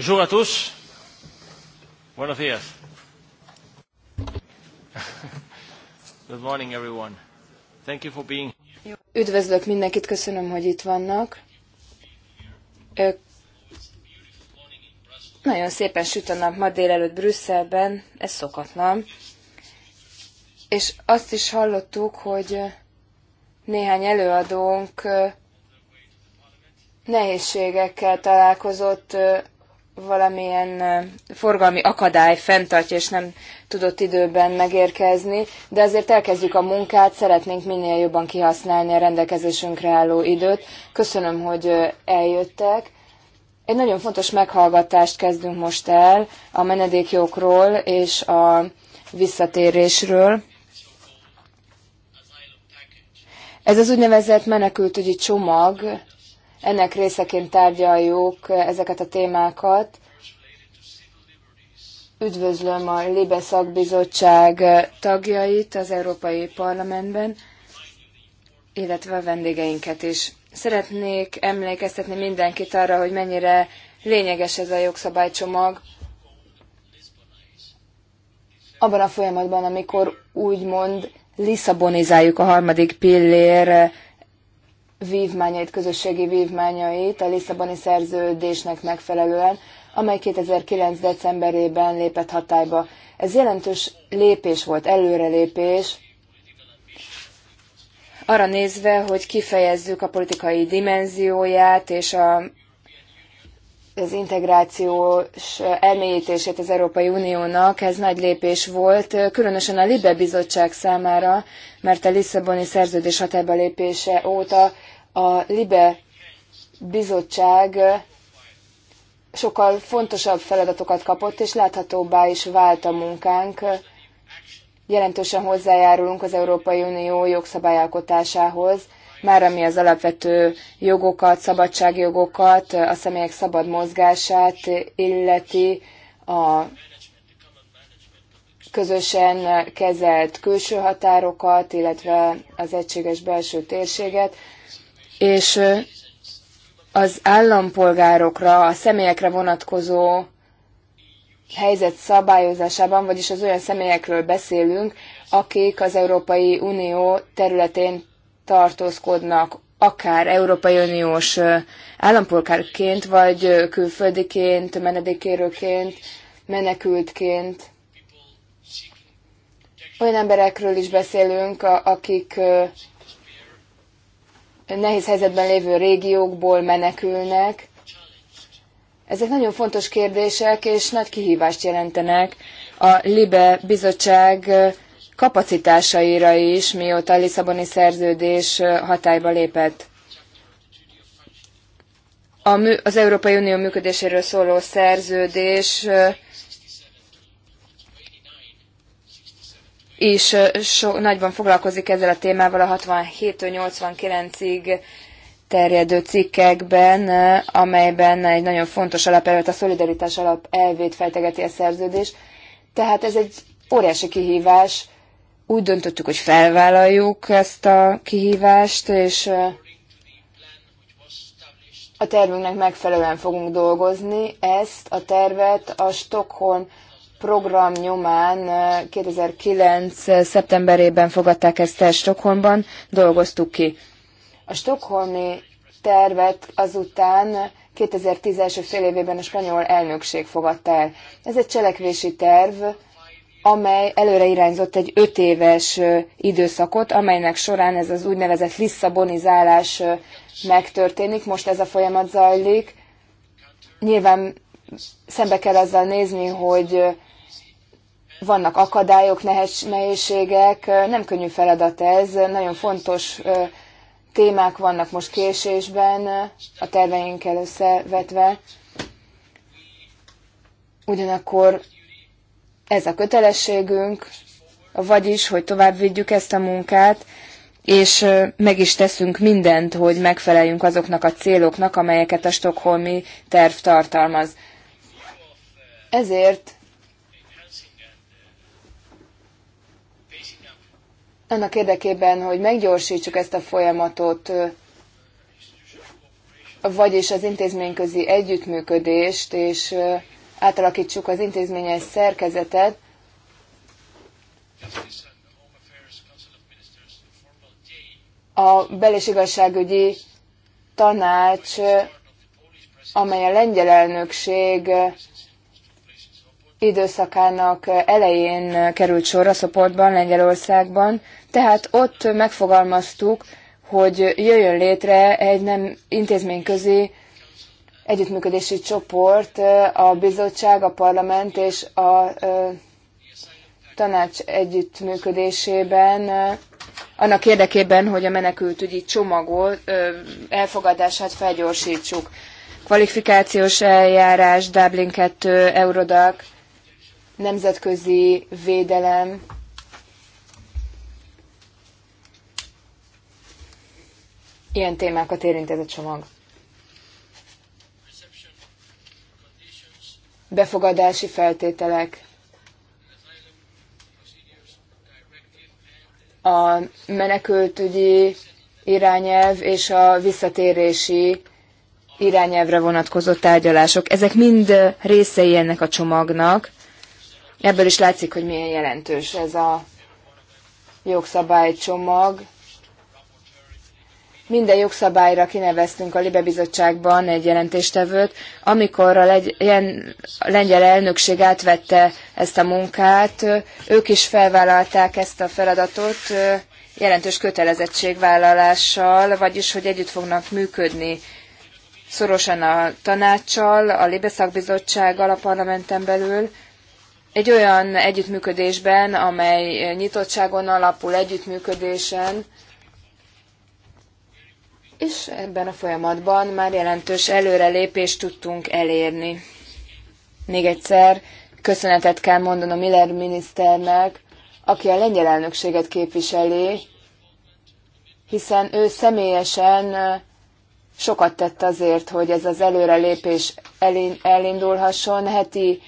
Bonjour à tous. Buenos días. Good morning, everyone. Thank you for being here. Üdvözlök mindenkit, köszönöm, hogy itt vannak. Ők nagyon szépen süt a nap ma délelőtt Brüsszelben, ez szokatlan. És azt is hallottuk, hogy néhány előadónk nehézségekkel találkozott valamilyen forgalmi akadály fenntartja, és nem tudott időben megérkezni, de azért elkezdjük a munkát, szeretnénk minél jobban kihasználni a rendelkezésünkre álló időt. Köszönöm, hogy eljöttek. Egy nagyon fontos meghallgatást kezdünk most el a menedékjogról és a visszatérésről. Ez az úgynevezett menekültügyi csomag, ennek részeként tárgyaljuk ezeket a témákat. Üdvözlöm a Libe szakbizottság tagjait az Európai Parlamentben, illetve a vendégeinket is. Szeretnék emlékeztetni mindenkit arra, hogy mennyire lényeges ez a jogszabálycsomag abban a folyamatban, amikor úgymond Lisszabonizáljuk a harmadik pillér vívmányait, közösségi vívmányait a Lisszaboni szerződésnek megfelelően, amely 2009. decemberében lépett hatályba. Ez jelentős lépés volt, előrelépés, arra nézve, hogy kifejezzük a politikai dimenzióját és a az integrációs elmélyítését az Európai Uniónak, ez nagy lépés volt, különösen a Libe Bizottság számára, mert a Lisszaboni szerződés hatályba lépése óta a Libe Bizottság sokkal fontosabb feladatokat kapott, és láthatóbbá is vált a munkánk. Jelentősen hozzájárulunk az Európai Unió jogszabályalkotásához, már ami az alapvető jogokat, szabadságjogokat, a személyek szabad mozgását illeti, a közösen kezelt külső határokat, illetve az egységes belső térséget, és az állampolgárokra, a személyekre vonatkozó helyzet szabályozásában, vagyis az olyan személyekről beszélünk, akik az Európai Unió területén tartózkodnak, akár Európai Uniós állampolgárként, vagy külföldiként, menedékérőként, menekültként. Olyan emberekről is beszélünk, akik nehéz helyzetben lévő régiókból menekülnek. Ezek nagyon fontos kérdések, és nagy kihívást jelentenek. A LIBE bizottság kapacitásaira is, mióta a Lisszaboni szerződés hatályba lépett. A mű, az Európai Unió működéséről szóló szerződés is so, nagyban foglalkozik ezzel a témával a 67-89-ig terjedő cikkekben, amelyben egy nagyon fontos alapelvet, a szolidaritás alap elvét fejtegeti a szerződés. Tehát ez egy óriási kihívás, úgy döntöttük, hogy felvállaljuk ezt a kihívást, és a tervünknek megfelelően fogunk dolgozni. Ezt a tervet a Stockholm program nyomán 2009. szeptemberében fogadták ezt el Stockholmban, dolgoztuk ki. A stockholmi tervet azután 2010 első fél évében a spanyol elnökség fogadta el. Ez egy cselekvési terv, amely előre irányzott egy öt éves időszakot, amelynek során ez az úgynevezett visszabonizálás megtörténik. Most ez a folyamat zajlik. Nyilván szembe kell azzal nézni, hogy vannak akadályok, nehézségek, nem könnyű feladat ez, nagyon fontos témák vannak most késésben, a terveinkkel összevetve. Ugyanakkor ez a kötelességünk, vagyis, hogy tovább vigyük ezt a munkát, és meg is teszünk mindent, hogy megfeleljünk azoknak a céloknak, amelyeket a stokholmi terv tartalmaz. Ezért annak érdekében, hogy meggyorsítsuk ezt a folyamatot, vagyis az intézményközi együttműködést, és átalakítsuk az intézményes szerkezetet, a bel- tanács, amely a lengyel elnökség időszakának elején került sor a szoportban, Lengyelországban, tehát ott megfogalmaztuk, hogy jöjjön létre egy nem intézményközi együttműködési csoport, a bizottság, a parlament és a tanács együttműködésében annak érdekében, hogy a menekültügyi csomagol elfogadását felgyorsítsuk. Kvalifikációs eljárás, Dublin 2, Eurodac, nemzetközi védelem, ilyen témákat érint ez a csomag. befogadási feltételek, a menekültügyi irányelv és a visszatérési irányelvre vonatkozó tárgyalások. Ezek mind részei ennek a csomagnak. Ebből is látszik, hogy milyen jelentős ez a jogszabálycsomag minden jogszabályra kineveztünk a Libe Bizottságban egy jelentéstevőt. Amikor a, legy- a lengyel elnökség átvette ezt a munkát, ők is felvállalták ezt a feladatot jelentős kötelezettségvállalással, vagyis hogy együtt fognak működni szorosan a tanácssal, a Libe Szakbizottsággal a parlamenten belül, egy olyan együttműködésben, amely nyitottságon alapul, együttműködésen, és ebben a folyamatban már jelentős előrelépést tudtunk elérni. Még egyszer köszönetet kell mondanom Miller miniszternek, aki a lengyel elnökséget képviseli, hiszen ő személyesen sokat tett azért, hogy ez az előrelépés elindulhasson. Heti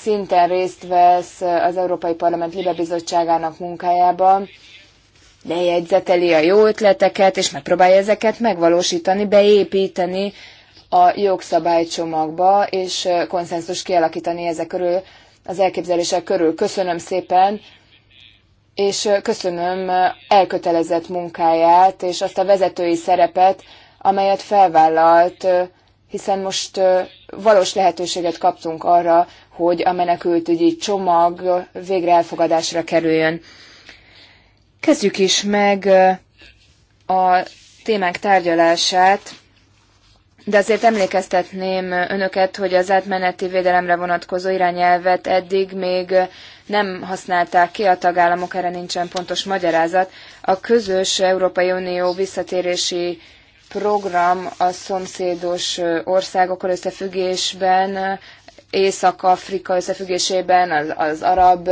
szinten részt vesz az Európai Parlament Libe Bizottságának munkájában, lejegyzeteli a jó ötleteket, és megpróbálja ezeket megvalósítani, beépíteni a jogszabálycsomagba, és konszenzus kialakítani ezek körül, az elképzelések körül. Köszönöm szépen, és köszönöm elkötelezett munkáját, és azt a vezetői szerepet, amelyet felvállalt, hiszen most valós lehetőséget kaptunk arra, hogy a menekültügyi csomag végre elfogadásra kerüljön. Kezdjük is meg a témák tárgyalását, de azért emlékeztetném önöket, hogy az átmeneti védelemre vonatkozó irányelvet eddig még nem használták ki a tagállamok, erre nincsen pontos magyarázat. A közös Európai Unió visszatérési program a szomszédos országokkal összefüggésben, Észak-Afrika összefüggésében, az, az arab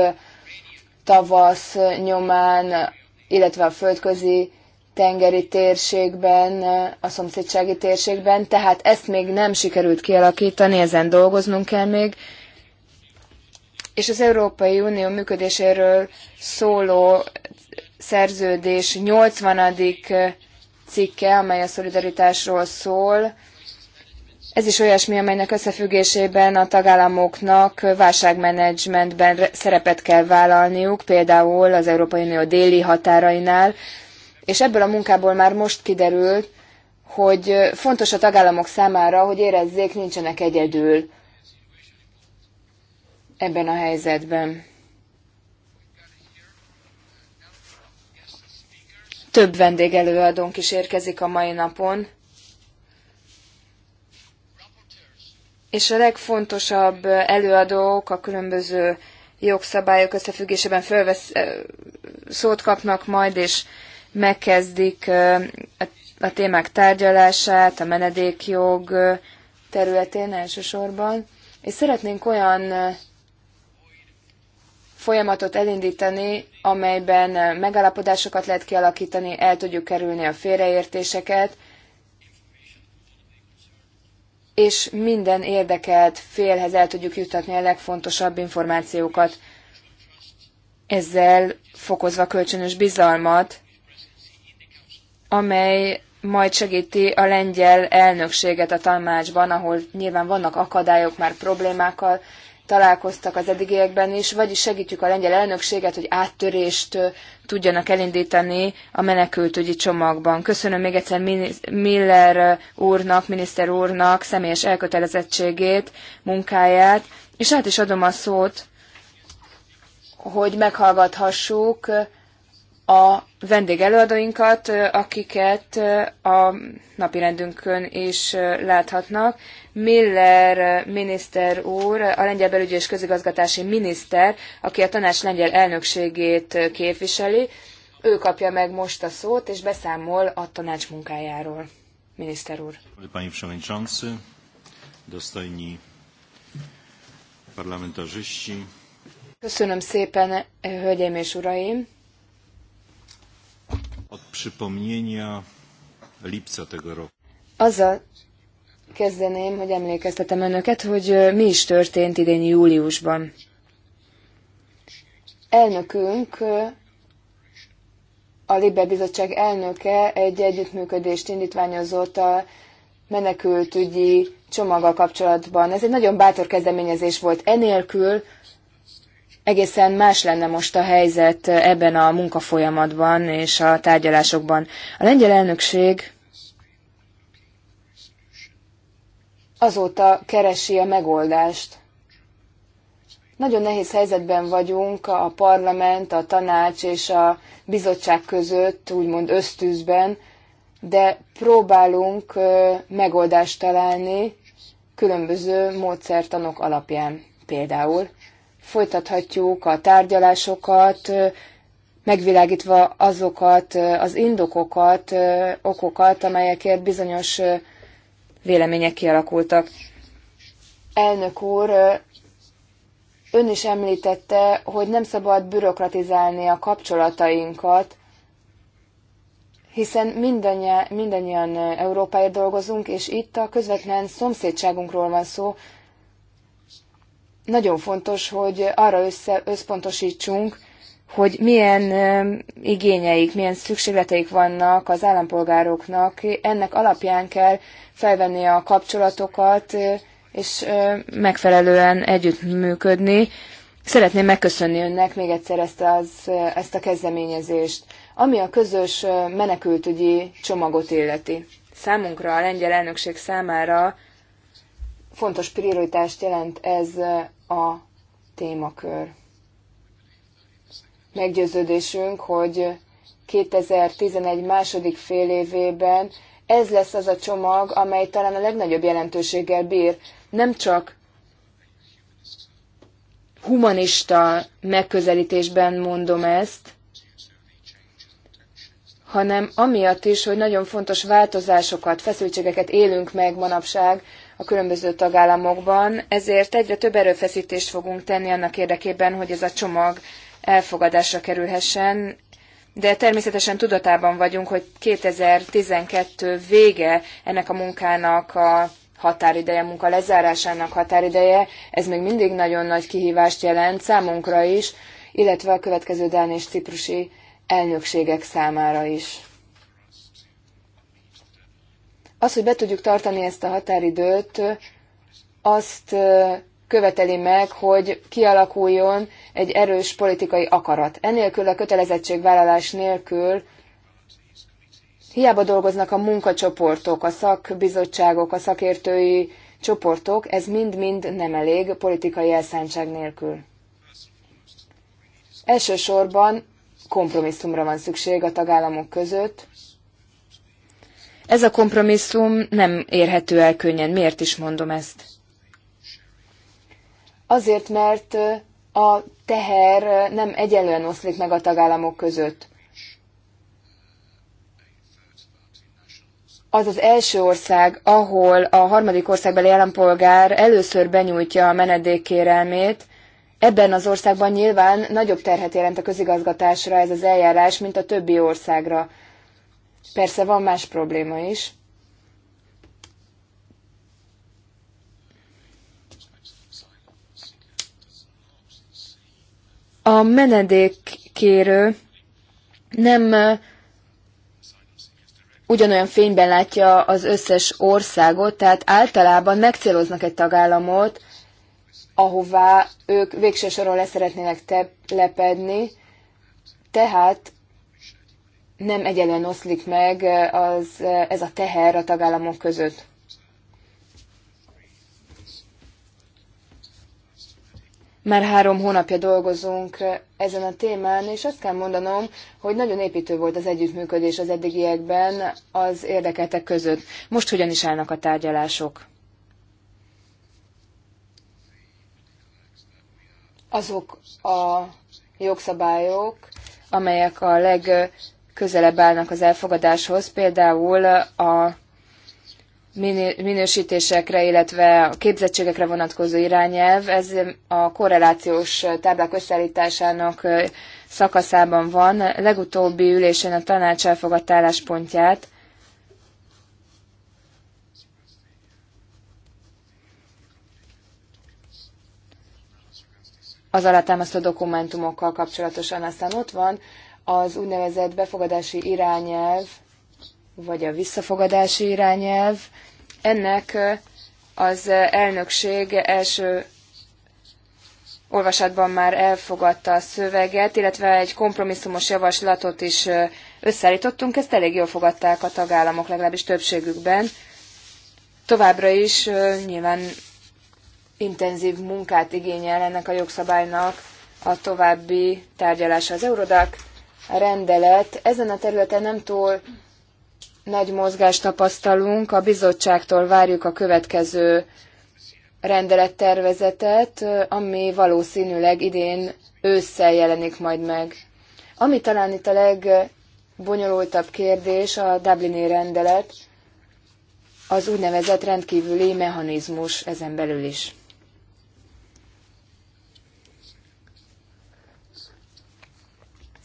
tavasz nyomán, illetve a földközi tengeri térségben, a szomszédsági térségben, tehát ezt még nem sikerült kialakítani, ezen dolgoznunk kell még, és az Európai Unió működéséről szóló szerződés 80. cikke, amely a szolidaritásról szól, ez is olyasmi, amelynek összefüggésében a tagállamoknak válságmenedzsmentben szerepet kell vállalniuk, például az Európai Unió déli határainál, és ebből a munkából már most kiderült, hogy fontos a tagállamok számára, hogy érezzék, nincsenek egyedül ebben a helyzetben. Több vendégelőadónk is érkezik a mai napon. és a legfontosabb előadók a különböző jogszabályok összefüggésében fölvesz, szót kapnak majd, és megkezdik a témák tárgyalását, a menedékjog területén elsősorban. És szeretnénk olyan folyamatot elindítani, amelyben megállapodásokat lehet kialakítani, el tudjuk kerülni a félreértéseket, és minden érdekelt félhez el tudjuk juttatni a legfontosabb információkat. Ezzel fokozva kölcsönös bizalmat, amely majd segíti a lengyel elnökséget a tanácsban, ahol nyilván vannak akadályok már problémákkal, találkoztak az eddigiekben is, vagyis segítjük a lengyel elnökséget, hogy áttörést tudjanak elindítani a menekültügyi csomagban. Köszönöm még egyszer Miller úrnak, miniszter úrnak személyes elkötelezettségét, munkáját, és hát is adom a szót, hogy meghallgathassuk a vendégelőadóinkat, akiket a napi rendünkön is láthatnak. Miller miniszter úr, a lengyel belügyi és közigazgatási miniszter, aki a tanács lengyel elnökségét képviseli, ő kapja meg most a szót, és beszámol a tanács munkájáról. Miniszter úr. parlamentarzyści. Köszönöm szépen, hölgyeim és uraim! Od przypomnienia lipca tego roku. Azzal kezdeném, hogy emlékeztetem önöket, hogy mi is történt idén júliusban. Elnökünk, a Libe Bizottság elnöke egy együttműködést indítványozott a menekültügyi csomaga kapcsolatban. Ez egy nagyon bátor kezdeményezés volt. Enélkül egészen más lenne most a helyzet eh, ebben a munkafolyamatban és a tárgyalásokban. A lengyel elnökség azóta keresi a megoldást. Nagyon nehéz helyzetben vagyunk a parlament, a tanács és a bizottság között, úgymond ösztűzben, de próbálunk eh, megoldást találni különböző módszertanok alapján például folytathatjuk a tárgyalásokat, megvilágítva azokat az indokokat, okokat, amelyekért bizonyos vélemények kialakultak. Elnök úr, ön is említette, hogy nem szabad bürokratizálni a kapcsolatainkat, hiszen mindannyian, mindannyian Európáért dolgozunk, és itt a közvetlen szomszédságunkról van szó, nagyon fontos, hogy arra össze, összpontosítsunk, hogy milyen igényeik, milyen szükségleteik vannak az állampolgároknak. Ennek alapján kell felvenni a kapcsolatokat, és megfelelően együttműködni. Szeretném megköszönni önnek még egyszer ezt, az, ezt a kezdeményezést, ami a közös menekültügyi csomagot illeti. Számunkra, a lengyel elnökség számára fontos prioritást jelent ez a témakör. Meggyőződésünk, hogy 2011 második fél évében ez lesz az a csomag, amely talán a legnagyobb jelentőséggel bír. Nem csak humanista megközelítésben mondom ezt, hanem amiatt is, hogy nagyon fontos változásokat, feszültségeket élünk meg manapság, a különböző tagállamokban, ezért egyre több erőfeszítést fogunk tenni annak érdekében, hogy ez a csomag elfogadásra kerülhessen, de természetesen tudatában vagyunk, hogy 2012 vége ennek a munkának a határideje, munka lezárásának határideje, ez még mindig nagyon nagy kihívást jelent számunkra is, illetve a következő dán és ciprusi elnökségek számára is. Az, hogy be tudjuk tartani ezt a határidőt, azt követeli meg, hogy kialakuljon egy erős politikai akarat. Enélkül a kötelezettségvállalás nélkül hiába dolgoznak a munkacsoportok, a szakbizottságok, a szakértői csoportok, ez mind-mind nem elég politikai elszántság nélkül. Elsősorban kompromisszumra van szükség a tagállamok között, ez a kompromisszum nem érhető el könnyen. Miért is mondom ezt? Azért, mert a teher nem egyenlően oszlik meg a tagállamok között. az az első ország, ahol a harmadik országbeli állampolgár először benyújtja a menedékkérelmét, ebben az országban nyilván nagyobb terhet jelent a közigazgatásra ez az eljárás, mint a többi országra. Persze van más probléma is. A menedékkérő nem eh, ugyanolyan fényben látja az összes országot, tehát általában megcéloznak egy tagállamot, ahová ők végső soron leszeretnének telepedni, tehát nem egyenlően oszlik meg az, ez a teher a tagállamok között. Már három hónapja dolgozunk ezen a témán, és azt kell mondanom, hogy nagyon építő volt az együttműködés az eddigiekben az érdekeltek között. Most hogyan is állnak a tárgyalások? Azok a jogszabályok, amelyek a leg közelebb állnak az elfogadáshoz, például a minősítésekre, illetve a képzettségekre vonatkozó irányelv, ez a korrelációs táblák összeállításának szakaszában van. Legutóbbi ülésen a tanács elfogadta álláspontját, az alátámasztott dokumentumokkal kapcsolatosan. Aztán ott van az úgynevezett befogadási irányelv, vagy a visszafogadási irányelv, ennek az elnökség első olvasatban már elfogadta a szöveget, illetve egy kompromisszumos javaslatot is összeállítottunk, ezt elég jól fogadták a tagállamok, legalábbis többségükben. Továbbra is nyilván intenzív munkát igényel ennek a jogszabálynak a további tárgyalása az Eurodac rendelet. Ezen a területen nem túl nagy mozgást tapasztalunk, a bizottságtól várjuk a következő rendelettervezetet, ami valószínűleg idén ősszel jelenik majd meg. Ami talán itt a legbonyolultabb kérdés, a Dublini rendelet, az úgynevezett rendkívüli mechanizmus ezen belül is.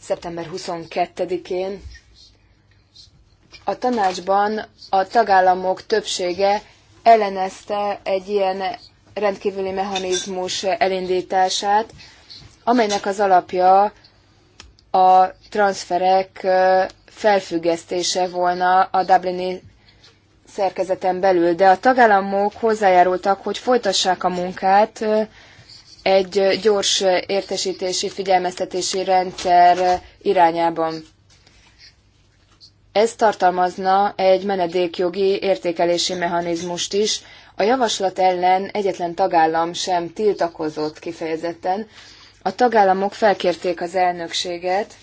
szeptember 22-én. A tanácsban a tagállamok többsége ellenezte egy ilyen rendkívüli mechanizmus elindítását, amelynek az alapja a transferek felfüggesztése volna a Dublini szerkezeten belül, de a tagállamok hozzájárultak, hogy folytassák a munkát egy gyors értesítési, figyelmeztetési rendszer irányában. Ez tartalmazna egy menedékjogi értékelési mechanizmust is. A javaslat ellen egyetlen tagállam sem tiltakozott kifejezetten. A tagállamok felkérték az elnökséget,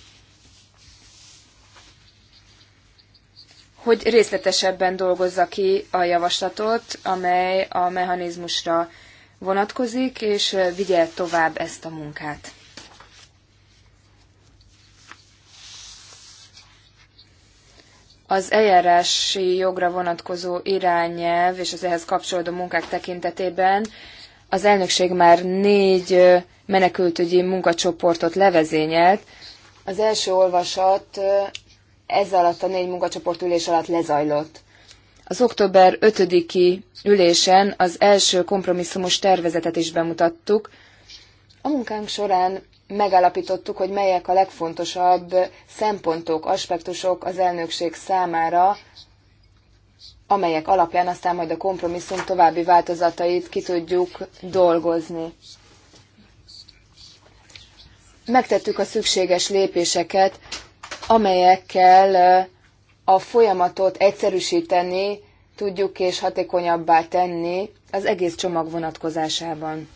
hogy részletesebben dolgozza ki a javaslatot, amely a mechanizmusra vonatkozik, és vigye tovább ezt a munkát. Az eljárási jogra vonatkozó irányelv és az ehhez kapcsolódó munkák tekintetében az elnökség már négy menekültügyi munkacsoportot levezényelt. Az első olvasat ez alatt a négy munkacsoport ülés alatt lezajlott. Az október 5-i ülésen az első kompromisszumos tervezetet is bemutattuk. A munkánk során megállapítottuk, hogy melyek a legfontosabb szempontok, aspektusok az elnökség számára, amelyek alapján aztán majd a kompromisszum további változatait ki tudjuk dolgozni. Megtettük a szükséges lépéseket, amelyekkel a folyamatot egyszerűsíteni tudjuk és hatékonyabbá tenni az egész csomag vonatkozásában.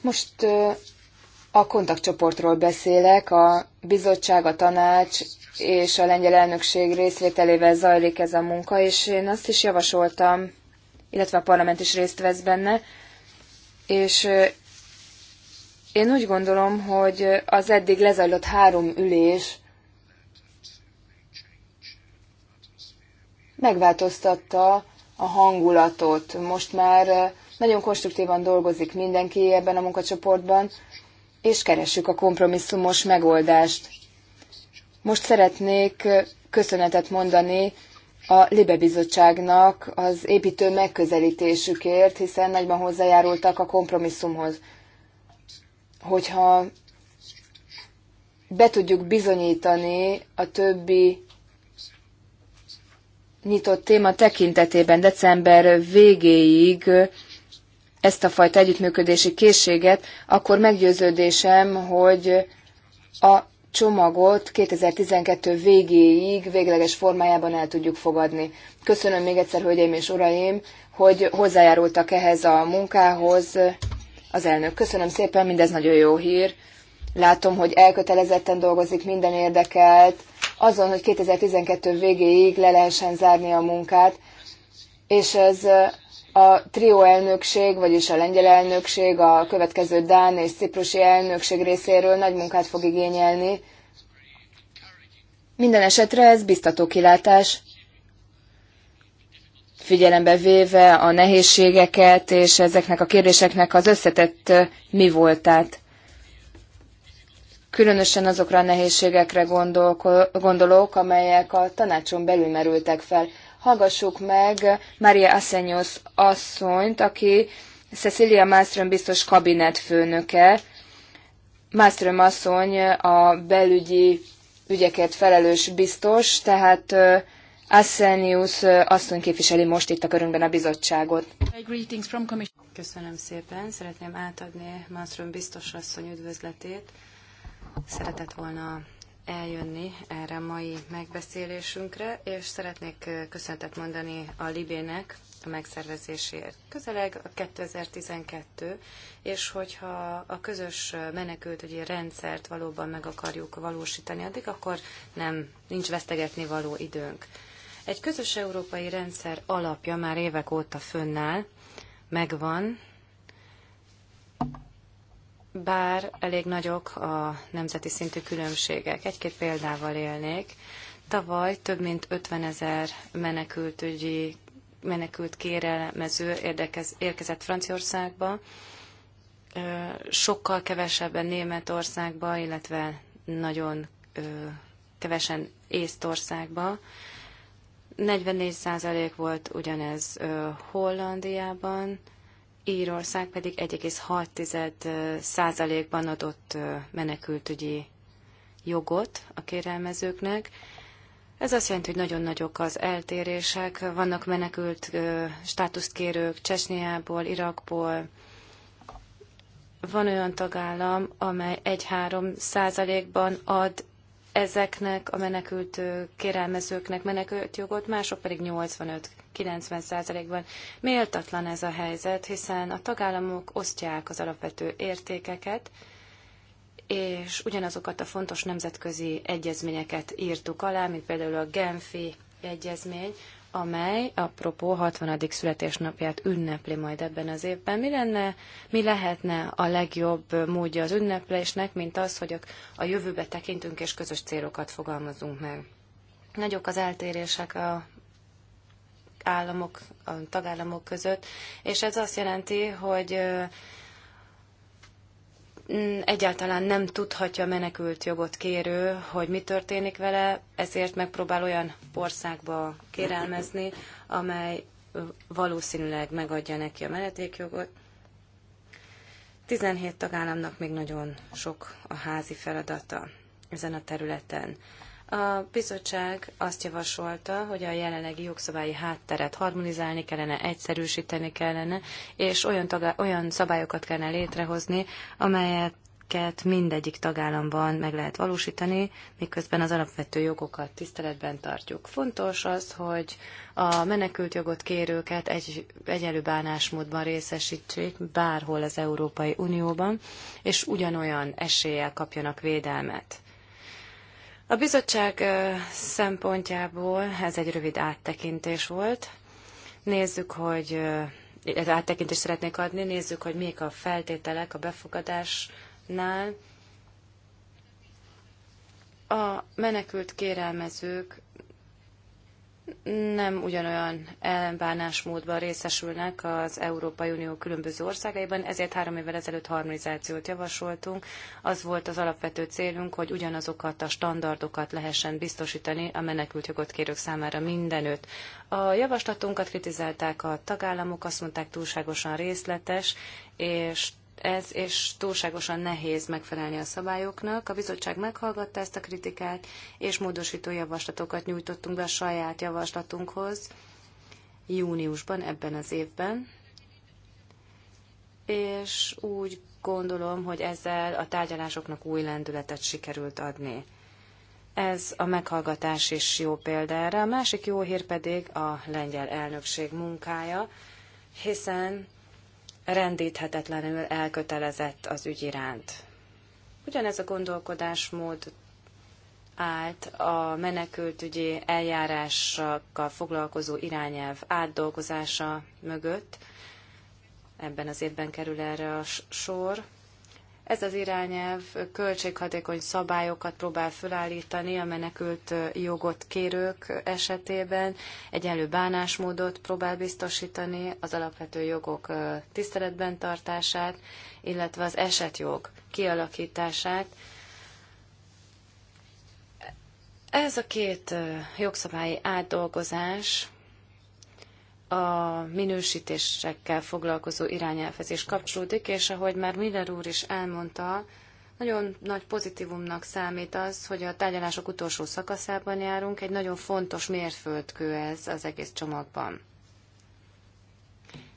Most a kontaktcsoportról beszélek, a bizottság, a tanács és a lengyel elnökség részvételével zajlik ez a munka, és én azt is javasoltam, illetve a parlament is részt vesz benne, és én úgy gondolom, hogy az eddig lezajlott három ülés megváltoztatta a hangulatot. Most már nagyon konstruktívan dolgozik mindenki ebben a munkacsoportban, és keressük a kompromisszumos megoldást. Most szeretnék köszönetet mondani a Libe Bizottságnak az építő megközelítésükért, hiszen nagyban hozzájárultak a kompromisszumhoz hogyha be tudjuk bizonyítani a többi nyitott téma tekintetében december végéig ezt a fajta együttműködési készséget, akkor meggyőződésem, hogy a csomagot 2012 végéig végleges formájában el tudjuk fogadni. Köszönöm még egyszer, hölgyeim és uraim, hogy hozzájárultak ehhez a munkához. Az elnök, köszönöm szépen, mindez nagyon jó hír. Látom, hogy elkötelezetten dolgozik minden érdekelt, azon, hogy 2012 végéig le lehessen zárni a munkát, és ez a trió elnökség, vagyis a lengyel elnökség, a következő Dán és ciprusi elnökség részéről nagy munkát fog igényelni. Minden esetre ez biztató kilátás figyelembe véve a nehézségeket és ezeknek a kérdéseknek az összetett mi voltát. Különösen azokra a nehézségekre gondolok, amelyek a tanácson belül merültek fel. Hallgassuk meg Maria Asenyos asszonyt, aki Cecilia Malmström biztos kabinetfőnöke. Malmström asszony a belügyi ügyeket felelős biztos, tehát Assenius asszony képviseli most itt a körünkben a bizottságot. Köszönöm szépen, szeretném átadni Malmström biztos asszony üdvözletét. Szeretett volna eljönni erre a mai megbeszélésünkre, és szeretnék köszöntet mondani a Libének a megszervezéséért. Közeleg a 2012, és hogyha a közös menekültügyi rendszert valóban meg akarjuk valósítani addig, akkor nem, nincs vesztegetni való időnk. Egy közös európai rendszer alapja már évek óta fönnáll, megvan, bár elég nagyok a nemzeti szintű különbségek. Egy-két példával élnék. Tavaly több mint 50 ezer menekültügyi menekült kérelmező érdekez, érkezett Franciaországba, sokkal kevesebben Németországba, illetve nagyon kevesen Észtországba. 44% százalék volt ugyanez Hollandiában, Írország pedig 16 százalékban adott menekültügyi jogot a kérelmezőknek. Ez azt jelenti, hogy nagyon nagyok az eltérések. Vannak menekült státuszt kérők Csesniából, Irakból. Van olyan tagállam, amely 1-3 százalékban ad ezeknek a menekült kérelmezőknek menekült jogot, mások pedig 85-90 százalékban. Méltatlan ez a helyzet, hiszen a tagállamok osztják az alapvető értékeket, és ugyanazokat a fontos nemzetközi egyezményeket írtuk alá, mint például a Genfi egyezmény, amely apropó 60. születésnapját ünnepli majd ebben az évben. Mi, lenne, mi lehetne a legjobb módja az ünneplésnek, mint az, hogy a jövőbe tekintünk és közös célokat fogalmazunk meg? Nagyok az eltérések a államok, a tagállamok között, és ez azt jelenti, hogy Mm, egyáltalán nem tudhatja menekült jogot kérő, hogy mi történik vele, ezért megpróbál olyan országba kérelmezni, amely valószínűleg megadja neki a menetékjogot. 17 tagállamnak még nagyon sok a házi feladata ezen a területen. A bizottság azt javasolta, hogy a jelenlegi jogszabályi hátteret harmonizálni kellene, egyszerűsíteni kellene, és olyan, tagá- olyan szabályokat kellene létrehozni, amelyeket mindegyik tagállamban meg lehet valósítani, miközben az alapvető jogokat tiszteletben tartjuk. Fontos az, hogy a menekült jogot kérőket egy, egyelő bánásmódban részesítsék bárhol az Európai Unióban, és ugyanolyan eséllyel kapjanak védelmet. A bizottság szempontjából ez egy rövid áttekintés volt. Nézzük, hogy ez áttekintést szeretnék adni, nézzük, hogy mik a feltételek a befogadásnál. A menekült kérelmezők nem ugyanolyan ellenbánásmódban részesülnek az Európai Unió különböző országaiban, ezért három évvel ezelőtt harmonizációt javasoltunk. Az volt az alapvető célunk, hogy ugyanazokat a standardokat lehessen biztosítani a menekültjogot kérők számára mindenütt. A javaslatunkat kritizálták a tagállamok, azt mondták túlságosan részletes, és ez, és túlságosan nehéz megfelelni a szabályoknak. A bizottság meghallgatta ezt a kritikát, és módosító javaslatokat nyújtottunk be a saját javaslatunkhoz júniusban, ebben az évben. És úgy gondolom, hogy ezzel a tárgyalásoknak új lendületet sikerült adni. Ez a meghallgatás is jó példa erre. A másik jó hír pedig a lengyel elnökség munkája, hiszen rendíthetetlenül elkötelezett az ügy iránt. Ugyanez a gondolkodásmód állt a menekültügyi eljárásokkal foglalkozó irányelv átdolgozása mögött. Ebben az évben kerül erre a sor. Ez az irányelv költséghatékony szabályokat próbál felállítani a menekült jogot kérők esetében, egyenlő bánásmódot próbál biztosítani, az alapvető jogok tiszteletben tartását, illetve az esetjog kialakítását. Ez a két jogszabályi átdolgozás a minősítésekkel foglalkozó irányelvhez is kapcsolódik, és ahogy már Miller úr is elmondta, nagyon nagy pozitívumnak számít az, hogy a tárgyalások utolsó szakaszában járunk, egy nagyon fontos mérföldkő ez az egész csomagban.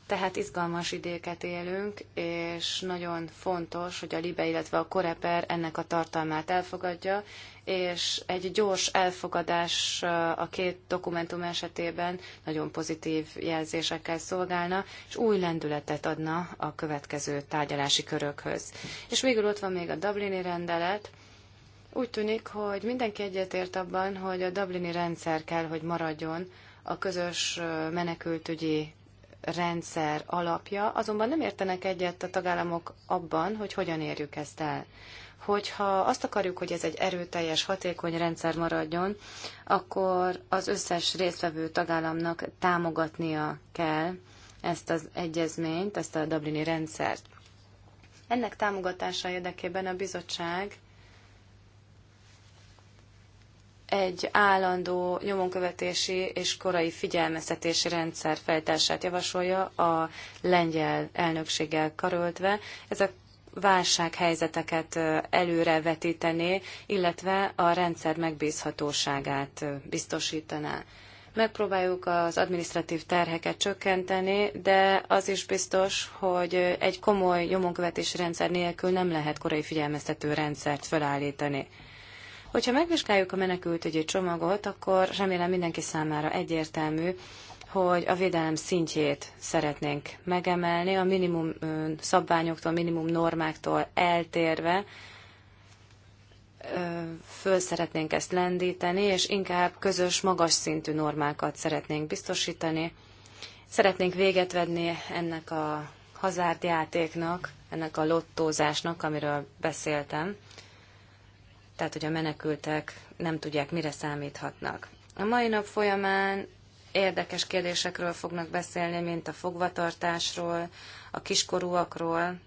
Tehát izgalmas időket élünk, és nagyon fontos, hogy a Libe, illetve a Koreper ennek a tartalmát elfogadja, és egy gyors elfogadás eh, a két dokumentum esetében nagyon pozitív jelzésekkel szolgálna, és új lendületet adna a következő tárgyalási körökhöz. És végül ott van még a Dublini rendelet. Úgy tűnik, hogy mindenki egyetért abban, hogy a Dublini rendszer kell, hogy maradjon a közös eh, menekültügyi rendszer alapja, azonban nem értenek egyet a tagállamok abban, hogy hogyan érjük ezt el hogyha azt akarjuk, hogy ez egy erőteljes, hatékony rendszer maradjon, akkor az összes résztvevő tagállamnak támogatnia kell ezt az egyezményt, ezt a Dublini rendszert. Ennek támogatása érdekében a bizottság egy állandó nyomonkövetési és korai figyelmeztetési rendszer feltását javasolja a lengyel elnökséggel karöltve. Ez a válsághelyzeteket előrevetítené, illetve a rendszer megbízhatóságát biztosítaná. Megpróbáljuk az administratív terheket csökkenteni, de az is biztos, hogy egy komoly nyomonkövetési rendszer nélkül nem lehet korai figyelmeztető rendszert felállítani. Hogyha megvizsgáljuk a menekültügyi csomagot, akkor remélem mindenki számára egyértelmű, hogy a védelem szintjét szeretnénk megemelni, a minimum szabványoktól, minimum normáktól eltérve, föl szeretnénk ezt lendíteni, és inkább közös, magas szintű normákat szeretnénk biztosítani. Szeretnénk véget vedni ennek a hazárdjátéknak, ennek a lottózásnak, amiről beszéltem. Tehát, hogy a menekültek nem tudják, mire számíthatnak. A mai nap folyamán érdekes kérdésekről fognak beszélni, mint a fogvatartásról, a kiskorúakról,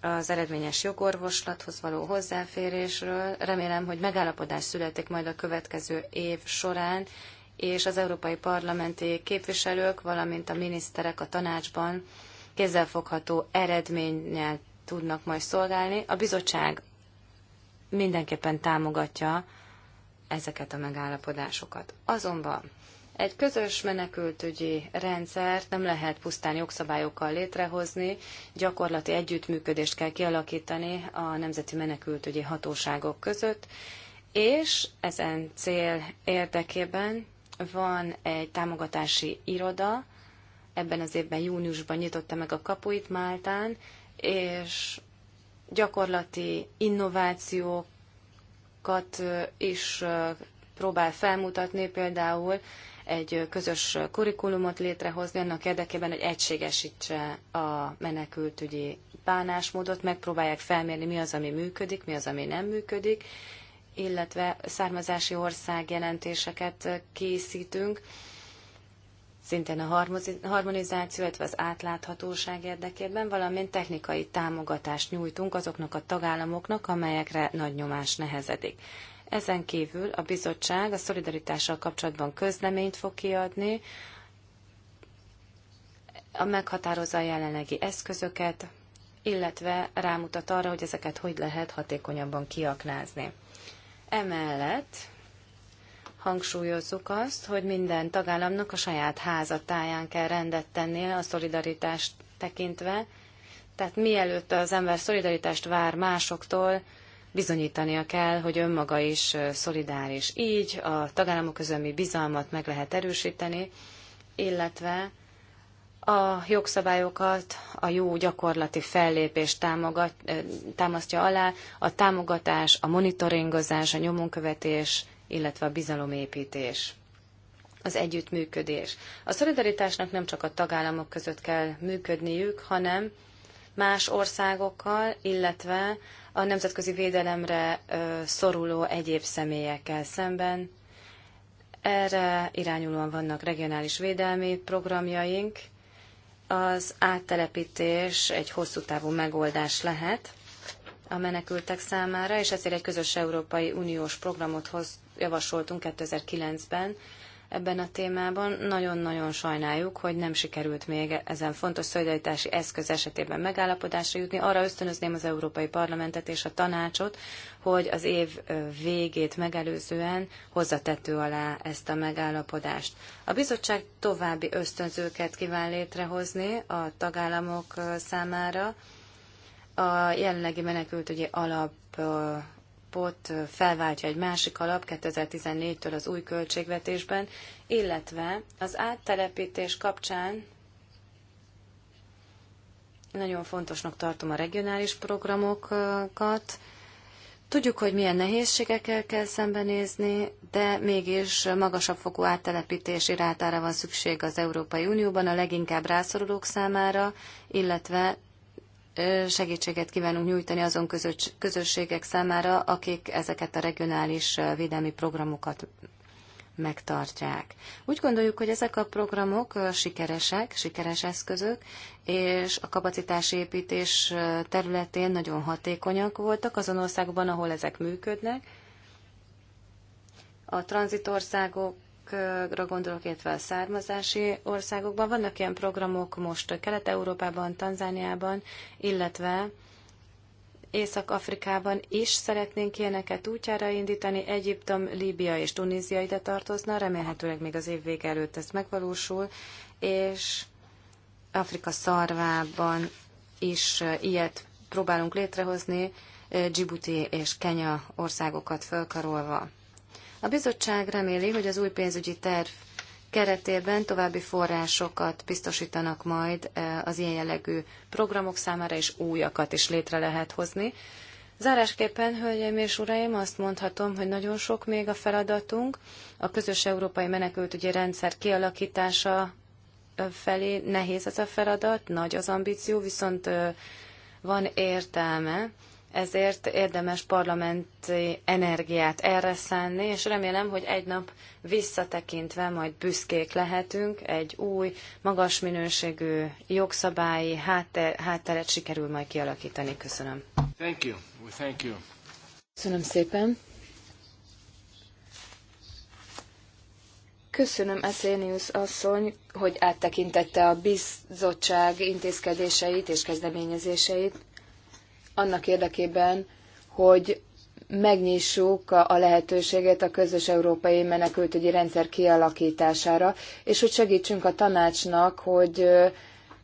az eredményes jogorvoslathoz való hozzáférésről. Remélem, hogy megállapodás születik majd a következő év során, és az európai parlamenti képviselők, valamint a miniszterek a tanácsban kézzelfogható eredménnyel tudnak majd szolgálni. A bizottság mindenképpen támogatja ezeket a megállapodásokat. Azonban egy közös menekültügyi rendszert nem lehet pusztán jogszabályokkal létrehozni, gyakorlati együttműködést kell kialakítani a nemzeti menekültügyi hatóságok között, és ezen cél érdekében van egy támogatási iroda, ebben az évben júniusban nyitotta meg a kapuit Máltán, és gyakorlati innovációk programokat is próbál felmutatni, például egy közös kurikulumot létrehozni, annak érdekében, hogy egységesítse a menekültügyi bánásmódot, megpróbálják felmérni, mi az, ami működik, mi az, ami nem működik, illetve származási ország jelentéseket készítünk, szintén a harmonizáció, illetve az átláthatóság érdekében, valamint technikai támogatást nyújtunk azoknak a tagállamoknak, amelyekre nagy nyomás nehezedik. Ezen kívül a bizottság a szolidaritással kapcsolatban közleményt fog kiadni, a meghatározza a jelenlegi eszközöket, illetve rámutat arra, hogy ezeket hogy lehet hatékonyabban kiaknázni. Emellett hangsúlyozzuk azt, hogy minden tagállamnak a saját házatáján kell rendet tennie a szolidaritást tekintve. Tehát mielőtt az ember szolidaritást vár másoktól, bizonyítania kell, hogy önmaga is szolidáris. Így a tagállamok közömi bizalmat meg lehet erősíteni, illetve a jogszabályokat a jó gyakorlati fellépés támogat, támasztja alá, a támogatás, a monitoringozás, a nyomonkövetés illetve a bizalomépítés, az együttműködés. A szolidaritásnak nem csak a tagállamok között kell működniük, hanem más országokkal, illetve a nemzetközi védelemre szoruló egyéb személyekkel szemben. Erre irányulóan vannak regionális védelmi programjaink. Az áttelepítés egy hosszú távú megoldás lehet a menekültek számára, és ezért egy közös Európai Uniós programot hoz, javasoltunk 2009-ben ebben a témában. Nagyon-nagyon sajnáljuk, hogy nem sikerült még ezen fontos szolidaritási eszköz esetében megállapodásra jutni. Arra ösztönözném az Európai Parlamentet és a tanácsot, hogy az év végét megelőzően hozzatető alá ezt a megállapodást. A bizottság további ösztönzőket kíván létrehozni a tagállamok számára. A jelenlegi menekültügyi alap alapot felváltja egy másik alap 2014-től az új költségvetésben, illetve az áttelepítés kapcsán nagyon fontosnak tartom a regionális programokat. Tudjuk, hogy milyen nehézségekkel kell szembenézni, de mégis magasabb fokú áttelepítési rátára van szükség az Európai Unióban a leginkább rászorulók számára, illetve segítséget kívánunk nyújtani azon közösségek számára, akik ezeket a regionális védelmi programokat megtartják. Úgy gondoljuk, hogy ezek a programok sikeresek, sikeres eszközök, és a kapacitásépítés területén nagyon hatékonyak voltak azon országban, ahol ezek működnek. A tranzitországok országokra gondolok, illetve a származási országokban. Vannak ilyen programok most Kelet-Európában, Tanzániában, illetve Észak-Afrikában is szeretnénk ilyeneket útjára indítani. Egyiptom, Líbia és Tunézia ide tartozna, remélhetőleg még az év vége előtt ez megvalósul, és Afrika szarvában is ilyet próbálunk létrehozni, Djibouti és Kenya országokat fölkarolva. A bizottság reméli, hogy az új pénzügyi terv keretében további forrásokat biztosítanak majd e, az ilyen jellegű programok számára, és újakat is létre lehet hozni. Zárásképpen, hölgyeim és uraim, azt mondhatom, hogy nagyon sok még a feladatunk. A közös európai menekültügyi rendszer kialakítása e, felé nehéz ez a feladat, nagy az ambíció, viszont e, van értelme ezért érdemes parlamenti energiát erre szánni, és remélem, hogy egy nap visszatekintve majd büszkék lehetünk, egy új, magas minőségű jogszabályi hátter, hátteret sikerül majd kialakítani. Köszönöm. Thank you. Thank you. Köszönöm szépen. Köszönöm, Eszénius asszony, hogy áttekintette a bizottság intézkedéseit és kezdeményezéseit annak érdekében, hogy megnyissuk a lehetőséget a közös európai menekültügyi rendszer kialakítására, és hogy segítsünk a tanácsnak, hogy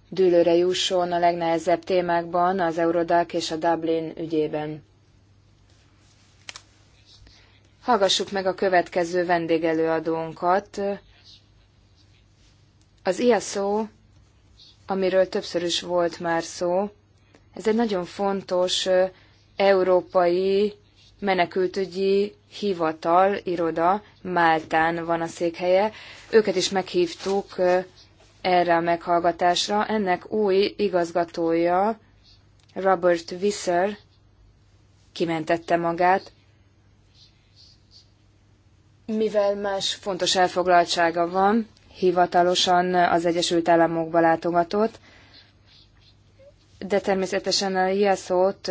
dűlőre jusson a legnehezebb témákban, az Eurodac és a Dublin ügyében. Hallgassuk meg a következő vendégelőadónkat. Az IASZO, amiről többször is volt már szó, ez egy nagyon fontos európai menekültügyi hivatal, iroda, Máltán van a székhelye. Őket is meghívtuk erre a meghallgatásra. Ennek új igazgatója, Robert Visser, kimentette magát, mivel más fontos elfoglaltsága van, hivatalosan az Egyesült Államokba látogatott, de természetesen a jelszót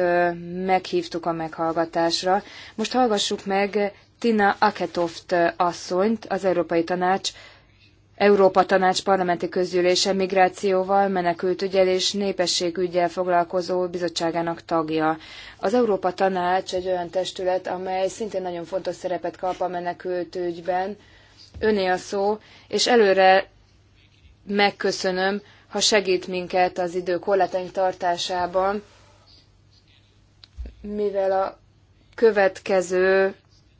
meghívtuk a meghallgatásra. Most hallgassuk meg Tina Aketoft asszonyt, az Európai Tanács, Európa Tanács parlamenti közgyűlése migrációval, menekültügyel és népességügyel foglalkozó bizottságának tagja. Az Európa Tanács egy olyan testület, amely szintén nagyon fontos szerepet kap a menekültügyben. Öné a szó, és előre megköszönöm, ha segít minket az idő korlátaink tartásában, mivel a következő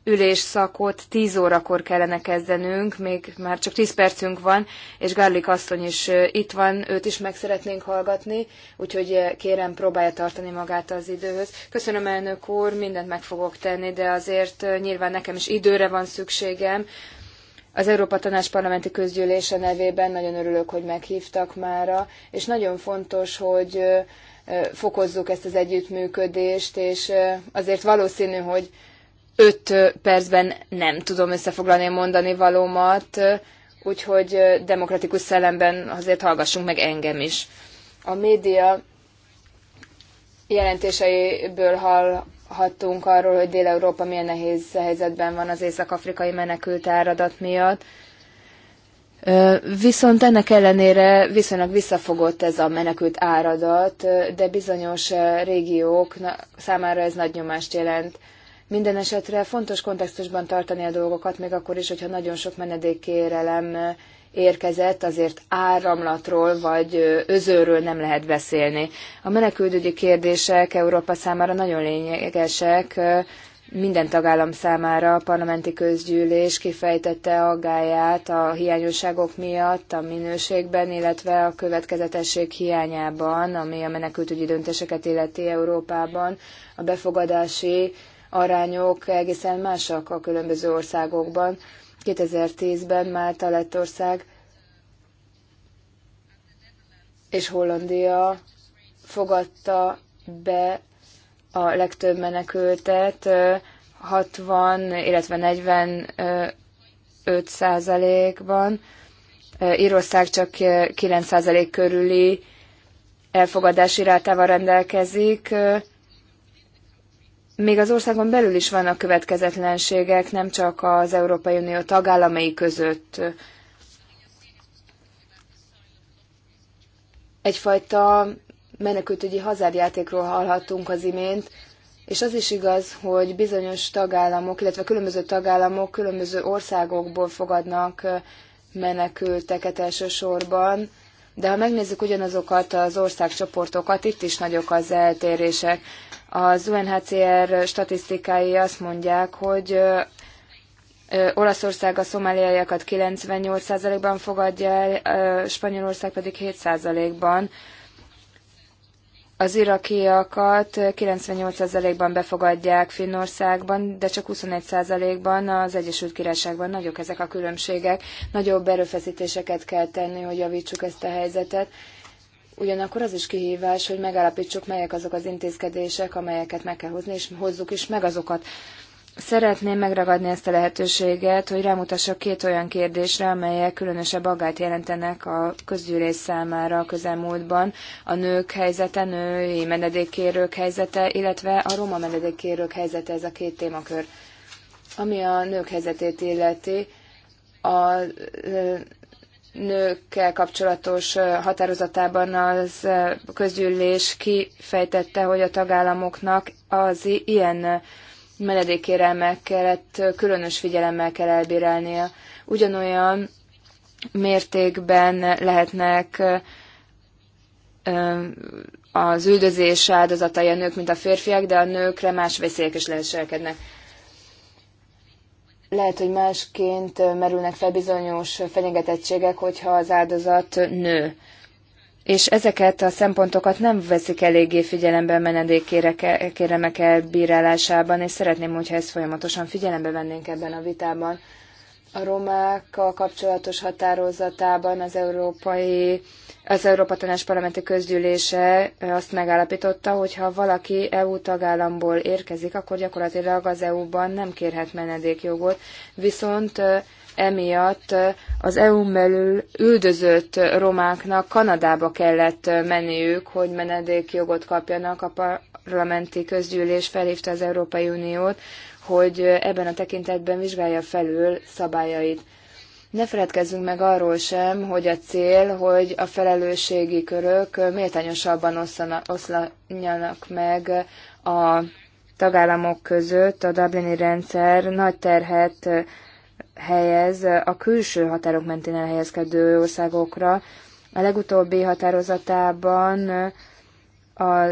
ülésszakot 10 órakor kellene kezdenünk, még már csak 10 percünk van, és Garlik asszony is itt van, őt is meg szeretnénk hallgatni, úgyhogy kérem próbálja tartani magát az időhöz. Köszönöm elnök úr, mindent meg fogok tenni, de azért nyilván nekem is időre van szükségem, az Európa Tanács Parlamenti Közgyűlése nevében nagyon örülök, hogy meghívtak mára, és nagyon fontos, hogy fokozzuk ezt az együttműködést, és azért valószínű, hogy öt percben nem tudom összefoglalni a mondani valómat, úgyhogy demokratikus szellemben azért hallgassunk meg engem is. A média jelentéseiből hall, hallhattunk arról, hogy Dél-Európa milyen nehéz helyzetben van az észak-afrikai menekült áradat miatt. Viszont ennek ellenére viszonylag visszafogott ez a menekült áradat, de bizonyos régiók számára ez nagy nyomást jelent. Minden esetre fontos kontextusban tartani a dolgokat, még akkor is, hogyha nagyon sok menedékkérelem érkezett, azért áramlatról vagy özőről nem lehet beszélni. A menekültügyi kérdések Európa számára nagyon lényegesek, minden tagállam számára a parlamenti közgyűlés kifejtette aggáját a hiányosságok miatt, a minőségben, illetve a következetesség hiányában, ami a menekültügyi döntéseket illeti Európában. A befogadási arányok egészen másak a különböző országokban. 2010-ben Málta, Lettország és Hollandia fogadta be a legtöbb menekültet, 60, illetve 45 százalékban. Írország csak 9 százalék körüli elfogadási rátával rendelkezik még az országon belül is vannak következetlenségek, nem csak az Európai Unió tagállamai között. Egyfajta menekültügyi hazárjátékról hallhattunk az imént, és az is igaz, hogy bizonyos tagállamok, illetve különböző tagállamok különböző országokból fogadnak menekülteket elsősorban, de ha megnézzük ugyanazokat az országcsoportokat, itt is nagyok az eltérések. Az UNHCR statisztikái azt mondják, hogy Olaszország a szomáliaiakat 98%-ban fogadja el, Spanyolország pedig 7%-ban. Az irakiakat 98%-ban befogadják Finnországban, de csak 21%-ban az Egyesült Királyságban nagyok ezek a különbségek. Nagyobb erőfeszítéseket kell tenni, hogy javítsuk ezt a helyzetet, Ugyanakkor az is kihívás, hogy megállapítsuk, melyek azok az intézkedések, amelyeket meg kell hozni, és hozzuk is meg azokat. Szeretném megragadni ezt a lehetőséget, hogy rámutassak két olyan kérdésre, amelyek különösebb aggályt jelentenek a közgyűlés számára a közelmúltban. A nők helyzete, női menedékkérők helyzete, illetve a roma menedékkérők helyzete, ez a két témakör. Ami a nők helyzetét illeti, a nőkkel kapcsolatos határozatában az közgyűlés kifejtette, hogy a tagállamoknak az ilyen kellett különös figyelemmel kell elbírálnia. Ugyanolyan mértékben lehetnek az üldözés áldozatai a nők, mint a férfiak, de a nőkre más veszélyek is leselkednek lehet, hogy másként merülnek fel bizonyos fenyegetettségek, hogyha az áldozat nő. És ezeket a szempontokat nem veszik eléggé figyelembe a menedékkérelmek elbírálásában, és szeretném, hogyha ezt folyamatosan figyelembe vennénk ebben a vitában. A romákkal kapcsolatos határozatában az Európai az Európa Tanács Parlamenti Közgyűlése azt megállapította, hogy ha valaki EU tagállamból érkezik, akkor gyakorlatilag az EU-ban nem kérhet menedékjogot, viszont emiatt az EU-n belül üldözött romáknak Kanadába kellett menniük, hogy menedékjogot kapjanak. A parlamenti közgyűlés felhívta az Európai Uniót, hogy ebben a tekintetben vizsgálja felül szabályait. Ne feledkezzünk meg arról sem, hogy a cél, hogy a felelősségi körök méltányosabban oszlanak oszlanjanak meg a tagállamok között. A Dublini rendszer nagy terhet helyez a külső határok mentén elhelyezkedő országokra. A legutóbbi határozatában a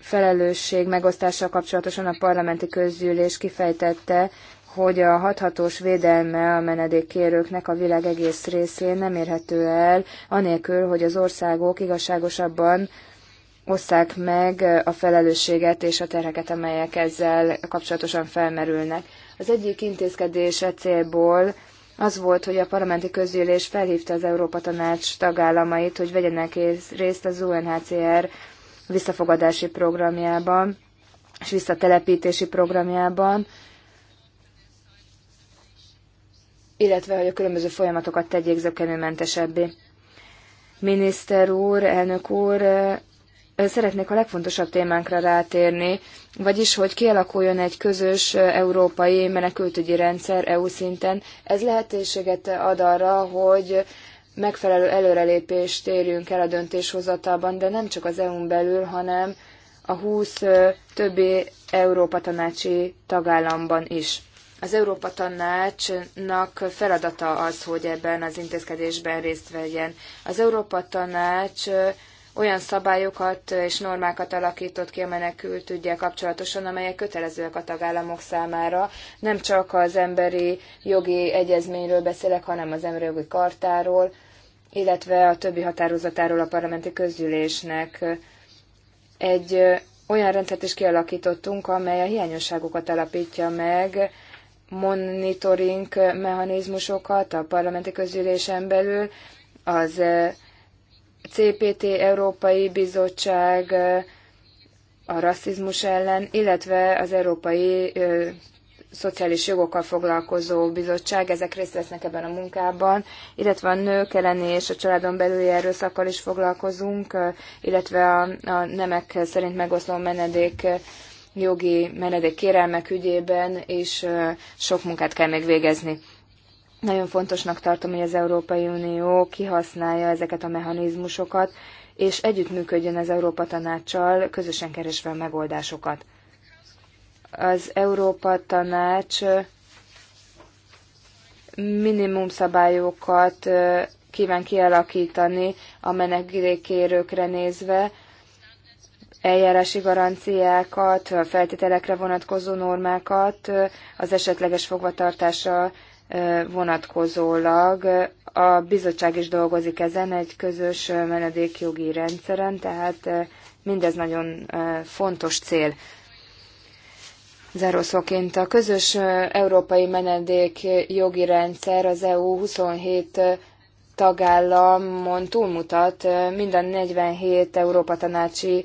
felelősség megosztással kapcsolatosan a parlamenti közgyűlés kifejtette, hogy a hathatós védelme a menedékkérőknek a világ egész részén nem érhető el, anélkül, hogy az országok igazságosabban osszák meg a felelősséget és a terheket, amelyek ezzel kapcsolatosan felmerülnek. Az egyik intézkedése célból az volt, hogy a parlamenti közgyűlés felhívta az Európa Tanács tagállamait, hogy vegyenek részt az UNHCR visszafogadási programjában és visszatelepítési programjában, illetve hogy a különböző folyamatokat tegyék zökenőmentesebbé. Miniszter úr, elnök úr, szeretnék a legfontosabb témánkra rátérni, vagyis hogy kialakuljon egy közös európai menekültügyi rendszer EU szinten. Ez lehetőséget ad arra, hogy megfelelő előrelépést érjünk el a döntéshozatában, de nem csak az EU-n belül, hanem a 20 többi Európa tanácsi tagállamban is. Az Európa Tanácsnak feladata az, hogy ebben az intézkedésben részt vegyen. Az Európa Tanács olyan szabályokat és normákat alakított ki a menekült ügyel kapcsolatosan, amelyek kötelezőek a tagállamok számára. Nem csak az emberi jogi egyezményről beszélek, hanem az emberi jogi kartáról, illetve a többi határozatáról a parlamenti közgyűlésnek. Egy olyan rendszert is kialakítottunk, amely a hiányosságokat alapítja meg, monitoring mechanizmusokat a parlamenti közülésen belül, az eh, CPT Európai Bizottság eh, a rasszizmus ellen, illetve az Európai eh, Szociális Jogokkal Foglalkozó Bizottság, ezek részt vesznek ebben a munkában, illetve a nők elleni és a családon belüli erőszakkal is foglalkozunk, illetve a, a nemek szerint megoszló menedék jogi menedékkérelmek ügyében is sok munkát kell még végezni. Nagyon fontosnak tartom, hogy az Európai Unió kihasználja ezeket a mechanizmusokat, és együttműködjön az Európa Tanácssal, közösen keresve a megoldásokat. Az Európa Tanács minimum szabályokat kíván kialakítani a menedékkérőkre nézve, eljárási garanciákat, a feltételekre vonatkozó normákat az esetleges fogvatartása vonatkozólag. A bizottság is dolgozik ezen egy közös menedékjogi rendszeren, tehát mindez nagyon fontos cél. Zárószóként a közös európai menedékjogi rendszer az EU 27 tagállamon túlmutat, mind a 47 Európa tanácsi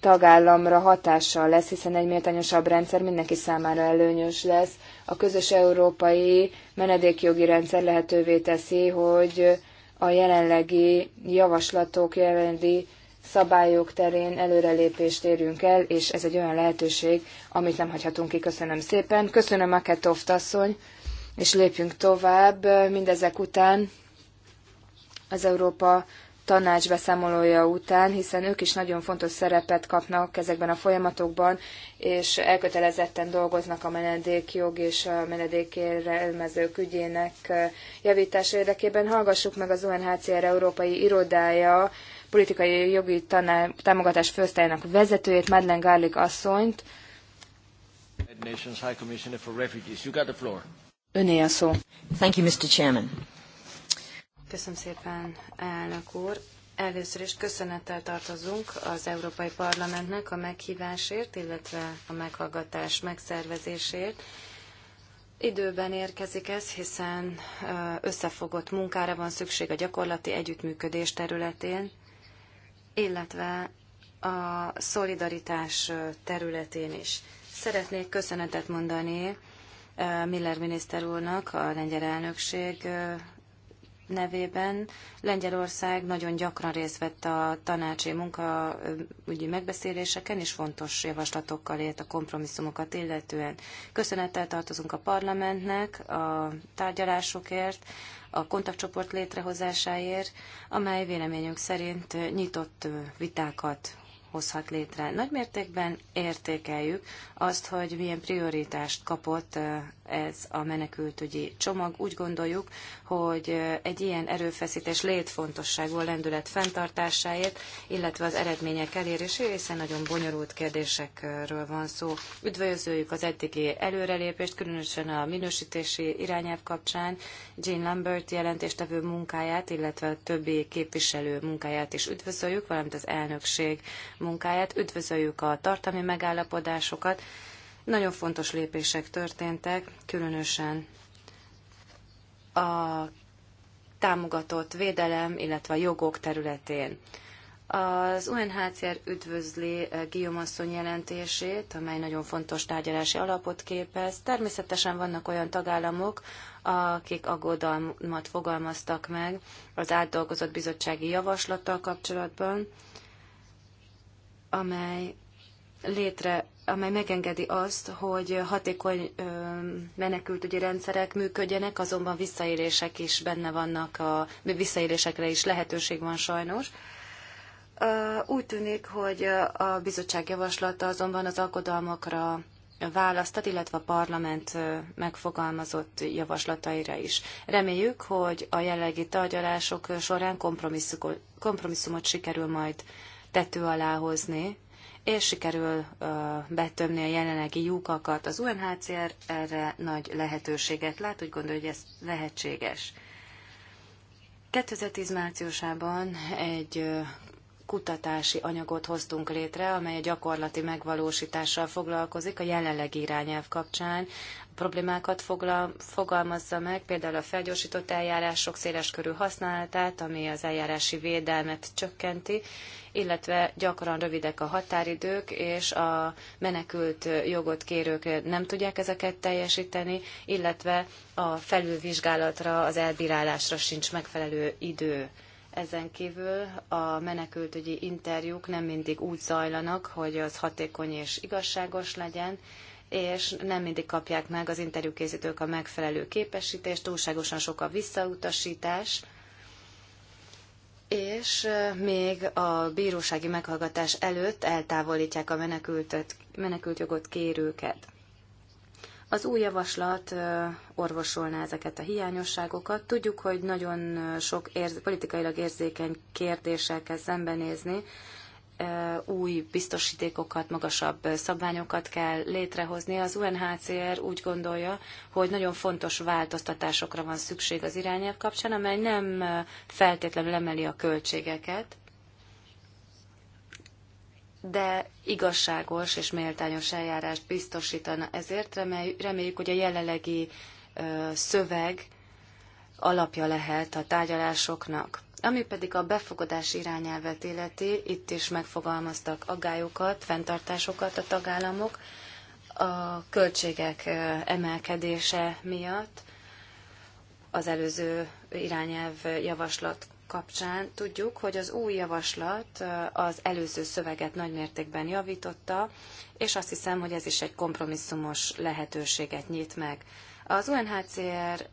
tagállamra hatással lesz, hiszen egy méltányosabb rendszer mindenki számára előnyös lesz. A közös európai menedékjogi rendszer lehetővé teszi, hogy a jelenlegi javaslatok, jelenlegi szabályok terén előrelépést érünk el, és ez egy olyan lehetőség, amit nem hagyhatunk ki. Köszönöm szépen. Köszönöm a Ketoft asszony, és lépjünk tovább. Mindezek után az Európa tanács beszámolója után, hiszen ők is nagyon fontos szerepet kapnak ezekben a folyamatokban, és elkötelezetten dolgoznak a menedékjog és a menedékérelmezők ügyének javítása érdekében. Hallgassuk meg az UNHCR Európai Irodája politikai jogi tanál, támogatás főosztályának vezetőjét, Madeleine Garlic asszonyt. Öné a szó. Thank you, Mr. Chairman. Köszönöm szépen, elnök úr. Először is köszönettel tartozunk az Európai Parlamentnek a meghívásért, illetve a meghallgatás megszervezésért. Időben érkezik ez, hiszen összefogott munkára van szükség a gyakorlati együttműködés területén, illetve a szolidaritás területén is. Szeretnék köszönetet mondani Miller miniszter úrnak, a lengyel elnökség nevében Lengyelország nagyon gyakran részt vett a tanácsi munkaügyi megbeszéléseken, és fontos javaslatokkal ért a kompromisszumokat illetően. Köszönettel tartozunk a parlamentnek a tárgyalásokért, a kontaktcsoport létrehozásáért, amely véleményünk szerint nyitott vitákat hozhat létre. Nagymértékben értékeljük azt, hogy milyen prioritást kapott ez a menekültügyi csomag. Úgy gondoljuk, hogy egy ilyen erőfeszítés létfontosságú a lendület fenntartásáért, illetve az eredmények eléréséért, hiszen nagyon bonyolult kérdésekről van szó. Üdvözöljük az eddigi előrelépést, különösen a minősítési irányelv kapcsán, Jean Lambert jelentéstevő munkáját, illetve a többi képviselő munkáját is üdvözöljük, valamint az elnökség munkáját, üdvözöljük a tartalmi megállapodásokat. Nagyon fontos lépések történtek, különösen a támogatott védelem, illetve a jogok területén. Az UNHCR üdvözli eh, Guillaume asszony jelentését, amely nagyon fontos tárgyalási alapot képez. Természetesen vannak olyan tagállamok, akik aggodalmat fogalmaztak meg az átdolgozott bizottsági javaslattal kapcsolatban amely létre, amely megengedi azt, hogy hatékony menekültügyi rendszerek működjenek, azonban visszaélések is benne vannak, a visszaélésekre is lehetőség van sajnos. Úgy tűnik, hogy a bizottság javaslata azonban az aggodalmakra választat, illetve a parlament megfogalmazott javaslataira is. Reméljük, hogy a jelenlegi tárgyalások során kompromisszumot sikerül majd tető alá hozni, és sikerül ö, betömni a jelenlegi lyukakat. Az UNHCR erre nagy lehetőséget lát, úgy gondolja, hogy ez lehetséges. 2010 márciusában egy kutatási anyagot hoztunk létre, amely a gyakorlati megvalósítással foglalkozik a jelenlegi irányelv kapcsán, problémákat foglal, fogalmazza meg, például a felgyorsított eljárások széles körű használatát, ami az eljárási védelmet csökkenti, illetve gyakran rövidek a határidők, és a menekült jogot kérők nem tudják ezeket teljesíteni, illetve a felülvizsgálatra, az elbírálásra sincs megfelelő idő. Ezen kívül a menekültügyi interjúk nem mindig úgy zajlanak, hogy az hatékony és igazságos legyen, és nem mindig kapják meg az interjúkészítők a megfelelő képesítést, túlságosan sok a visszautasítás, és még a bírósági meghallgatás előtt eltávolítják a menekültet, menekültjogot kérőket. Az új javaslat orvosolná ezeket a hiányosságokat. Tudjuk, hogy nagyon sok érz, politikailag érzékeny kérdéssel kell szembenézni, új biztosítékokat, magasabb szabványokat kell létrehozni. Az UNHCR úgy gondolja, hogy nagyon fontos változtatásokra van szükség az irányelv kapcsán, amely nem feltétlenül emeli a költségeket, de igazságos és méltányos eljárást biztosítana. Ezért reméljük, hogy a jelenlegi szöveg alapja lehet a tárgyalásoknak. Ami pedig a befogadás irányelvet illeti, itt is megfogalmaztak aggályokat, fenntartásokat a tagállamok a költségek emelkedése miatt az előző irányelv javaslat kapcsán tudjuk, hogy az új javaslat az előző szöveget nagymértékben javította, és azt hiszem, hogy ez is egy kompromisszumos lehetőséget nyit meg. Az UNHCR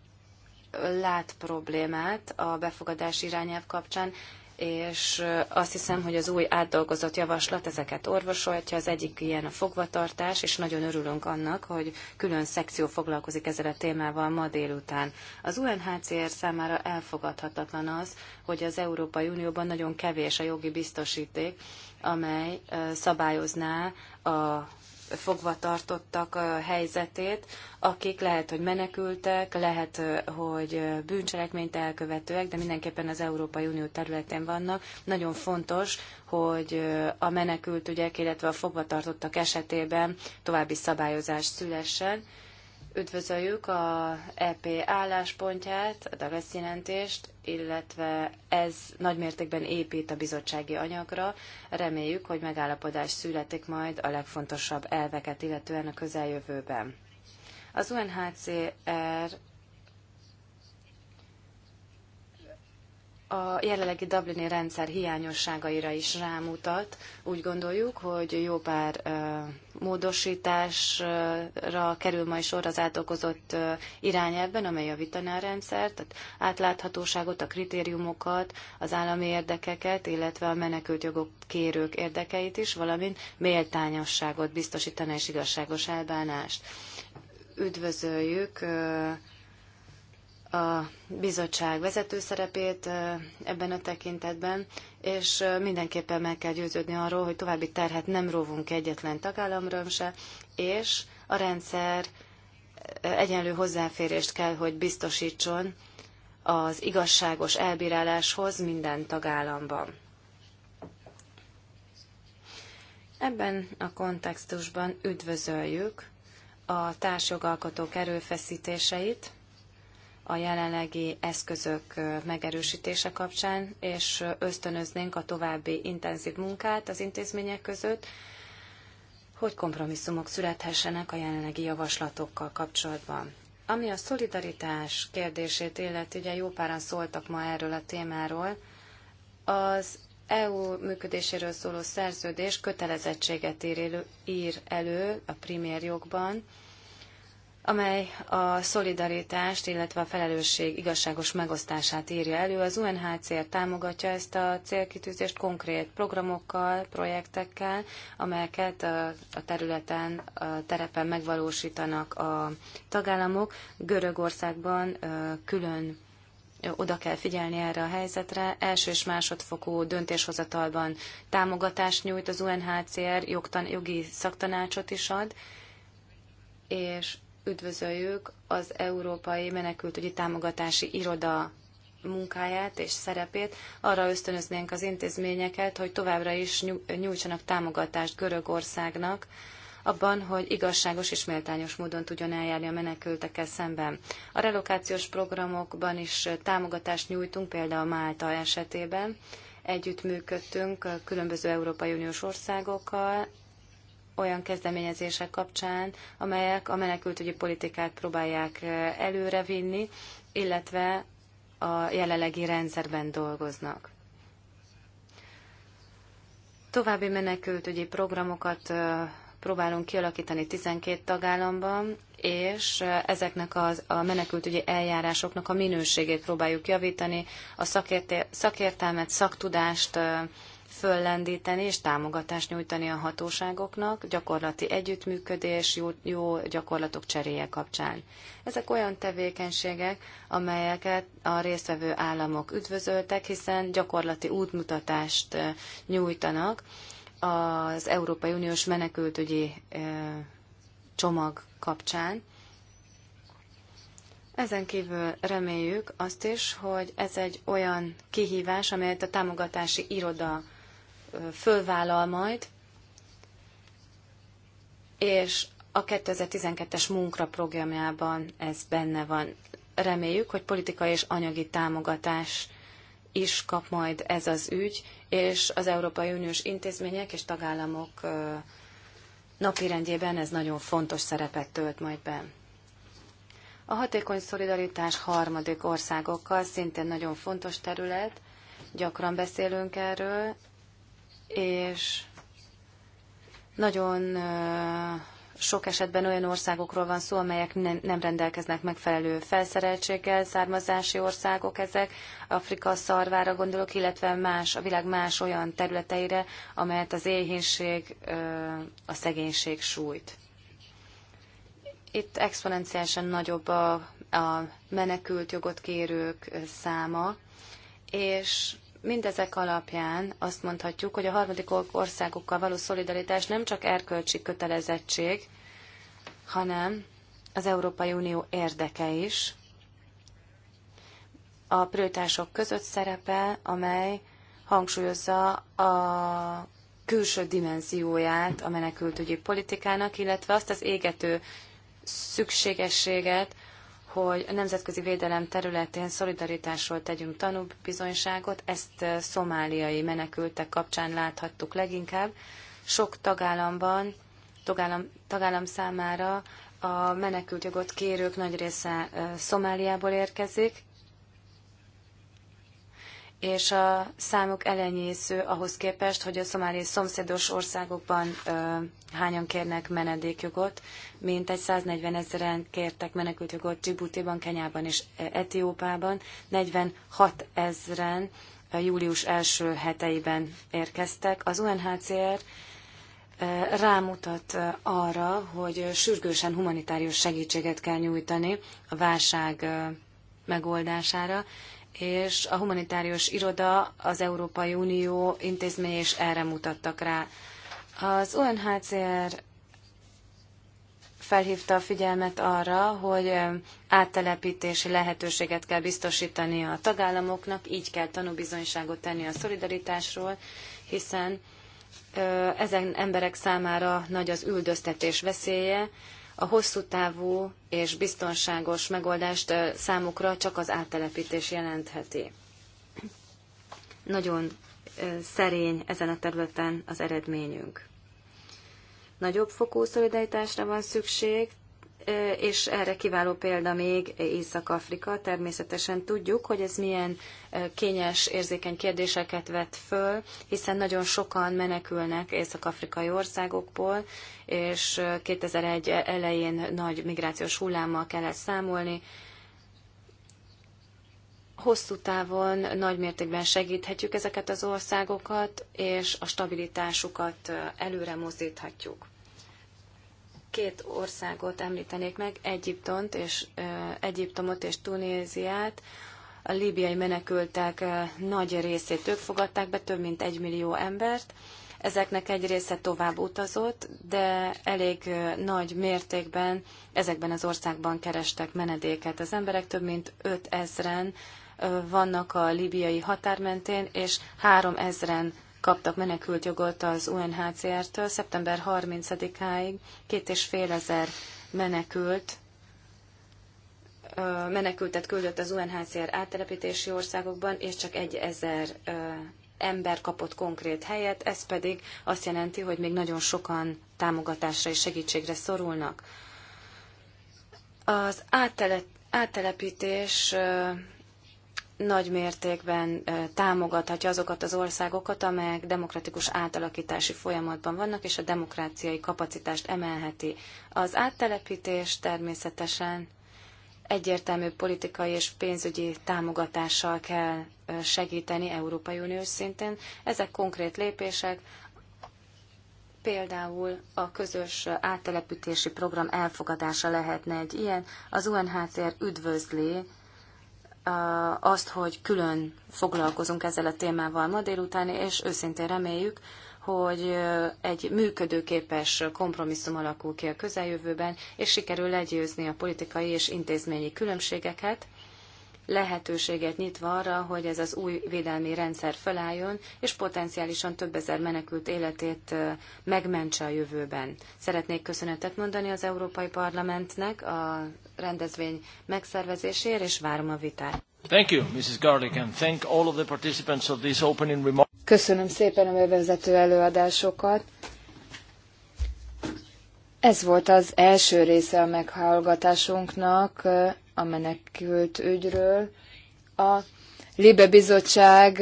lát problémát a befogadás irányelv kapcsán, és azt hiszem, hogy az új átdolgozott javaslat ezeket orvosolja. Az egyik ilyen a fogvatartás, és nagyon örülünk annak, hogy külön szekció foglalkozik ezzel a témával ma délután. Az UNHCR számára elfogadhatatlan az, hogy az Európai Unióban nagyon kevés a jogi biztosíték, amely szabályozná a fogva tartottak a helyzetét, akik lehet, hogy menekültek, lehet, hogy bűncselekményt elkövetőek, de mindenképpen az Európai Unió területén vannak. Nagyon fontos, hogy a menekült ügyek, illetve a fogvatartottak esetében további szabályozás szülessen Üdvözöljük a EP álláspontját, a Davis jelentést, illetve ez nagymértékben épít a bizottsági anyagra. Reméljük, hogy megállapodás születik majd a legfontosabb elveket, illetően a közeljövőben. Az UNHCR a jelenlegi Dublini rendszer hiányosságaira is rámutat. Úgy gondoljuk, hogy jó pár módosításra kerül majd sor az átokozott irányelven, amely javítaná a rendszert, tehát átláthatóságot, a kritériumokat, az állami érdekeket, illetve a jogok kérők érdekeit is, valamint méltányosságot biztosítaná és igazságos elbánást. Üdvözöljük a bizottság vezető szerepét ebben a tekintetben, és mindenképpen meg kell győződni arról, hogy további terhet nem róvunk egyetlen tagállamra se, és a rendszer egyenlő hozzáférést kell, hogy biztosítson az igazságos elbíráláshoz minden tagállamban. Ebben a kontextusban üdvözöljük a társjogalkotók erőfeszítéseit, a jelenlegi eszközök megerősítése kapcsán, és ösztönöznénk a további intenzív munkát az intézmények között, hogy kompromisszumok születhessenek a jelenlegi javaslatokkal kapcsolatban. Ami a szolidaritás kérdését illeti, ugye jó páran szóltak ma erről a témáról, az EU működéséről szóló szerződés kötelezettséget ír elő, ír elő a primér jogban, amely a szolidaritást, illetve a felelősség igazságos megosztását írja elő. Az UNHCR támogatja ezt a célkitűzést konkrét programokkal, projektekkel, amelyeket a területen, a terepen megvalósítanak a tagállamok. Görögországban külön oda kell figyelni erre a helyzetre. Első és másodfokú döntéshozatalban támogatást nyújt az UNHCR, jogtan, jogi szaktanácsot is ad, és üdvözöljük az Európai Menekültügyi Támogatási Iroda munkáját és szerepét, arra ösztönöznénk az intézményeket, hogy továbbra is nyújtsanak támogatást Görögországnak, abban, hogy igazságos és méltányos módon tudjon eljárni a menekültekkel szemben. A relokációs programokban is támogatást nyújtunk, például Málta esetében. Együttműködtünk különböző Európai Uniós országokkal, olyan kezdeményezések kapcsán, amelyek a menekültügyi politikát próbálják előrevinni, illetve a jelenlegi rendszerben dolgoznak. További menekültügyi programokat próbálunk kialakítani 12 tagállamban, és ezeknek az, a menekültügyi eljárásoknak a minőségét próbáljuk javítani, a szakértelmet, szaktudást föllendíteni és támogatást nyújtani a hatóságoknak gyakorlati együttműködés, jó, jó gyakorlatok cseréje kapcsán. Ezek olyan tevékenységek, amelyeket a résztvevő államok üdvözöltek, hiszen gyakorlati útmutatást nyújtanak az Európai Uniós menekültügyi csomag kapcsán. Ezen kívül reméljük azt is, hogy ez egy olyan kihívás, amelyet a támogatási iroda fölvállal majd, és a 2012-es munkaprogramjában ez benne van. Reméljük, hogy politikai és anyagi támogatás is kap majd ez az ügy, és az Európai Uniós intézmények és tagállamok napirendjében ez nagyon fontos szerepet tölt majd be. A hatékony szolidaritás harmadik országokkal szintén nagyon fontos terület, gyakran beszélünk erről, és nagyon sok esetben olyan országokról van szó, amelyek nem rendelkeznek megfelelő felszereltséggel, származási országok ezek, Afrika szarvára gondolok, illetve más, a világ más olyan területeire, amelyet az éhénység, a szegénység sújt. Itt exponenciálisan nagyobb a, a menekült jogot kérők száma, és Mindezek alapján azt mondhatjuk, hogy a harmadik országokkal való szolidaritás nem csak erkölcsi kötelezettség, hanem az Európai Unió érdeke is. A prőtások között szerepel, amely hangsúlyozza a külső dimenzióját a menekültügyi politikának, illetve azt az égető szükségességet, hogy a nemzetközi védelem területén szolidaritásról tegyünk tanúbizonyságot, ezt eh, szomáliai menekültek kapcsán láthattuk leginkább. Sok tagállamban, tagállam, tagállam számára a menekültjogot kérők nagy része eh, Szomáliából érkezik, és a számuk elenyésző ahhoz képest, hogy a szomáli szomszédos országokban ö, hányan kérnek menedékjogot, mint egy 140 ezeren kértek menekültjogot ban Kenyában és Etiópában, 46 ezeren július első heteiben érkeztek. Az UNHCR rámutat arra, hogy sürgősen humanitárius segítséget kell nyújtani a válság megoldására, és a humanitárius iroda, az Európai Unió intézménye is erre mutattak rá. Az UNHCR felhívta a figyelmet arra, hogy áttelepítési lehetőséget kell biztosítani a tagállamoknak, így kell tanúbizonyságot tenni a szolidaritásról, hiszen ezen emberek számára nagy az üldöztetés veszélye, a hosszú távú és biztonságos megoldást számukra csak az áttelepítés jelentheti. Nagyon szerény ezen a területen az eredményünk. Nagyobb fokú szolidaritásra van szükség, és erre kiváló példa még Észak-Afrika. Természetesen tudjuk, hogy ez milyen kényes, érzékeny kérdéseket vet föl, hiszen nagyon sokan menekülnek észak-afrikai országokból, és 2001 elején nagy migrációs hullámmal kellett számolni. Hosszú távon nagy mértékben segíthetjük ezeket az országokat, és a stabilitásukat előre mozdíthatjuk. Két országot említenék meg, Egyiptont és, Egyiptomot és Tunéziát. A líbiai menekültek nagy részét ők fogadták be, több mint egy millió embert. Ezeknek egy része tovább utazott, de elég nagy mértékben ezekben az országban kerestek menedéket. Az emberek több mint 5000-en vannak a libiai határ mentén, és 3000-en kaptak menekültjogot az UNHCR-től. Szeptember 30-áig két és fél ezer menekült menekültet küldött az UNHCR áttelepítési országokban, és csak egy ezer ember kapott konkrét helyet, ez pedig azt jelenti, hogy még nagyon sokan támogatásra és segítségre szorulnak. Az áttelepítés nagy mértékben támogathatja azokat az országokat, amelyek demokratikus átalakítási folyamatban vannak, és a demokráciai kapacitást emelheti. Az áttelepítés természetesen egyértelmű politikai és pénzügyi támogatással kell segíteni Európai Uniós szintén. Ezek konkrét lépések, például a közös áttelepítési program elfogadása lehetne egy ilyen. Az UNHCR üdvözli azt, hogy külön foglalkozunk ezzel a témával ma délután, és őszintén reméljük, hogy egy működőképes kompromisszum alakul ki a közeljövőben, és sikerül legyőzni a politikai és intézményi különbségeket, lehetőséget nyitva arra, hogy ez az új védelmi rendszer felálljon, és potenciálisan több ezer menekült életét megmentse a jövőben. Szeretnék köszönetet mondani az Európai Parlamentnek a rendezvény megszervezésért, és várom a vitát. Thank you, Mrs. Garlick, and thank all of the participants of this opening remark. Köszönöm szépen a bevezető előadásokat. Ez volt az első része a meghallgatásunknak a menekült ügyről. A Libe Bizottság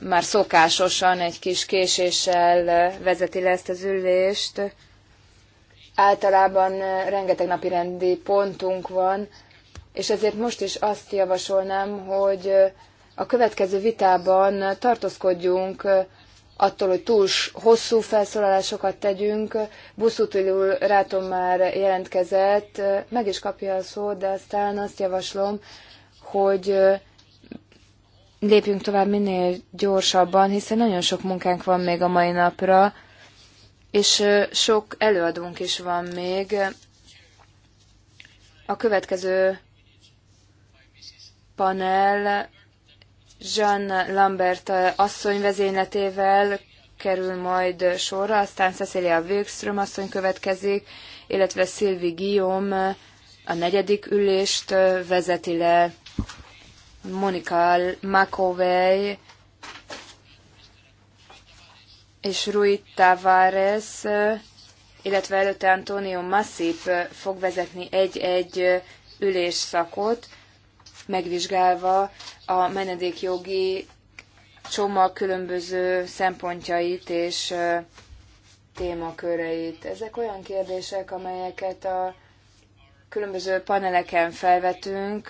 már szokásosan egy kis késéssel vezeti le ezt az ülést általában rengeteg napi rendi pontunk van, és ezért most is azt javasolnám, hogy a következő vitában tartózkodjunk attól, hogy túl hosszú felszólalásokat tegyünk. Buszutilul rátom már jelentkezett, meg is kapja a szót, de aztán azt javaslom, hogy lépjünk tovább minél gyorsabban, hiszen nagyon sok munkánk van még a mai napra és sok előadónk is van még. A következő panel Jean Lambert asszony vezényletével kerül majd sorra, aztán Cecilia Wilkström asszony következik, illetve Sylvie Guillaume a negyedik ülést vezeti le. Monika Makovej és Rui Tavares, illetve előtte Antonio Massip fog vezetni egy-egy ülésszakot, megvizsgálva a menedékjogi csomag különböző szempontjait és témaköreit. Ezek olyan kérdések, amelyeket a különböző paneleken felvetünk,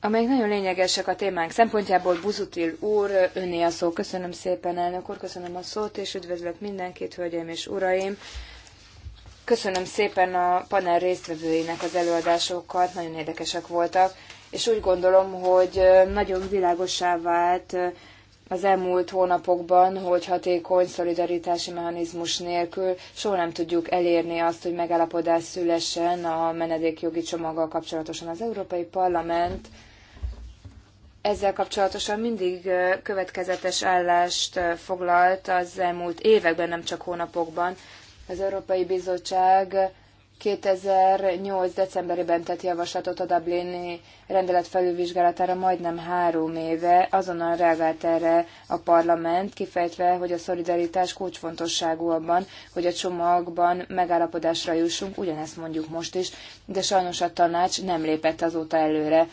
amelyek nagyon lényegesek a témánk szempontjából. Buzutil úr, önné a szó. Köszönöm szépen, elnök úr, köszönöm a szót, és üdvözlök mindenkit, hölgyeim és uraim. Köszönöm szépen a panel résztvevőinek az előadásokat, nagyon érdekesek voltak, és úgy gondolom, hogy nagyon világosá vált az elmúlt hónapokban, hogy hatékony szolidaritási mechanizmus nélkül soha nem tudjuk elérni azt, hogy megállapodás szülessen a menedékjogi csomaggal kapcsolatosan. Az Európai Parlament ezzel kapcsolatosan mindig következetes állást foglalt az elmúlt években, nem csak hónapokban. Az Európai Bizottság 2008. decemberében tett javaslatot a Dublini rendelet felülvizsgálatára majdnem három éve, azonnal reagált erre a parlament, kifejtve, hogy a szolidaritás kulcsfontosságú abban, hogy a csomagban megállapodásra jussunk, ugyanezt mondjuk most is, de sajnos a tanács nem lépett azóta előre.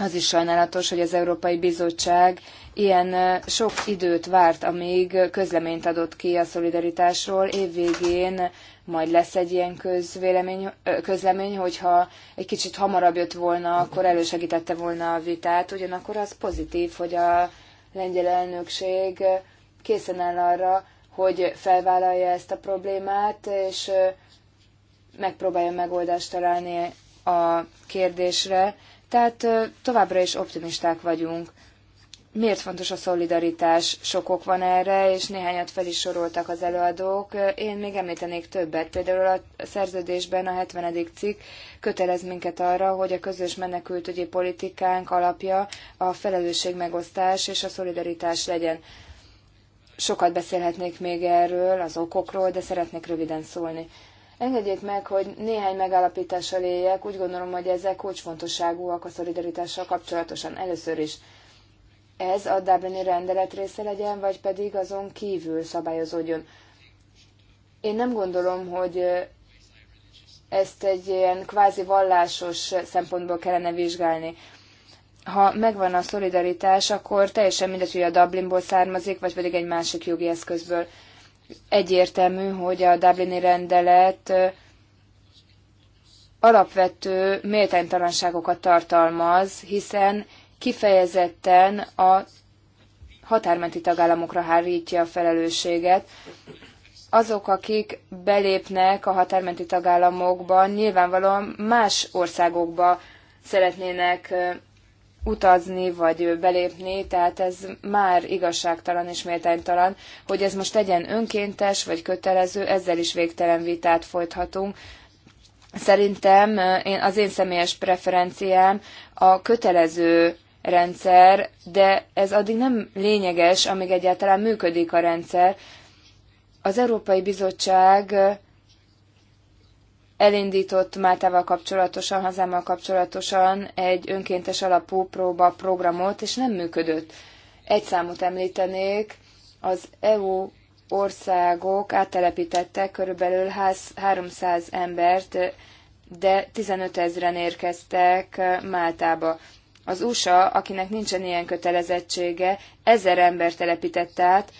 Az is sajnálatos, hogy az Európai Bizottság ilyen sok időt várt, amíg közleményt adott ki a szolidaritásról. Évvégén majd lesz egy ilyen közvélemény, közlemény, hogyha egy kicsit hamarabb jött volna, akkor elősegítette volna a vitát. Ugyanakkor az pozitív, hogy a lengyel elnökség készen áll arra, hogy felvállalja ezt a problémát, és megpróbálja megoldást találni a kérdésre. Tehát továbbra is optimisták vagyunk. Miért fontos a szolidaritás? Sok ok van erre, és néhányat fel is soroltak az előadók. Én még említenék többet. Például a szerződésben a 70. cikk kötelez minket arra, hogy a közös menekültügyi politikánk alapja a felelősségmegosztás és a szolidaritás legyen. Sokat beszélhetnék még erről, az okokról, de szeretnék röviden szólni. Engedjék meg, hogy néhány megállapítással éljek. Úgy gondolom, hogy ezek kulcsfontosságúak a szolidaritással kapcsolatosan először is. Ez a Dublini rendelet része legyen, vagy pedig azon kívül szabályozódjon. Én nem gondolom, hogy ezt egy ilyen kvázi vallásos szempontból kellene vizsgálni. Ha megvan a szolidaritás, akkor teljesen mindegy, hogy a Dublinból származik, vagy pedig egy másik jogi eszközből egyértelmű, hogy a Dublini rendelet alapvető méltánytalanságokat tartalmaz, hiszen kifejezetten a határmenti tagállamokra hárítja a felelősséget. Azok, akik belépnek a határmenti tagállamokban, nyilvánvalóan más országokba szeretnének utazni vagy belépni, tehát ez már igazságtalan és méltánytalan, hogy ez most legyen önkéntes vagy kötelező, ezzel is végtelen vitát folythatunk. Szerintem eh, az én személyes preferenciám a kötelező rendszer, de ez addig nem lényeges, amíg egyáltalán működik a rendszer. Az Európai Bizottság eh, elindított Máltával kapcsolatosan, hazámmal kapcsolatosan egy önkéntes alapú próba programot, és nem működött. Egy számot említenék, az EU országok áttelepítettek körülbelül 300 embert, de 15 ezeren érkeztek Máltába. Az USA, akinek nincsen ilyen kötelezettsége, ezer ember telepített át,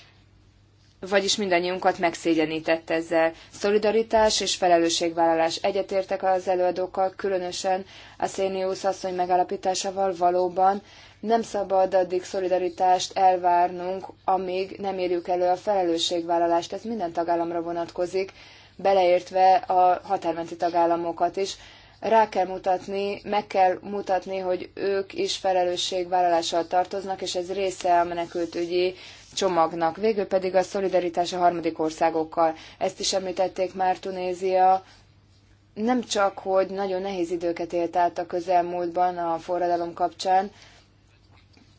vagyis mindannyiunkat megszégyenített ezzel. Szolidaritás és felelősségvállalás egyetértek az előadókkal, különösen a Széniusz asszony megalapításával valóban nem szabad addig szolidaritást elvárnunk, amíg nem érjük elő a felelősségvállalást. Ez minden tagállamra vonatkozik, beleértve a határmenti tagállamokat is. Rá kell mutatni, meg kell mutatni, hogy ők is felelősségvállalással tartoznak, és ez része a menekültügyi csomagnak. Végül pedig a szolidaritás a harmadik országokkal. Ezt is említették már Tunézia, nem csak, hogy nagyon nehéz időket élt át a közelmúltban a forradalom kapcsán,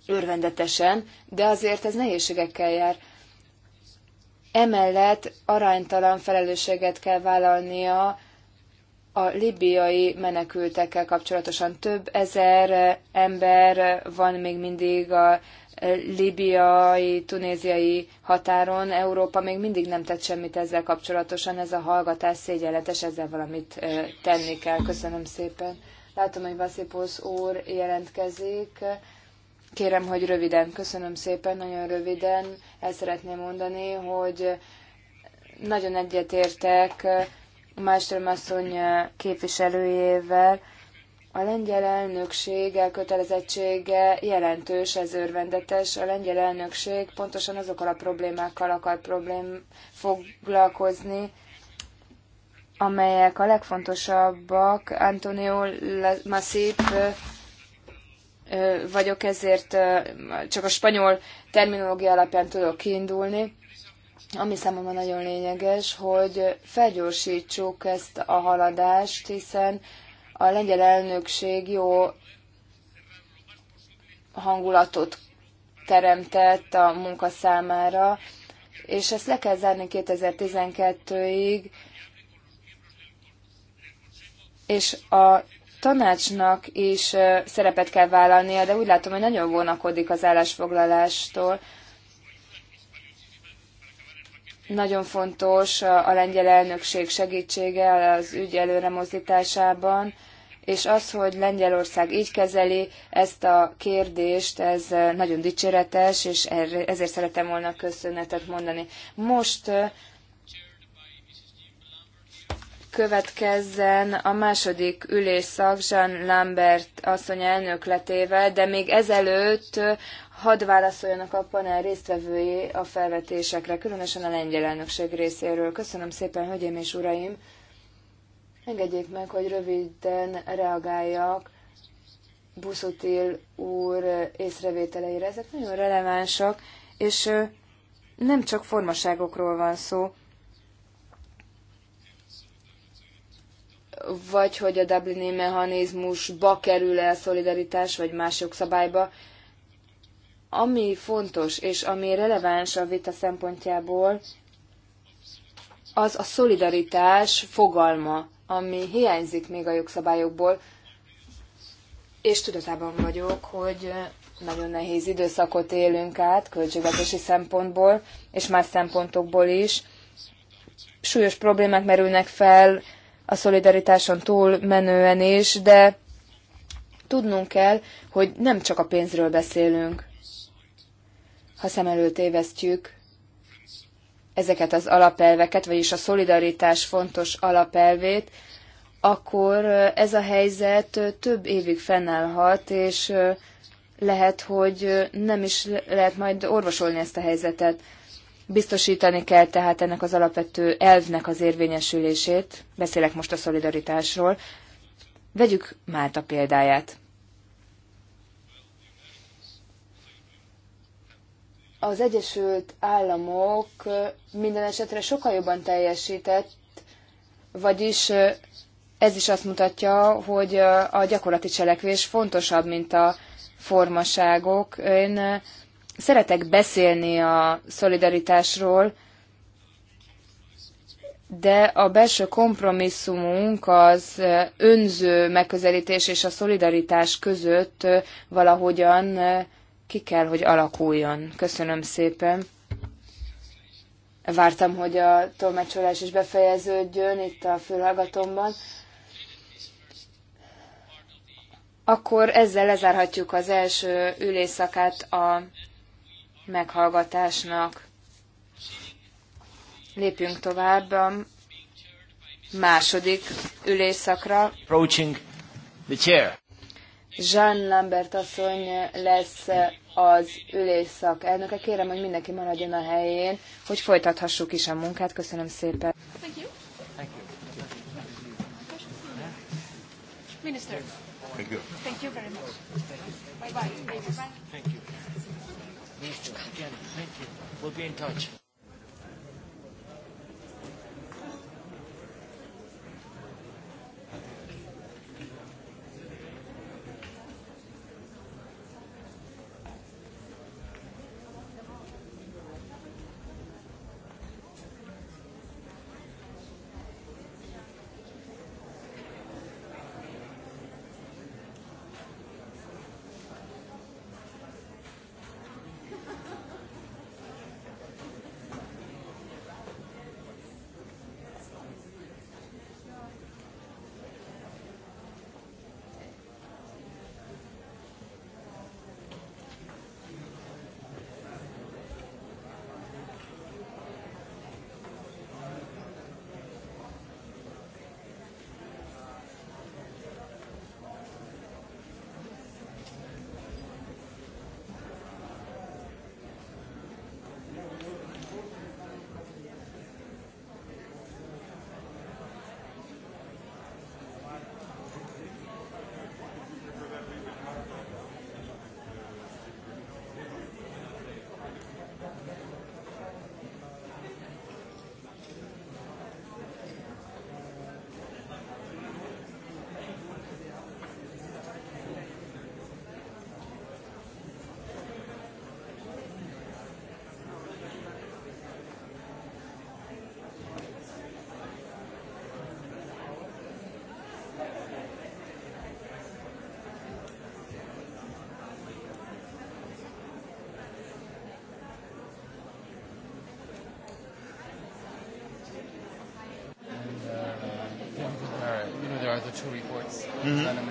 örvendetesen, de azért ez nehézségekkel jár. Emellett aránytalan felelősséget kell vállalnia a libiai menekültekkel kapcsolatosan. Több ezer ember van még mindig a libiai, tunéziai határon Európa még mindig nem tett semmit ezzel kapcsolatosan, ez a hallgatás szégyenletes, ezzel valamit tenni kell. Köszönöm szépen. Látom, hogy Vaszipósz úr jelentkezik. Kérem, hogy röviden, köszönöm szépen, nagyon röviden. El szeretném mondani, hogy nagyon egyetértek Mástrom asszony képviselőjével, a lengyel elnökség elkötelezettsége jelentős, ez örvendetes. A lengyel elnökség pontosan azokkal a problémákkal akar problém foglalkozni, amelyek a legfontosabbak. Antonio Masip vagyok, ezért csak a spanyol terminológia alapján tudok kiindulni. Ami számomra nagyon lényeges, hogy felgyorsítsuk ezt a haladást, hiszen a lengyel elnökség jó hangulatot teremtett a munka számára, és ezt le kell zárni 2012-ig, és a tanácsnak is szerepet kell vállalnia, de úgy látom, hogy nagyon vonakodik az állásfoglalástól. Nagyon fontos a lengyel elnökség segítsége az ügy előremozdításában és az, hogy Lengyelország így kezeli ezt a kérdést, ez nagyon dicséretes, és ezért szeretem volna köszönetet mondani. Most következzen a második ülésszak Jean Lambert asszony elnökletével, de még ezelőtt hadd válaszoljanak a panel résztvevői a felvetésekre, különösen a lengyel elnökség részéről. Köszönöm szépen, hölgyeim és uraim! Engedjék meg, hogy röviden reagáljak Buszutil úr észrevételeire. Ezek nagyon relevánsak, és nem csak formaságokról van szó, vagy hogy a Dublini mechanizmusba kerül el szolidaritás, vagy más jogszabályba. Ami fontos, és ami releváns a vita szempontjából, az a szolidaritás fogalma ami hiányzik még a jogszabályokból, és tudatában vagyok, hogy nagyon nehéz időszakot élünk át költségvetési szempontból, és más szempontokból is. Súlyos problémák merülnek fel a szolidaritáson túl menően is, de tudnunk kell, hogy nem csak a pénzről beszélünk. Ha szem előtt évesztjük ezeket az alapelveket, vagyis a szolidaritás fontos alapelvét, akkor ez a helyzet több évig fennállhat, és lehet, hogy nem is lehet majd orvosolni ezt a helyzetet. Biztosítani kell tehát ennek az alapvető elvnek az érvényesülését, beszélek most a szolidaritásról. Vegyük Málta példáját. az Egyesült Államok minden esetre sokkal jobban teljesített, vagyis ez is azt mutatja, hogy a gyakorlati cselekvés fontosabb, mint a formaságok. Én szeretek beszélni a szolidaritásról, de a belső kompromisszumunk az önző megközelítés és a szolidaritás között valahogyan ki kell, hogy alakuljon. Köszönöm szépen. Vártam, hogy a tolmácsolás is befejeződjön itt a fülhallgatomban. Akkor ezzel lezárhatjuk az első ülésszakát a meghallgatásnak. Lépjünk tovább a második ülésszakra. Approaching the chair. Jean Lambert asszony lesz az ülésszak elnöke. Kérem, hogy mindenki maradjon a helyén, hogy folytathassuk is a munkát. Köszönöm szépen. Thank you. Thank you. Thank you. Thank you Thank you. thank you. We'll be in touch. two reports. Mm-hmm.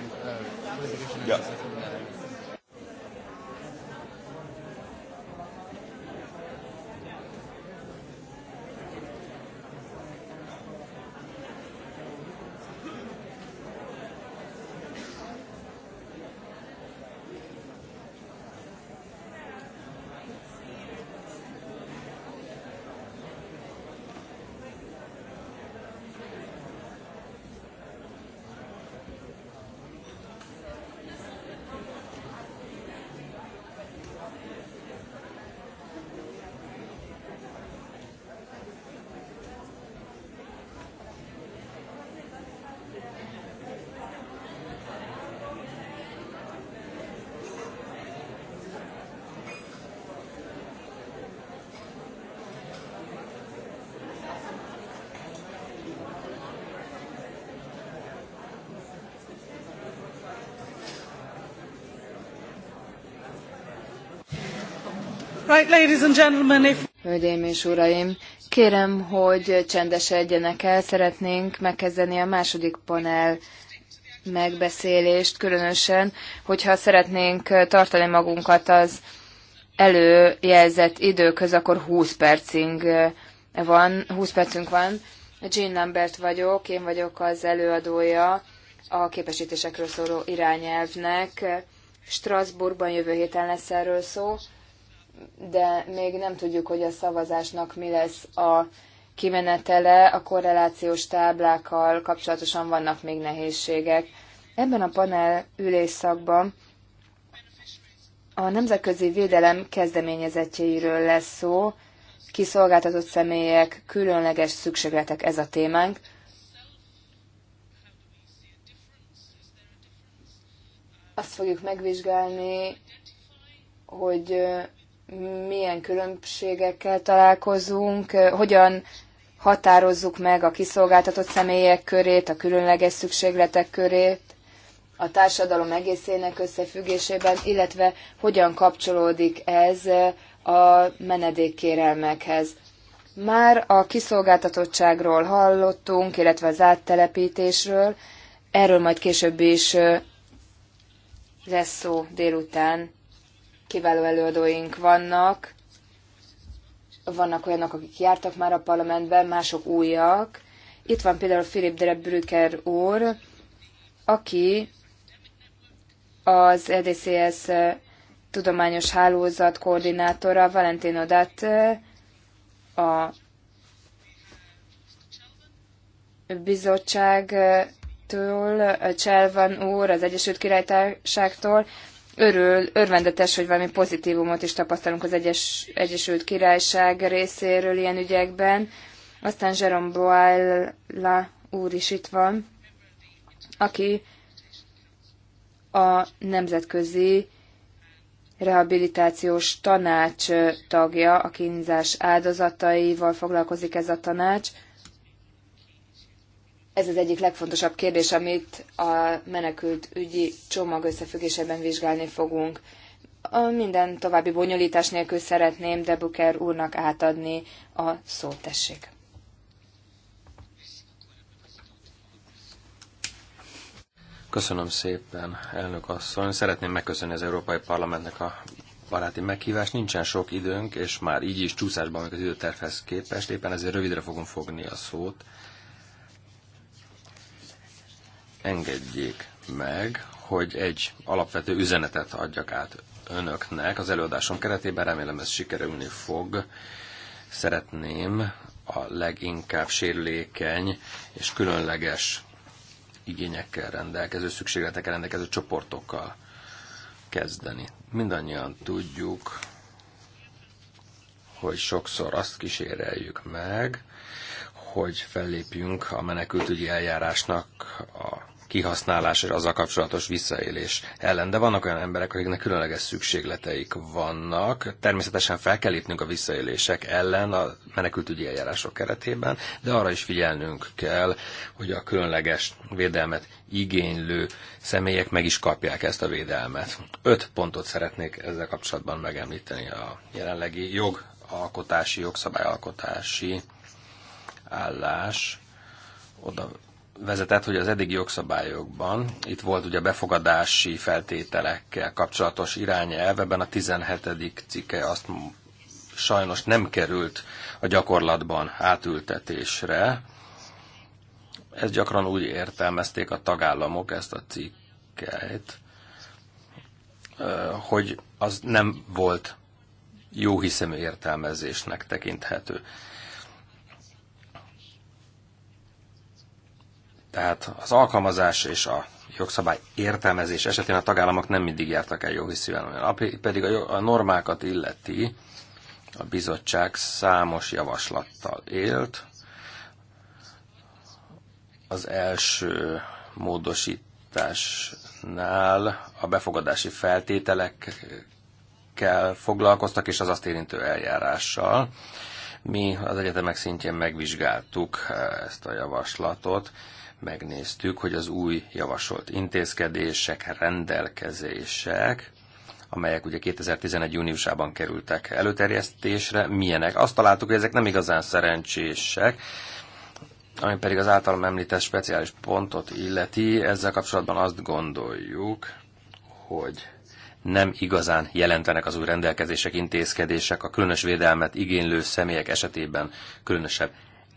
Right, ladies and gentlemen, if... Hölgyeim és uraim, kérem, hogy csendesedjenek el, szeretnénk megkezdeni a második panel megbeszélést, különösen, hogyha szeretnénk tartani magunkat az előjelzett időköz, akkor 20 percünk van, 20 percünk van. Jean Lambert vagyok, én vagyok az előadója a képesítésekről szóló irányelvnek. Strasbourgban jövő héten lesz erről szó de még nem tudjuk, hogy a szavazásnak mi lesz a kimenetele. A korrelációs táblákkal kapcsolatosan vannak még nehézségek. Ebben a panel ülésszakban a nemzetközi védelem kezdeményezetjeiről lesz szó, kiszolgáltatott személyek, különleges szükségletek ez a témánk. Azt fogjuk megvizsgálni, hogy milyen különbségekkel találkozunk, hogyan határozzuk meg a kiszolgáltatott személyek körét, a különleges szükségletek körét, a társadalom egészének összefüggésében, illetve hogyan kapcsolódik ez a menedékkérelmekhez. Már a kiszolgáltatottságról hallottunk, illetve az áttelepítésről, erről majd később is lesz szó délután kiváló előadóink vannak. Vannak olyanok, akik jártak már a parlamentben, mások újak. Itt van például Philip de Brücker úr, aki az EDCS eh, tudományos hálózat koordinátora, Valentino Dát, a bizottságtól, eh, Cselvan úr az Egyesült Királyságtól, örül, örvendetes, hogy valami pozitívumot is tapasztalunk az Egyes, Egyesült Királyság részéről ilyen ügyekben. Aztán Jerome Boyle úr is itt van, aki a nemzetközi rehabilitációs tanács tagja, a kínzás áldozataival foglalkozik ez a tanács, ez az egyik legfontosabb kérdés, amit a menekült ügyi csomag összefüggésében vizsgálni fogunk. A minden további bonyolítás nélkül szeretném Debuker úrnak átadni a szót, tessék. Köszönöm szépen, elnök asszony. Szeretném megköszönni az Európai Parlamentnek a baráti meghívást. Nincsen sok időnk, és már így is csúszásban vagyok az időtervhez képest. Éppen ezért rövidre fogom fogni a szót engedjék meg, hogy egy alapvető üzenetet adjak át önöknek. Az előadásom keretében remélem ez sikerülni fog. Szeretném a leginkább sérülékeny és különleges igényekkel rendelkező, szükségletekkel rendelkező csoportokkal kezdeni. Mindannyian tudjuk, hogy sokszor azt kíséreljük meg, hogy fellépjünk a menekültügyi eljárásnak a kihasználás és azzal kapcsolatos visszaélés ellen. De vannak olyan emberek, akiknek különleges szükségleteik vannak. Természetesen fel kell lépnünk a visszaélések ellen a menekültügyi eljárások keretében, de arra is figyelnünk kell, hogy a különleges védelmet igénylő személyek meg is kapják ezt a védelmet. Öt pontot szeretnék ezzel kapcsolatban megemlíteni a jelenlegi jog, alkotási, jogszabályalkotási állás oda vezetett, hogy az eddigi jogszabályokban, itt volt ugye befogadási feltételekkel kapcsolatos irányelv, ebben a 17. cikke azt sajnos nem került a gyakorlatban átültetésre. Ez gyakran úgy értelmezték a tagállamok ezt a cikket, hogy az nem volt jó hiszemű értelmezésnek tekinthető. Tehát az alkalmazás és a jogszabály értelmezés esetén a tagállamok nem mindig jártak el jóhiszűen. Ami pedig a, a normákat illeti, a bizottság számos javaslattal élt. Az első módosításnál a befogadási feltételekkel foglalkoztak, és az azt érintő eljárással. Mi az egyetemek szintjén megvizsgáltuk eh, ezt a javaslatot, megnéztük, hogy az új javasolt intézkedések, rendelkezések, amelyek ugye 2011. júniusában kerültek előterjesztésre, milyenek. Azt találtuk, hogy ezek nem igazán szerencsések, ami pedig az általam említett speciális pontot illeti, ezzel kapcsolatban azt gondoljuk, hogy nem igazán jelentenek az új rendelkezések, intézkedések a különös védelmet igénylő személyek esetében különösebb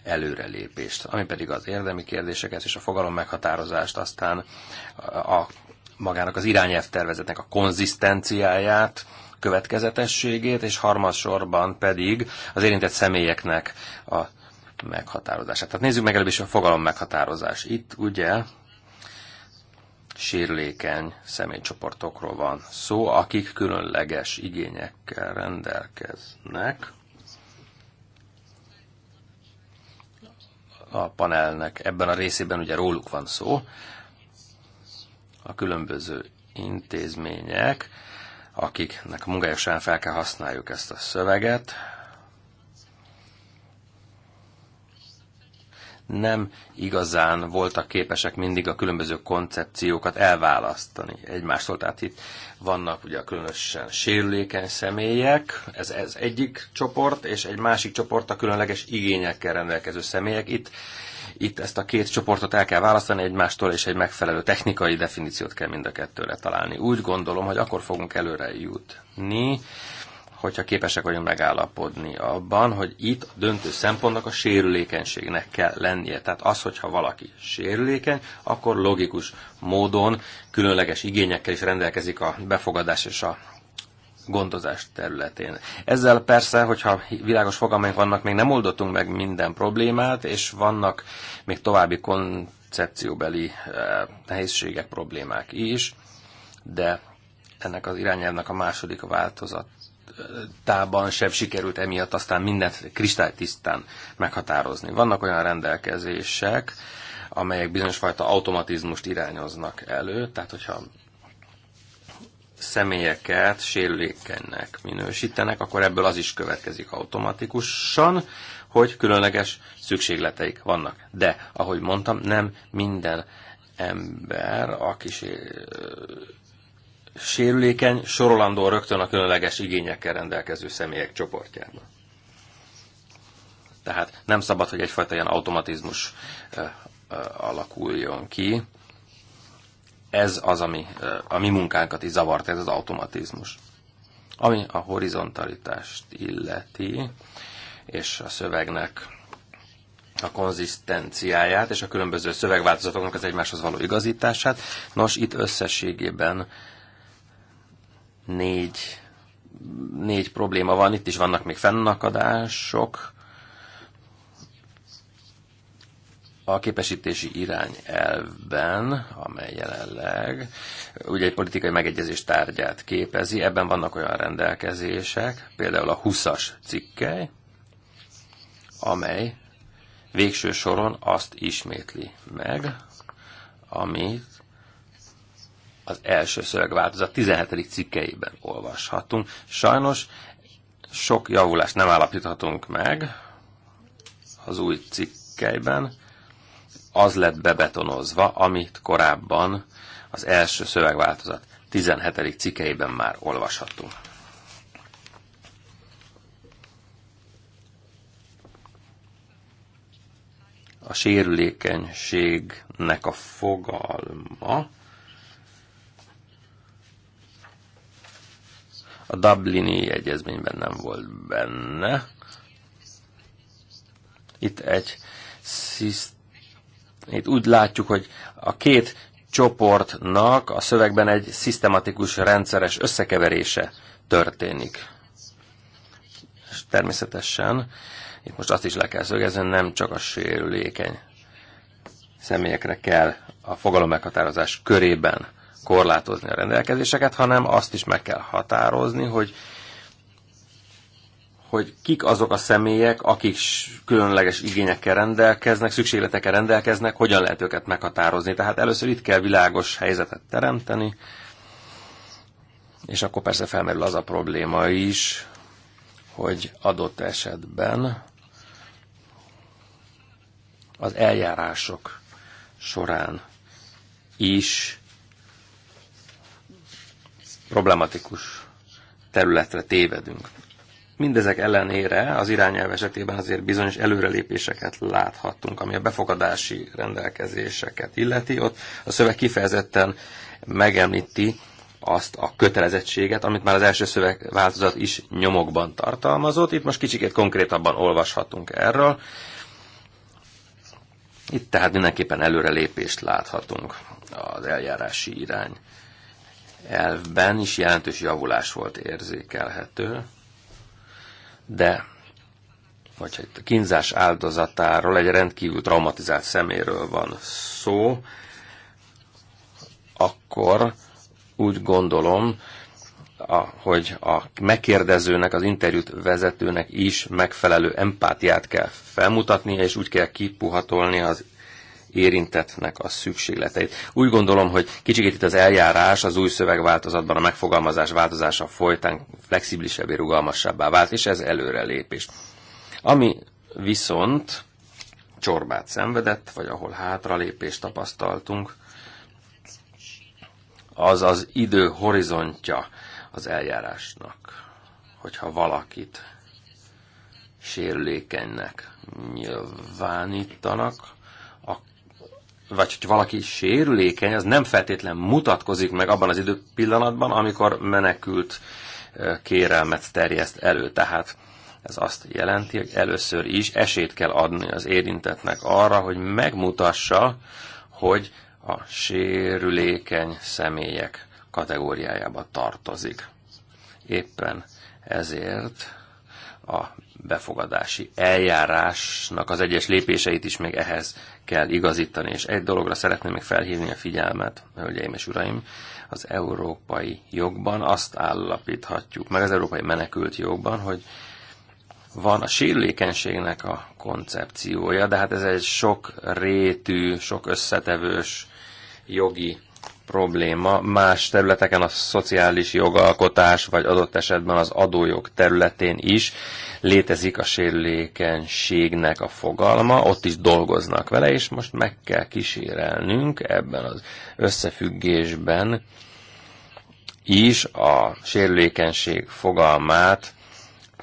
előrelépést. Ami pedig az érdemi kérdéseket és a fogalom meghatározást, aztán a magának az irányelv tervezetnek a konzisztenciáját, következetességét, és harmadsorban pedig az érintett személyeknek a meghatározását. Tehát nézzük meg előbb is a fogalom meghatározás. Itt ugye sérlékeny személycsoportokról van szó, akik különleges igényekkel rendelkeznek. a panelnek ebben a részében ugye róluk van szó, a különböző intézmények, akiknek munkájosán fel kell használjuk ezt a szöveget, nem igazán voltak képesek mindig a különböző koncepciókat elválasztani egymástól. Tehát itt vannak ugye különösen sérülékeny személyek, ez, ez egyik csoport, és egy másik csoport a különleges igényekkel rendelkező személyek. Itt itt ezt a két csoportot el kell választani egymástól, és egy megfelelő technikai definíciót kell mind a kettőre találni. Úgy gondolom, hogy akkor fogunk előre jutni, hogyha képesek vagyunk megállapodni abban, hogy itt a döntő szempontnak a sérülékenységnek kell lennie. Tehát az, hogyha valaki sérülékeny, akkor logikus módon különleges igényekkel is rendelkezik a befogadás és a gondozás területén. Ezzel persze, hogyha világos fogalmaink vannak, még nem oldottunk meg minden problémát, és vannak még további koncepcióbeli eh, nehézségek, problémák is, de ennek az irányelvnek a második változat tában sem sikerült emiatt aztán mindent kristálytisztán meghatározni. Vannak olyan rendelkezések, amelyek bizonyos fajta automatizmust irányoznak elő, tehát hogyha személyeket sérülékenynek minősítenek, akkor ebből az is következik automatikusan, hogy különleges szükségleteik vannak. De, ahogy mondtam, nem minden ember, aki sérülékeny, sorolandó rögtön a különleges igényekkel rendelkező személyek csoportjába. Tehát nem szabad, hogy egyfajta ilyen automatizmus alakuljon ki. Ez az, ami a mi munkánkat is zavart, ez az automatizmus. Ami a horizontalitást illeti, és a szövegnek a konzisztenciáját és a különböző szövegváltozatoknak az egymáshoz való igazítását. Nos, itt összességében négy, négy probléma van, itt is vannak még fennakadások. A képesítési irányelvben, amely jelenleg ugye egy politikai megegyezés tárgyát képezi, ebben vannak olyan rendelkezések, például a 20-as cikkely, amely végső soron azt ismétli meg, amit az első szövegváltozat 17. cikkeiben olvashatunk. Sajnos sok javulást nem állapíthatunk meg az új cikkeiben. Az lett bebetonozva, amit korábban az első szövegváltozat 17. cikkeiben már olvashatunk. A sérülékenységnek a fogalma A Dublini egyezményben nem volt benne. Itt egy itt úgy látjuk, hogy a két csoportnak a szövegben egy szisztematikus, rendszeres összekeverése történik. És természetesen itt most azt is le kell szögezni, nem csak a sérülékeny személyekre kell a fogalommeghatározás körében korlátozni a rendelkezéseket, hanem azt is meg kell határozni, hogy hogy kik azok a személyek, akik különleges igényekkel rendelkeznek, szükségletekkel rendelkeznek, hogyan lehet őket meghatározni. Tehát először itt kell világos helyzetet teremteni, és akkor persze felmerül az a probléma is, hogy adott esetben az eljárások során is problematikus területre tévedünk. Mindezek ellenére az irányelv esetében azért bizonyos előrelépéseket láthattunk, ami a befogadási rendelkezéseket illeti. Ott a szöveg kifejezetten megemlíti azt a kötelezettséget, amit már az első szövegváltozat is nyomokban tartalmazott. Itt most kicsikét konkrétabban olvashatunk erről. Itt tehát mindenképpen előrelépést láthatunk az eljárási irány elvben is jelentős javulás volt érzékelhető, de vagy egy kínzás áldozatáról, egy rendkívül traumatizált szeméről van szó, akkor úgy gondolom, a, hogy a megkérdezőnek, az interjút vezetőnek is megfelelő empátiát kell felmutatnia, és úgy kell kipuhatolni az érintetnek a szükségleteit. Úgy gondolom, hogy kicsit itt az eljárás az új szövegváltozatban a megfogalmazás változása folytán flexibilisebbé, rugalmasabbá vált, és ez előrelépés. Ami viszont csorbát szenvedett, vagy ahol hátralépést tapasztaltunk, az az idő horizontja az eljárásnak, hogyha valakit sérülékenynek nyilvánítanak, vagy hogy valaki sérülékeny, az nem feltétlen mutatkozik meg abban az időpillanatban, amikor menekült kérelmet terjeszt elő. Tehát ez azt jelenti, hogy először is esélyt kell adni az érintetnek arra, hogy megmutassa, hogy a sérülékeny személyek kategóriájába tartozik. Éppen ezért a befogadási eljárásnak az egyes lépéseit is még ehhez kell igazítani. És egy dologra szeretném még felhívni a figyelmet, hölgyeim és uraim, az európai jogban azt állapíthatjuk, meg az európai menekült jogban, hogy van a sérülékenységnek a koncepciója, de hát ez egy sok rétű, sok összetevős jogi probléma. Más területeken a szociális jogalkotás, vagy adott esetben az adójog területén is létezik a sérülékenységnek a fogalma, ott is dolgoznak vele, és most meg kell kísérelnünk ebben az összefüggésben is a sérülékenység fogalmát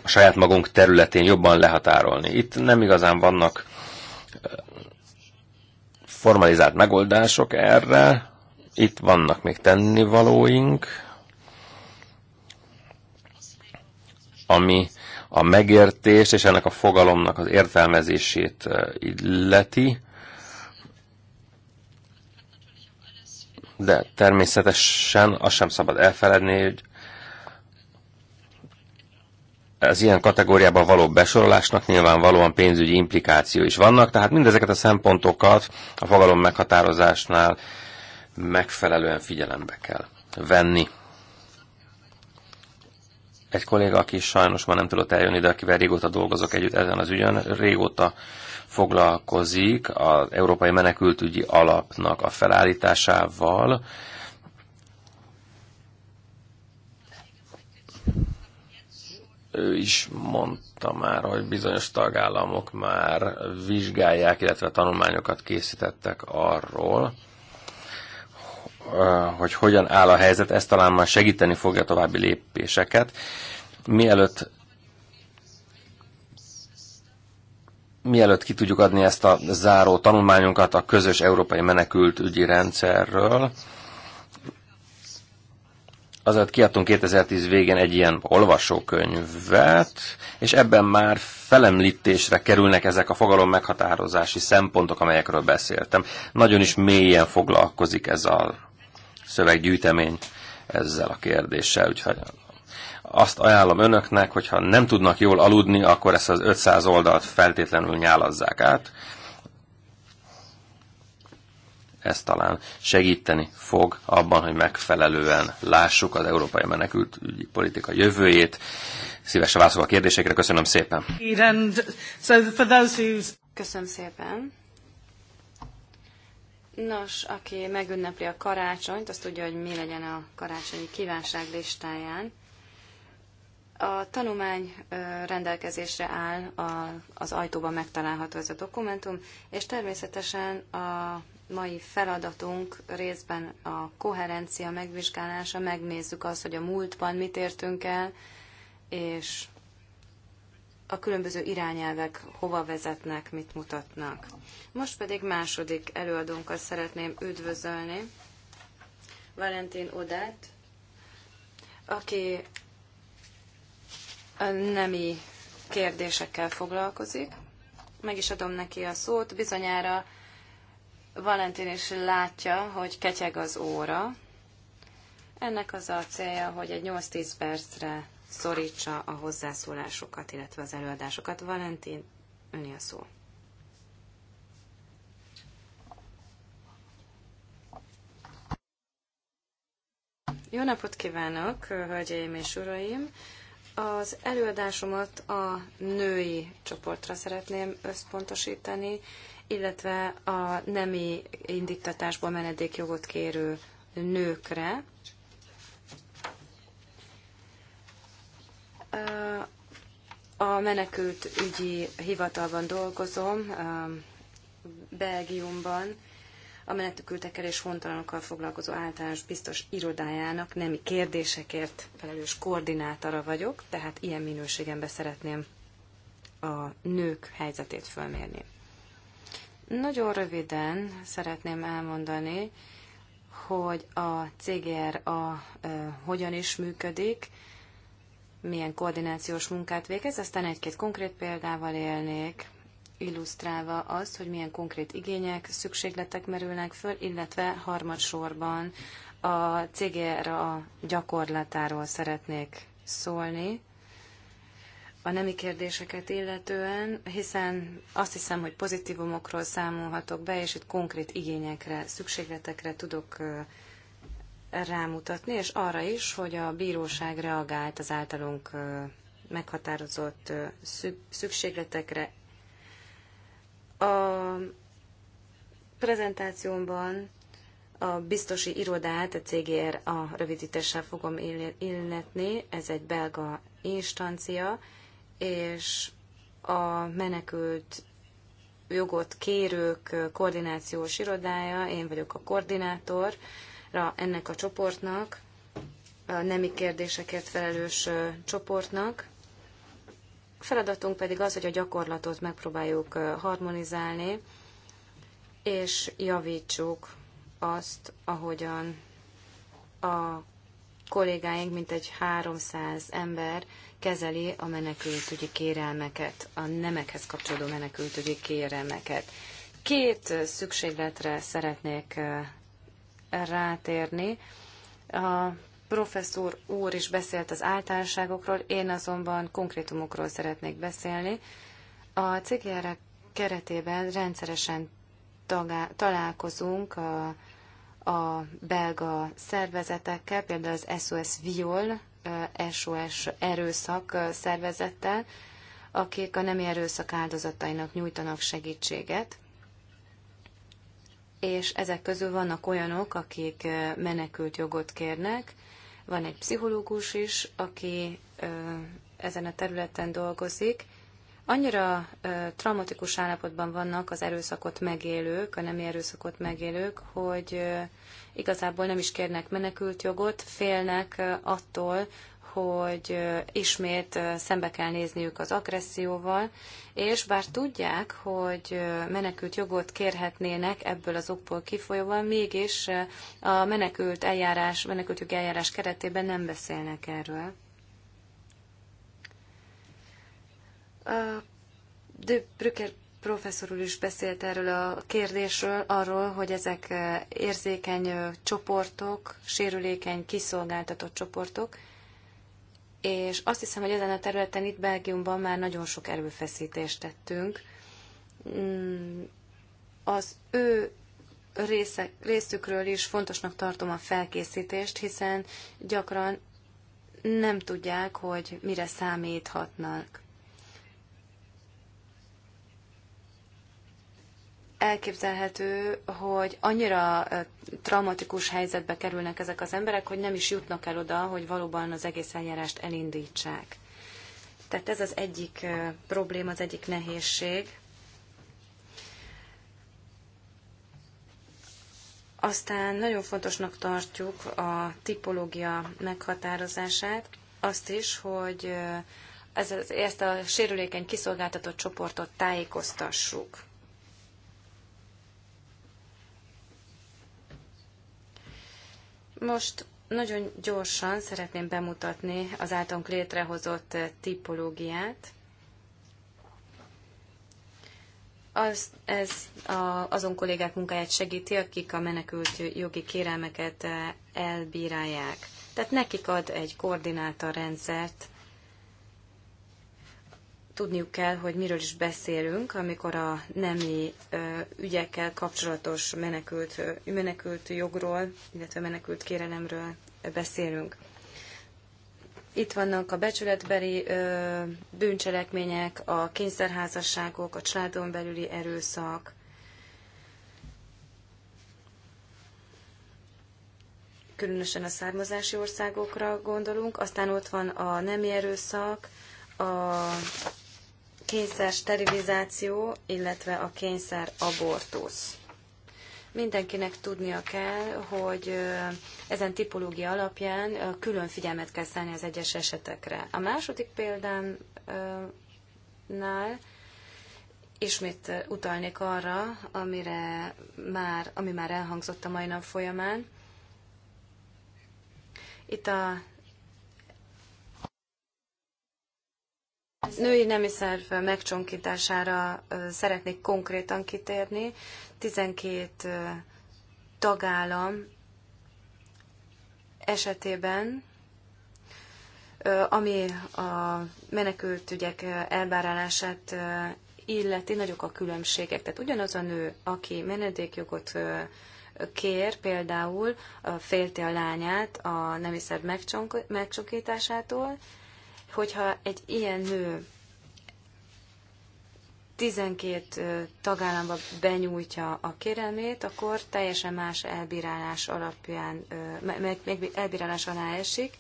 a saját magunk területén jobban lehatárolni. Itt nem igazán vannak formalizált megoldások erre, itt vannak még tennivalóink, ami a megértést és ennek a fogalomnak az értelmezését eh, illeti. De természetesen azt sem szabad elfeledni, hogy az ilyen kategóriában való besorolásnak nyilvánvalóan pénzügyi implikáció is vannak, tehát mindezeket a szempontokat a fogalom meghatározásnál megfelelően figyelembe kell venni. Egy kolléga, aki sajnos már nem tudott eljönni, de akivel régóta dolgozok együtt ezen az ügyön, régóta foglalkozik az Európai Menekültügyi Alapnak a felállításával, ő is mondta már, hogy bizonyos tagállamok már vizsgálják, illetve tanulmányokat készítettek arról, hogy hogyan áll a helyzet, ez talán már segíteni fogja további lépéseket. Mielőtt mielőtt ki tudjuk adni ezt a záró tanulmányunkat a közös európai menekült ügyi rendszerről, azért kiadtunk 2010 végén egy ilyen olvasókönyvet, és ebben már felemlítésre kerülnek ezek a fogalom meghatározási szempontok, amelyekről beszéltem. Nagyon is mélyen foglalkozik ez a szöveggyűjtemény ezzel a kérdéssel, úgyhogy azt ajánlom önöknek, hogyha nem tudnak jól aludni, akkor ezt az 500 oldalt feltétlenül nyálazzák át. Ez talán segíteni fog abban, hogy megfelelően lássuk az európai menekült politika jövőjét. Szívesen válaszolok a kérdésekre. Köszönöm szépen. Köszönöm szépen. Nos, aki megünnepli a karácsonyt, azt tudja, hogy mi legyen a karácsonyi kívánság listáján. A tanulmány rendelkezésre áll, a, az ajtóban megtalálható ez a dokumentum, és természetesen a mai feladatunk részben a koherencia megvizsgálása, megnézzük azt, hogy a múltban mit értünk el, és a különböző irányelvek hova vezetnek, mit mutatnak. Most pedig második előadónkat szeretném üdvözölni, Valentin Odát, aki a nemi kérdésekkel foglalkozik. Meg is adom neki a szót. Bizonyára Valentin is látja, hogy ketyeg az óra. Ennek az a célja, hogy egy 8-10 percre szorítsa a hozzászólásokat, illetve az előadásokat. Valentin, öné a szó. Jó napot kívánok, hölgyeim és uraim! Az előadásomat a női csoportra szeretném összpontosítani, illetve a nemi indiktatásból menedékjogot kérő nőkre, A menekült ügyi hivatalban dolgozom, Belgiumban, a menekültekkel és hontalanokkal foglalkozó általános biztos irodájának nemi kérdésekért felelős koordinátora vagyok, tehát ilyen minőségembe szeretném a nők helyzetét fölmérni. Nagyon röviden szeretném elmondani, hogy a CGR a, eh, hogyan is működik, milyen koordinációs munkát végez, aztán egy-két konkrét példával élnék, illusztrálva azt, hogy milyen konkrét igények, szükségletek merülnek föl, illetve harmadsorban a a gyakorlatáról szeretnék szólni a nemi kérdéseket illetően, hiszen azt hiszem, hogy pozitívumokról számolhatok be, és itt konkrét igényekre, szükségletekre tudok rámutatni, és arra is, hogy a bíróság reagált az általunk meghatározott szükségletekre. A prezentációmban a biztosi irodát, a CGR a rövidítéssel fogom illetni, ez egy belga instancia, és a menekült jogot kérők koordinációs irodája, én vagyok a koordinátor, ennek a csoportnak, a nemi kérdésekért felelős csoportnak. A feladatunk pedig az, hogy a gyakorlatot megpróbáljuk harmonizálni, és javítsuk azt, ahogyan a kollégáink, mint egy 300 ember kezeli a menekültügyi kérelmeket, a nemekhez kapcsolódó menekültügyi kérelmeket. Két szükségletre szeretnék rátérni. A professzor úr is beszélt az általánosságokról, én azonban konkrétumokról szeretnék beszélni. A CGR keretében rendszeresen tagá, találkozunk a, a belga szervezetekkel, például az SOS Viol, SOS erőszak szervezettel, akik a nemi erőszak áldozatainak nyújtanak segítséget és ezek közül vannak olyanok, akik menekült jogot kérnek. Van egy pszichológus is, aki ezen a területen dolgozik. Annyira traumatikus állapotban vannak az erőszakot megélők, a nemi erőszakot megélők, hogy igazából nem is kérnek menekült jogot, félnek attól, hogy ismét szembe kell nézniük az agresszióval, és bár tudják, hogy menekült jogot kérhetnének ebből az okból kifolyóval, mégis a menekült eljárás, menekült jogi eljárás keretében nem beszélnek erről. A de Brücker professzor úr is beszélt erről a kérdésről, arról, hogy ezek érzékeny csoportok, sérülékeny, kiszolgáltatott csoportok, és azt hiszem, hogy ezen a területen itt Belgiumban már nagyon sok erőfeszítést tettünk. Mm, az ő része, részükről is fontosnak tartom a felkészítést, hiszen gyakran nem tudják, hogy mire számíthatnak. elképzelhető, hogy annyira traumatikus helyzetbe kerülnek ezek az emberek, hogy nem is jutnak el oda, hogy valóban az egész eljárást elindítsák. Tehát ez az egyik probléma, az egyik nehézség. Aztán nagyon fontosnak tartjuk a tipológia meghatározását, azt is, hogy ez, ezt a sérülékeny kiszolgáltatott csoportot tájékoztassuk. Most nagyon gyorsan szeretném bemutatni az általunk létrehozott eh, tipológiát. Az, ez a, azon kollégák munkáját segíti, akik a menekült jogi kérelmeket eh, elbírálják. Tehát nekik ad egy koordináta rendszert tudniuk kell, hogy miről is beszélünk, amikor a nemi ügyekkel kapcsolatos menekült, menekült jogról, illetve menekült kérelemről beszélünk. Itt vannak a becsületbeli ö, bűncselekmények, a kényszerházasságok, a családon belüli erőszak. Különösen a származási országokra gondolunk. Aztán ott van a nemi erőszak, a kényszer sterilizáció, illetve a kényszer abortusz. Mindenkinek tudnia kell, hogy ezen tipológia alapján külön figyelmet kell szállni az egyes esetekre. A második példánál ismét utalnék arra, amire már, ami már elhangzott a mai nap folyamán. Itt a Női nemi szerv megcsonkítására szeretnék konkrétan kitérni. 12 tagállam esetében, ami a menekült ügyek elbárálását illeti, nagyok a különbségek. Tehát ugyanaz a nő, aki menedékjogot kér például félti a lányát a nemiszerv megcsonkításától, Hogyha egy ilyen nő 12 tagállamba benyújtja a kérelmét, akkor teljesen más elbírálás alapján, meg, meg elbírálás alá esik,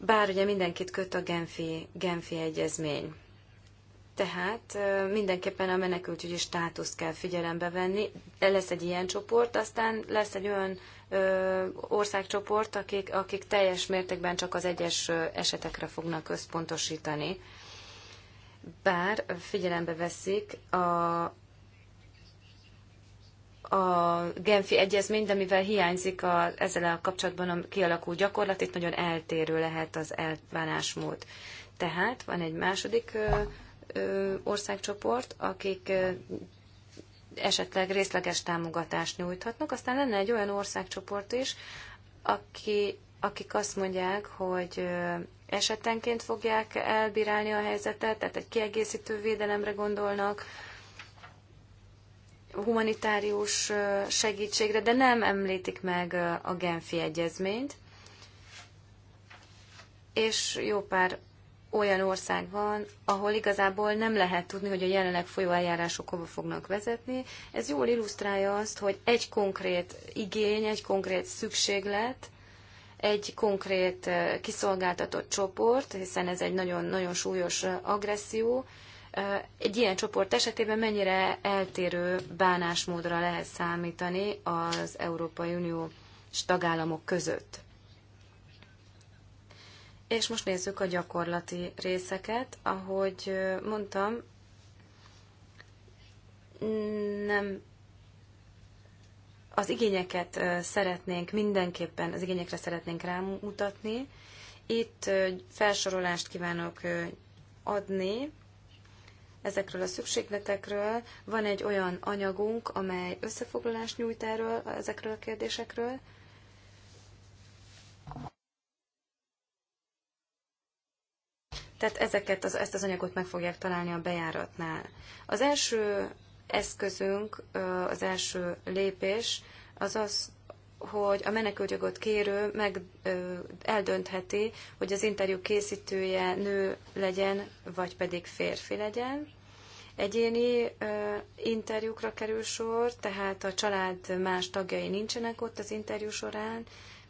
bár ugye mindenkit köt a Genfi, Genfi egyezmény. Tehát mindenképpen a menekültügyi státuszt kell figyelembe venni. De lesz egy ilyen csoport, aztán lesz egy olyan ö, országcsoport, akik, akik teljes mértékben csak az egyes esetekre fognak összpontosítani. Bár figyelembe veszik a, a Genfi egyezmény, de mivel hiányzik a, ezzel a kapcsolatban a kialakult gyakorlat, itt nagyon eltérő lehet az elbánásmód. Tehát van egy második országcsoport, akik esetleg részleges támogatást nyújthatnak. Aztán lenne egy olyan országcsoport is, aki, akik azt mondják, hogy esetenként fogják elbírálni a helyzetet, tehát egy kiegészítő védelemre gondolnak, humanitárius segítségre, de nem említik meg a Genfi egyezményt. És jó pár olyan ország van, ahol igazából nem lehet tudni, hogy a jelenleg folyó eljárások hova fognak vezetni. Ez jól illusztrálja azt, hogy egy konkrét igény, egy konkrét szükséglet, egy konkrét kiszolgáltatott csoport, hiszen ez egy nagyon-nagyon súlyos agresszió, egy ilyen csoport esetében mennyire eltérő bánásmódra lehet számítani az Európai Unió tagállamok között. És most nézzük a gyakorlati részeket. Ahogy mondtam, nem az igényeket szeretnénk, mindenképpen az igényekre szeretnénk rámutatni. Itt felsorolást kívánok adni ezekről a szükségletekről. Van egy olyan anyagunk, amely összefoglalást nyújt erről, ezekről a kérdésekről, tehát ezeket az, ezt az anyagot meg fogják találni a bejáratnál. Az első eszközünk, az első lépés az az, hogy a menekültjogot kérő meg ö, eldöntheti, hogy az interjú készítője nő legyen, vagy pedig férfi legyen. Egyéni ö, interjúkra kerül sor, tehát a család más tagjai nincsenek ott az interjú során,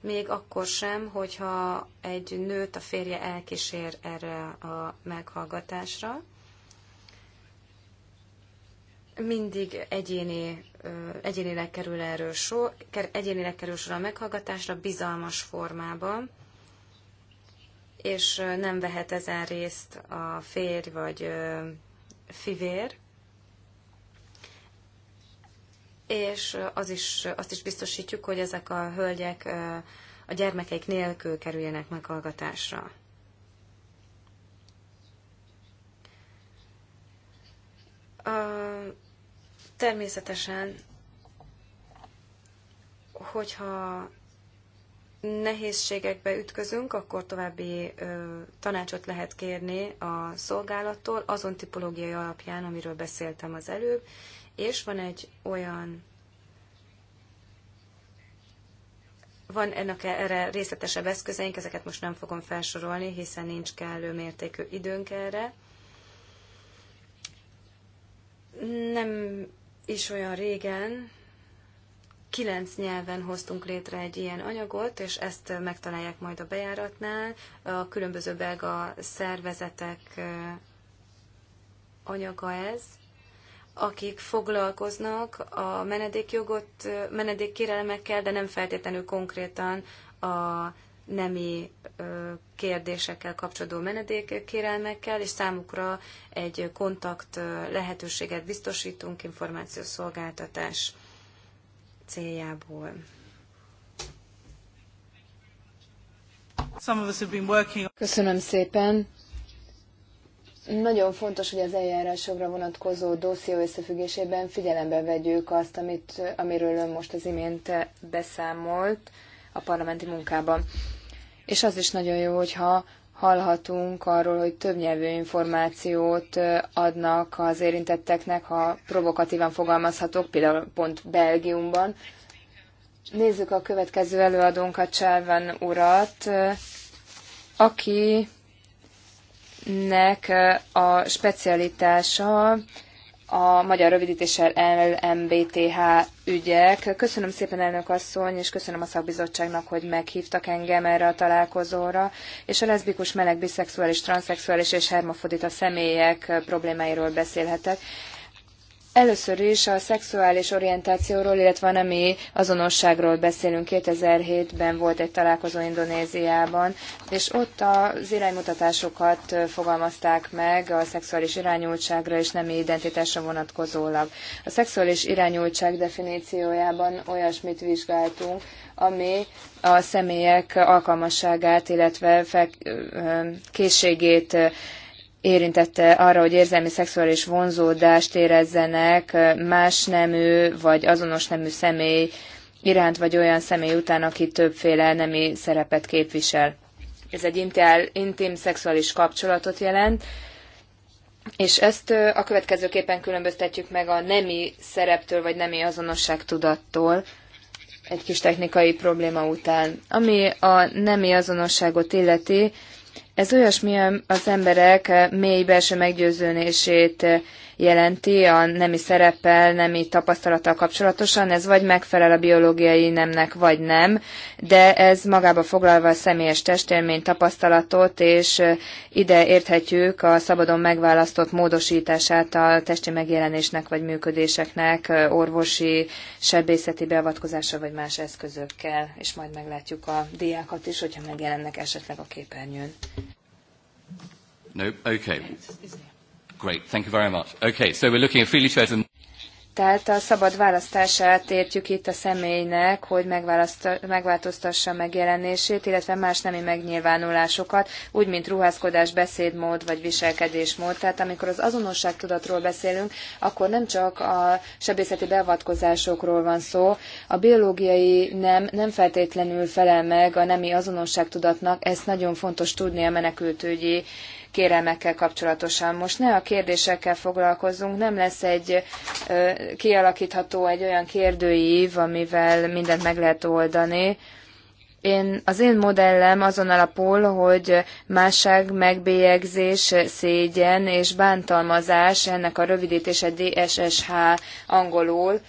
még akkor sem, hogyha egy nőt a férje elkísér erre a meghallgatásra. Mindig egyéni, egyénileg kerül erről so, egyénileg kerül sor a meghallgatásra, bizalmas formában, és nem vehet ezen részt a férj vagy fivér. és az is, azt is biztosítjuk, hogy ezek a hölgyek a gyermekeik nélkül kerüljenek meghallgatásra. természetesen, hogyha nehézségekbe ütközünk, akkor további ö, tanácsot lehet kérni a szolgálattól, azon tipológiai alapján, amiről beszéltem az előbb, és van egy olyan van ennek erre részletesebb eszközeink, ezeket most nem fogom felsorolni, hiszen nincs kellő mértékű időnk erre. Nem is olyan régen, kilenc nyelven hoztunk létre egy ilyen anyagot, és ezt megtalálják majd a bejáratnál. A különböző belga szervezetek anyaga ez akik foglalkoznak a menedékjogot, menedékkérelemekkel, de nem feltétlenül konkrétan a nemi kérdésekkel kapcsolódó menedékkérelmekkel, és számukra egy kontakt lehetőséget biztosítunk információszolgáltatás céljából. Köszönöm szépen. Nagyon fontos, hogy az eljárásokra vonatkozó dosszió összefüggésében figyelembe vegyük azt, amit, amiről ön most az imént beszámolt a parlamenti munkában. És az is nagyon jó, hogyha hallhatunk arról, hogy többnyelvű információt adnak az érintetteknek, ha provokatívan fogalmazhatok, például pont Belgiumban. Nézzük a következő előadónkat, Cselven urat, aki nek a specialitása a magyar rövidítéssel MBTH ügyek. Köszönöm szépen, elnök asszony, és köszönöm a szakbizottságnak, hogy meghívtak engem erre a találkozóra, és a leszbikus, meleg, biszexuális, transzexuális és hermafodita személyek problémáiról beszélhetek. Először is a szexuális orientációról, illetve a nemi azonosságról beszélünk. 2007-ben volt egy találkozó Indonéziában, és ott az iránymutatásokat fogalmazták meg a szexuális irányultságra és nemi identitásra vonatkozólag. A szexuális irányultság definíciójában olyasmit vizsgáltunk, ami a személyek alkalmasságát, illetve fel, készségét érintette arra, hogy érzelmi szexuális vonzódást érezzenek más nemű vagy azonos nemű személy iránt, vagy olyan személy után, aki többféle nemi szerepet képvisel. Ez egy intel, intim szexuális kapcsolatot jelent, és ezt a következőképpen különböztetjük meg a nemi szereptől, vagy nemi azonosság tudattól, egy kis technikai probléma után. Ami a nemi azonosságot illeti, ez olyasmi az emberek mély belső meggyőződését jelenti a nemi szereppel, nemi tapasztalattal kapcsolatosan, ez vagy megfelel a biológiai nemnek, vagy nem, de ez magába foglalva a személyes testélmény tapasztalatot, és ide érthetjük a szabadon megválasztott módosítását a testi megjelenésnek vagy működéseknek, orvosi, sebészeti beavatkozása vagy más eszközökkel, és majd meglátjuk a diákat is, hogyha megjelennek esetleg a képernyőn. No? Okay. Great. Thank you very much. Okay, so we're looking at freely chosen tehát a szabad választását értjük itt a személynek, hogy megváltoztassa megjelenését, illetve más nemi megnyilvánulásokat, úgy, mint ruházkodás, beszédmód vagy viselkedésmód. Tehát amikor az azonosságtudatról beszélünk, akkor nem csak a sebészeti beavatkozásokról van szó. A biológiai nem, nem feltétlenül felel meg a nemi azonosságtudatnak, ezt nagyon fontos tudni a menekültügyi kérelmekkel kapcsolatosan. Most ne a kérdésekkel foglalkozzunk, nem lesz egy kialakítható egy olyan kérdőív, amivel mindent meg lehet oldani. Én, az én modellem azon alapul, hogy másság, megbélyegzés, szégyen és bántalmazás, ennek a rövidítése DSSH angolul,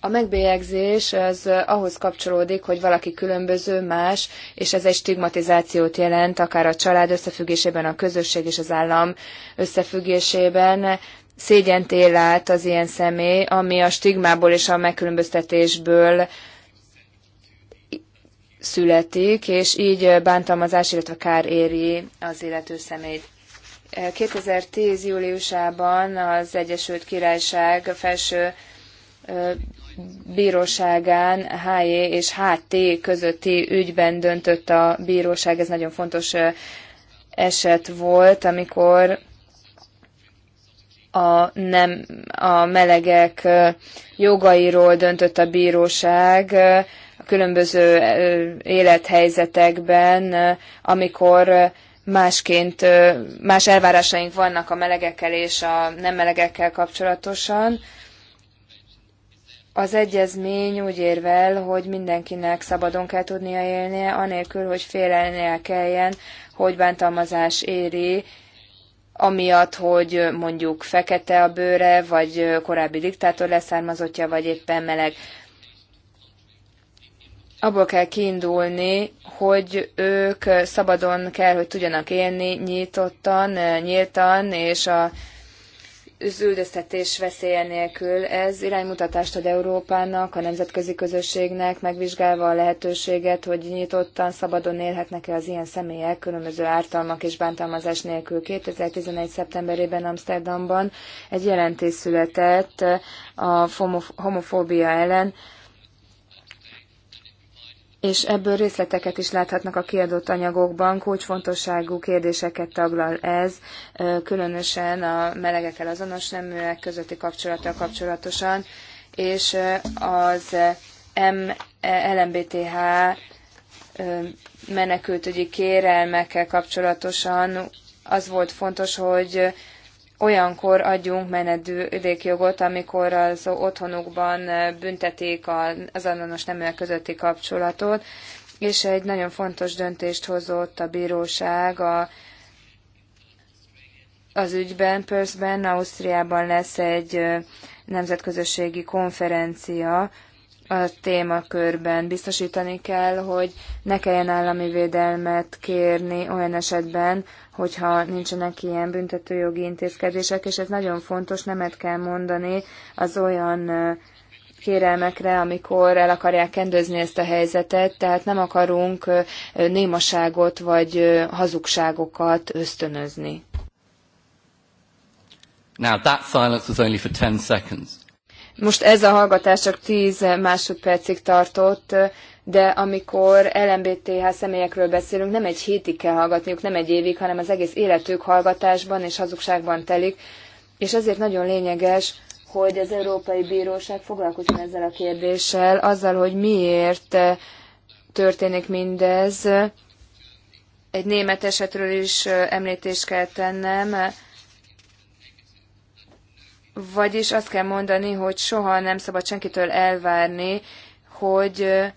a megbélyegzés az eh, ahhoz kapcsolódik, hogy valaki különböző, más, és ez egy stigmatizációt jelent, akár a család összefüggésében, a közösség és az állam összefüggésében. Szégyent él át az ilyen személy, ami a stigmából és a megkülönböztetésből születik, és így eh, bántalmazás, illetve kár éri az illető személyt. 2010. Eh, júliusában az Egyesült Királyság felső bíróságán HJ e és HT közötti ügyben döntött a bíróság. Ez nagyon fontos eset volt, amikor a, nem, a melegek jogairól döntött a bíróság a különböző élethelyzetekben, amikor másként, más elvárásaink vannak a melegekkel és a nem melegekkel kapcsolatosan. Az egyezmény úgy érvel, hogy mindenkinek szabadon kell tudnia élnie, anélkül, hogy félelnie kelljen, hogy bántalmazás éri, amiatt, hogy mondjuk fekete a bőre, vagy korábbi diktátor leszármazottja, vagy éppen meleg. Abból kell kiindulni, hogy ők szabadon kell, hogy tudjanak élni nyitottan, nyíltan, és a üzüldöztetés veszélye nélkül. Ez iránymutatást ad Európának, a nemzetközi közösségnek, megvizsgálva a lehetőséget, hogy nyitottan, szabadon élhetnek-e az ilyen személyek különböző ártalmak és bántalmazás nélkül. 2011. szeptemberében Amsterdamban egy jelentés született a homofóbia ellen, és ebből részleteket is láthatnak a kiadott anyagokban. Kulcsfontosságú kérdéseket taglal ez, különösen a melegekkel azonos neműek közötti kapcsolattal kapcsolatosan, és az MLMBTH e, menekültügyi kérelmekkel kapcsolatosan az volt fontos, hogy olyankor adjunk menedékjogot, amikor az otthonukban eh, büntetik az azonos neműek közötti kapcsolatot, és egy nagyon fontos döntést hozott a bíróság a, az ügyben, Pörszben, Ausztriában lesz egy eh, nemzetközösségi konferencia a témakörben. Biztosítani kell, hogy ne kelljen állami védelmet kérni olyan esetben, hogyha nincsenek ilyen büntetőjogi intézkedések, és ez nagyon fontos, nemet kell mondani az olyan kérelmekre, amikor el akarják kendőzni ezt a helyzetet, tehát nem akarunk némaságot vagy hazugságokat ösztönözni. Now that silence was only for 10 seconds. Most ez a hallgatás csak 10 másodpercig tartott, de amikor LMBTH személyekről beszélünk, nem egy hétig kell hallgatniuk, nem egy évig, hanem az egész életük hallgatásban és hazugságban telik, és ezért nagyon lényeges, hogy az Európai Bíróság foglalkozzon ezzel a kérdéssel, azzal, hogy miért eh, történik mindez. Egy német esetről is eh, említést kell tennem, vagyis azt kell mondani, hogy soha nem szabad senkitől elvárni, hogy eh,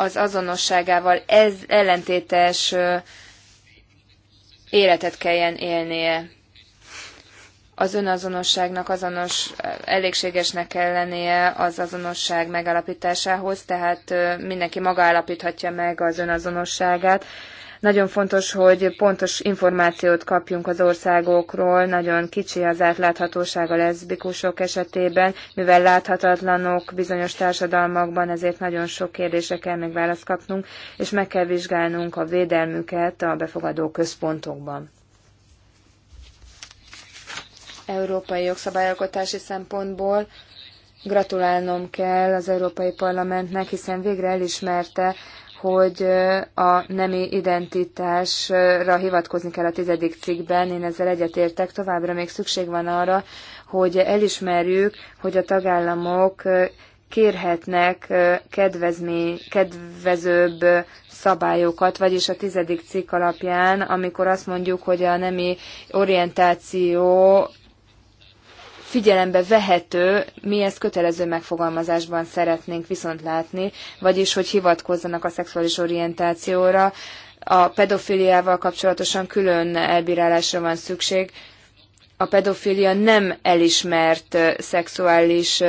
az azonosságával ez ellentétes életet kelljen élnie. Az önazonosságnak azonos, elégségesnek kell lennie az azonosság megalapításához, tehát mindenki maga állapíthatja meg az önazonosságát. Nagyon fontos, hogy pontos információt kapjunk az országokról, nagyon kicsi az átláthatóság a leszbikusok esetében, mivel láthatatlanok bizonyos társadalmakban, ezért nagyon sok kérdésre kell még választ kapnunk, és meg kell vizsgálnunk a védelmüket a befogadó központokban európai jogszabályalkotási szempontból gratulálnom kell az Európai Parlamentnek, hiszen végre elismerte hogy a nemi identitásra hivatkozni kell a tizedik cikkben, én ezzel egyetértek, továbbra még szükség van arra, hogy elismerjük, hogy a tagállamok kérhetnek kedvezmény, kedvezőbb szabályokat, vagyis a tizedik cikk alapján, amikor azt mondjuk, hogy a nemi orientáció figyelembe vehető, mi ezt kötelező megfogalmazásban szeretnénk viszont látni, vagyis hogy hivatkozzanak a szexuális orientációra, a pedofiliával kapcsolatosan külön elbírálásra van szükség. A pedofilia nem elismert szexuális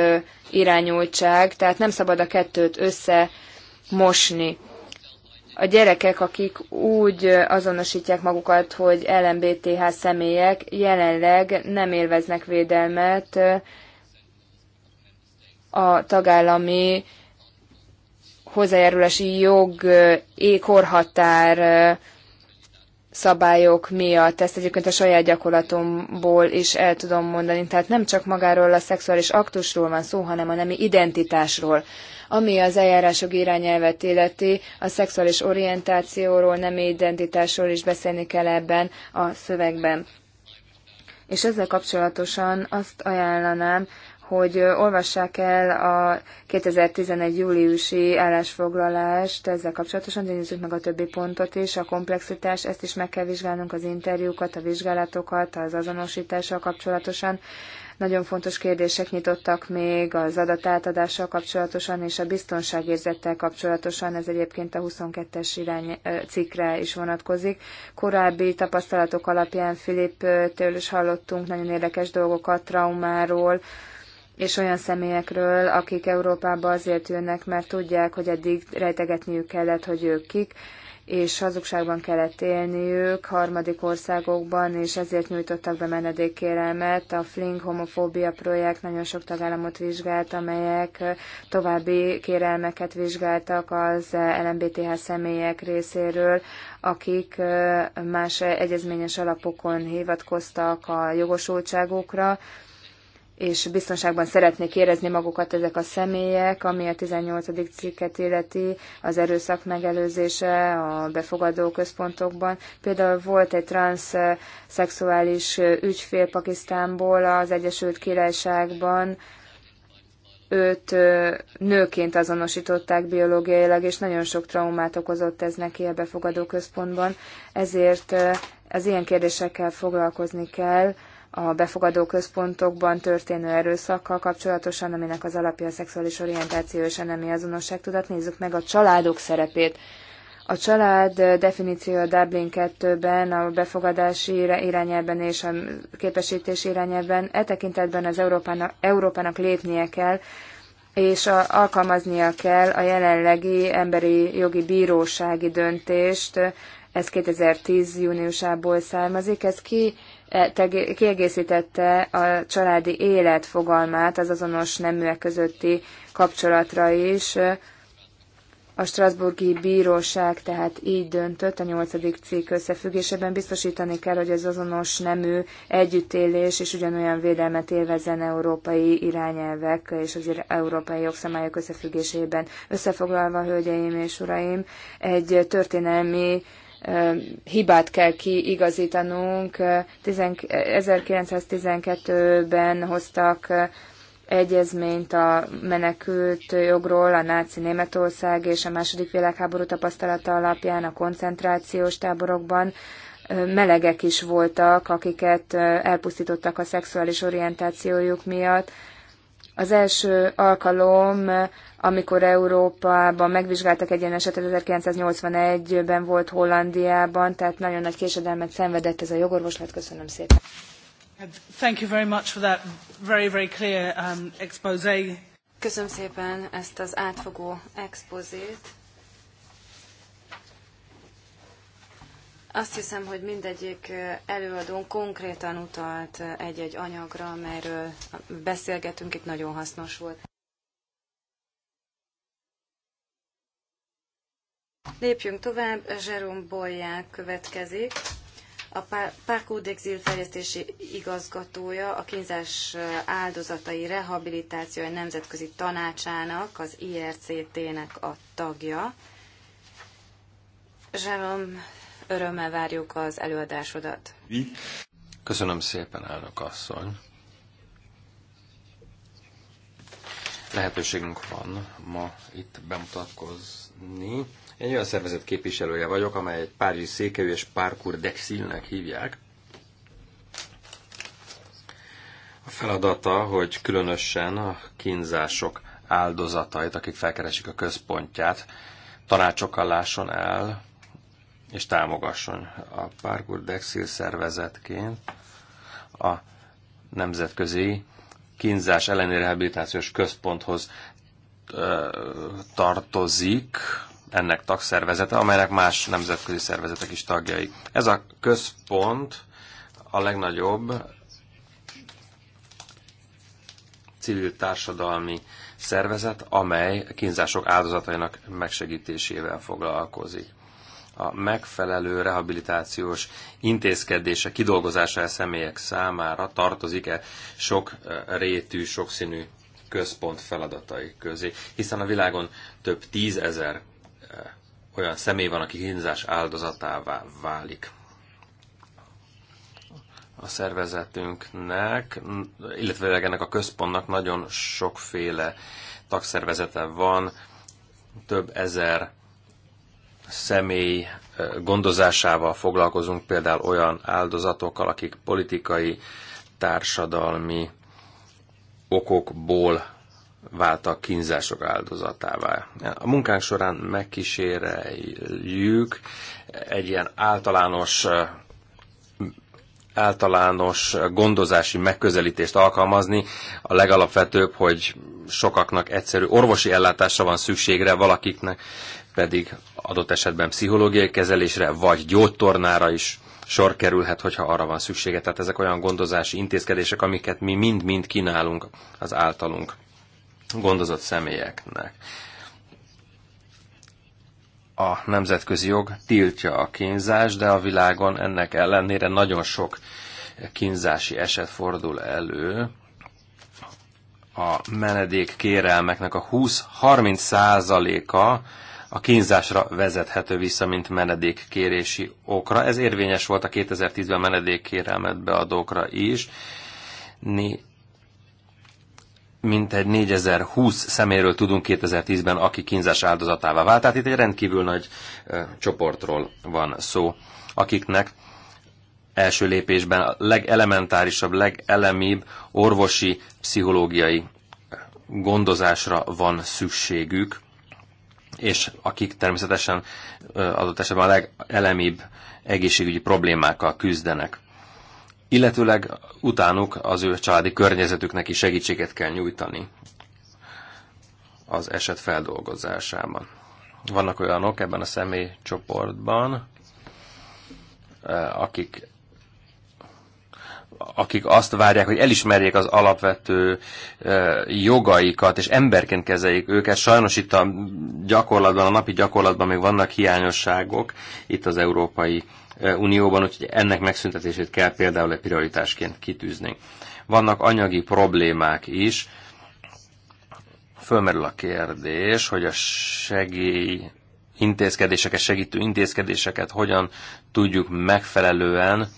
irányultság, tehát nem szabad a kettőt összemosni a gyerekek, akik úgy azonosítják magukat, hogy LMBTH személyek, jelenleg nem élveznek védelmet a tagállami hozzájárulási jog ékorhatár szabályok miatt. Ezt egyébként a saját gyakorlatomból is el tudom mondani. Tehát nem csak magáról a szexuális aktusról van szó, hanem a nemi identitásról. Ami az eljárások irányelvet illeti, a szexuális orientációról, nem identitásról is beszélni kell ebben a szövegben. És ezzel kapcsolatosan azt ajánlanám, hogy olvassák el a 2011. júliusi állásfoglalást ezzel kapcsolatosan, de nézzük meg a többi pontot is, a komplexitás, ezt is meg kell vizsgálnunk, az interjúkat, a vizsgálatokat, az azonosítással kapcsolatosan. Nagyon fontos kérdések nyitottak még az adatátadással kapcsolatosan és a biztonságérzettel kapcsolatosan, ez egyébként a 22-es irány, cikkre is vonatkozik. Korábbi tapasztalatok alapján Filip-től is hallottunk nagyon érdekes dolgokat traumáról, és olyan személyekről, akik Európába azért jönnek, mert tudják, hogy eddig rejtegetniük kellett, hogy ők kik, és hazugságban kellett élniük harmadik országokban, és ezért nyújtottak be menedékkérelmet. A Fling homofóbia projekt nagyon sok tagállamot vizsgált, amelyek további kérelmeket vizsgáltak az LMBTH személyek részéről, akik más egyezményes alapokon hivatkoztak a jogosultságokra és biztonságban szeretnék érezni magukat ezek a személyek, ami a 18. cikket illeti az erőszak megelőzése a befogadó központokban. Például volt egy transzszexuális ügyfél Pakisztánból az Egyesült Királyságban, őt nőként azonosították biológiailag, és nagyon sok traumát okozott ez neki a befogadó központban. Ezért az ilyen kérdésekkel foglalkozni kell, a befogadó központokban történő erőszakkal kapcsolatosan, aminek az alapja a szexuális orientáció és a nemi tudat. Nézzük meg a családok szerepét. A család definíciója Dublin 2-ben, a befogadási irányelben és a képesítés irányelben, e tekintetben az Európának, Európának lépnie kell, és a, alkalmaznia kell a jelenlegi emberi jogi bírósági döntést, ez 2010. júniusából származik, ez ki E, kiegészítette a családi élet fogalmát az azonos neműek közötti kapcsolatra is. A Strasburgi Bíróság tehát így döntött a nyolcadik cikk összefüggésében biztosítani kell, hogy az azonos nemű együttélés és ugyanolyan védelmet élvezzen európai irányelvek és az európai jogszabályok összefüggésében. Összefoglalva, hölgyeim és uraim, egy történelmi hibát kell kiigazítanunk. 1912-ben hoztak egyezményt a menekült jogról a náci Németország és a második világháború tapasztalata alapján a koncentrációs táborokban melegek is voltak, akiket elpusztítottak a szexuális orientációjuk miatt. Az első alkalom, amikor Európában megvizsgáltak egy ilyen esetet, 1981-ben volt Hollandiában, tehát nagyon nagy késedelmet szenvedett ez a jogorvoslat. Köszönöm szépen. Thank you very much for that very, very clear um, Köszönöm szépen ezt az átfogó expozét. Azt hiszem, hogy mindegyik előadón konkrétan utalt egy-egy anyagra, amelyről beszélgetünk, itt nagyon hasznos volt. Lépjünk tovább, Jerome Bolyák következik. A Parkour d'Exil fejlesztési igazgatója a kínzás áldozatai rehabilitációja nemzetközi tanácsának, az IRCT-nek a tagja. Jerome Örömmel várjuk az előadásodat. Köszönöm szépen, elnök asszony. Lehetőségünk van ma itt bemutatkozni. Én olyan szervezet képviselője vagyok, amely egy Párizsi székelyű és Parkour Dexilnek hívják. A feladata, hogy különösen a kínzások áldozatait, akik felkeresik a központját, tanácsokkal lásson el, és támogasson a Parkour Dexil szervezetként a nemzetközi kínzás elleni rehabilitációs központhoz tartozik ennek tagszervezete, amelynek más nemzetközi szervezetek is tagjai. Ez a központ a legnagyobb civil társadalmi szervezet, amely kínzások áldozatainak megsegítésével foglalkozik a megfelelő rehabilitációs intézkedése, kidolgozása a személyek számára tartozik-e sok rétű, sokszínű központ feladatai közé, hiszen a világon több tízezer olyan személy van, aki hínzás áldozatává válik a szervezetünknek, illetve ennek a központnak nagyon sokféle tagszervezete van, több ezer személy gondozásával foglalkozunk, például olyan áldozatokkal, akik politikai, társadalmi okokból váltak kínzások áldozatává. A munkánk során megkíséreljük egy ilyen általános általános gondozási megközelítést alkalmazni. A legalapvetőbb, hogy sokaknak egyszerű orvosi ellátásra van szükségre, valakiknek pedig adott esetben pszichológiai kezelésre, vagy gyógytornára is sor kerülhet, hogyha arra van szüksége. Tehát ezek olyan gondozási intézkedések, amiket mi mind-mind kínálunk az általunk gondozott személyeknek. A nemzetközi jog tiltja a kínzást, de a világon ennek ellenére nagyon sok kínzási eset fordul elő. A menedék kérelmeknek a 20-30 százaléka a kínzásra vezethető vissza, mint menedékkérési okra. Ez érvényes volt a 2010-ben menedékkérelmet beadókra is. Né- egy 4020 szeméről tudunk 2010-ben, aki kínzás áldozatává vált. Tehát itt egy rendkívül nagy ö, csoportról van szó, akiknek első lépésben a legelementárisabb, legelemibb orvosi, pszichológiai gondozásra van szükségük, és akik természetesen adott esetben a legelemibb egészségügyi problémákkal küzdenek. Illetőleg utánuk az ő családi környezetüknek is segítséget kell nyújtani az eset feldolgozásában. Vannak olyanok ebben a személycsoportban, akik akik azt várják, hogy elismerjék az alapvető jogaikat, és emberként kezeljék őket. Sajnos itt a gyakorlatban, a napi gyakorlatban még vannak hiányosságok itt az Európai Unióban, úgyhogy ennek megszüntetését kell például egy prioritásként kitűzni. Vannak anyagi problémák is. Fölmerül a kérdés, hogy a segély intézkedéseket, segítő intézkedéseket hogyan tudjuk megfelelően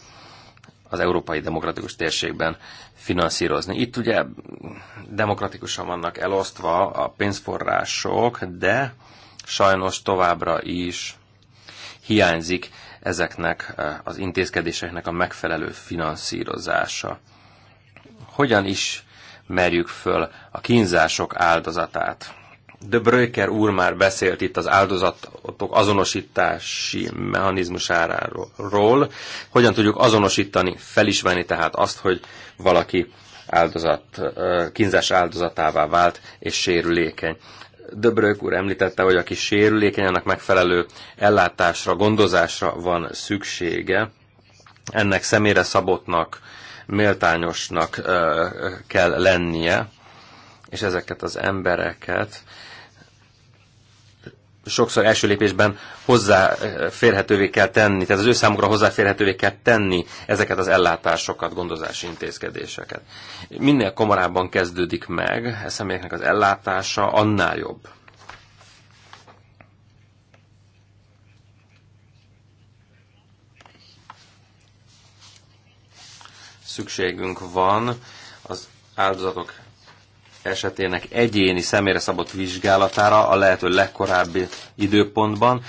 az európai demokratikus térségben finanszírozni. Itt ugye demokratikusan vannak elosztva a pénzforrások, de sajnos továbbra is hiányzik ezeknek eh, az intézkedéseknek a megfelelő finanszírozása. Hogyan is merjük föl a kínzások áldozatát? De Bröker úr már beszélt itt az áldozatok azonosítási mechanizmusáról, hogyan tudjuk azonosítani, felismerni tehát azt, hogy valaki áldozat, kínzás áldozatává vált és sérülékeny. Döbrök úr említette, hogy aki sérülékeny, annak megfelelő ellátásra, gondozásra van szüksége. Ennek személyre szabottnak, méltányosnak kell lennie, és ezeket az embereket sokszor első lépésben hozzáférhetővé kell tenni, tehát az ő számukra hozzáférhetővé kell tenni ezeket az ellátásokat, gondozási intézkedéseket. Minél komorábban kezdődik meg a e személyeknek az ellátása, annál jobb. Szükségünk van az áldozatok esetének egyéni személyre szabott vizsgálatára a lehető legkorábbi időpontban,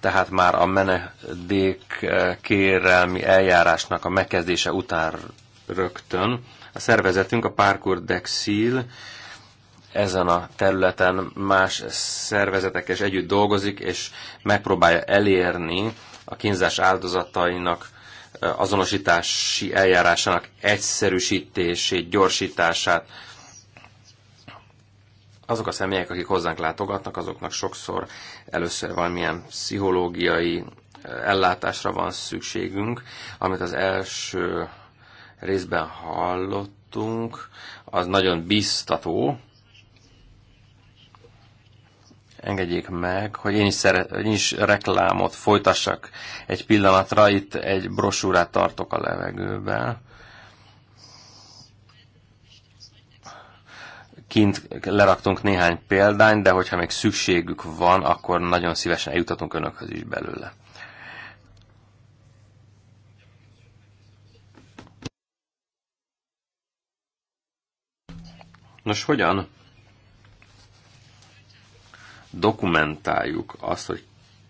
tehát már a menedék eh, kérelmi eljárásnak a megkezdése után rögtön. A szervezetünk, a Parkour Dexil ezen a területen más szervezetek és együtt dolgozik, és megpróbálja elérni a kínzás áldozatainak eh, azonosítási eljárásának egyszerűsítését, gyorsítását, azok a személyek, akik hozzánk látogatnak, azoknak sokszor először valamilyen pszichológiai eh, ellátásra van szükségünk, amit az első részben hallottunk, az nagyon biztató. Engedjék meg, hogy én is, szeret, én is reklámot folytassak egy pillanatra, itt egy brosúrát tartok a levegőben. Kint leraktunk néhány példányt, de hogyha még szükségük van, akkor nagyon szívesen eljutatunk önökhöz is belőle. Nos, hogyan dokumentáljuk azt, hogy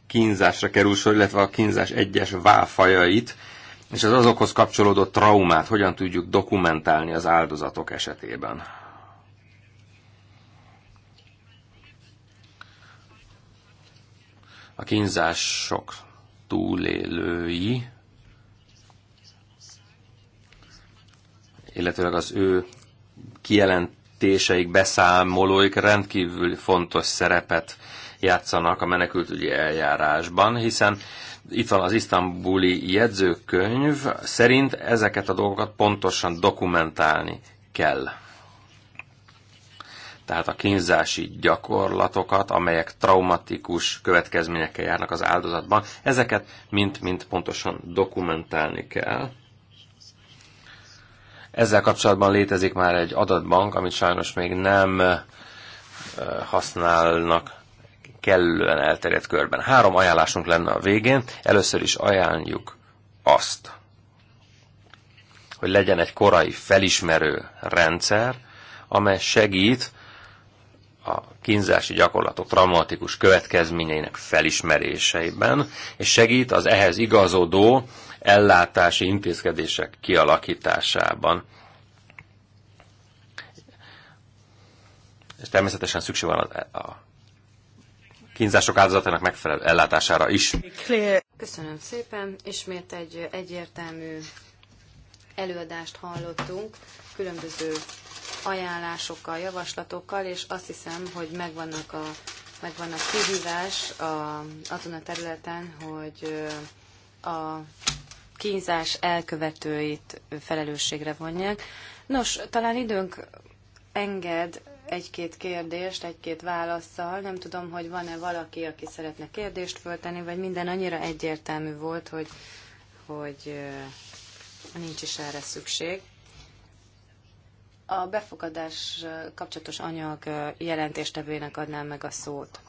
kínzásra kerül sor, illetve a kínzás egyes válfajait, és az azokhoz kapcsolódó traumát hogyan tudjuk dokumentálni az áldozatok esetében? a kínzások túlélői, illetőleg az ő kijelentéseik, beszámolóik rendkívül fontos szerepet játszanak a menekültügyi eljárásban, hiszen itt van az isztambuli jegyzőkönyv, szerint ezeket a dolgokat pontosan dokumentálni kell tehát a kínzási gyakorlatokat, amelyek traumatikus következményekkel járnak az áldozatban, ezeket mind-mind pontosan dokumentálni kell. Ezzel kapcsolatban létezik már egy adatbank, amit sajnos még nem használnak kellően elterjedt körben. Három ajánlásunk lenne a végén. Először is ajánljuk azt, hogy legyen egy korai felismerő rendszer, amely segít kínzási gyakorlatok traumatikus következményeinek felismeréseiben, és segít az ehhez igazodó ellátási intézkedések kialakításában. És természetesen szükség van e- a kínzások áldozatának megfelelő ellátására is. Köszönöm szépen. Ismét egy egyértelmű előadást hallottunk különböző ajánlásokkal, javaslatokkal, és azt hiszem, hogy megvannak a, megvan a kihívás a, azon a területen, hogy a kínzás elkövetőit felelősségre vonják. Nos, talán időnk enged egy-két kérdést, egy-két válaszsal. Nem tudom, hogy van-e valaki, aki szeretne kérdést föltenni, vagy minden annyira egyértelmű volt, hogy, hogy nincs is erre szükség. A befogadás kapcsolatos anyag jelentéstevőjének adnám meg a szót.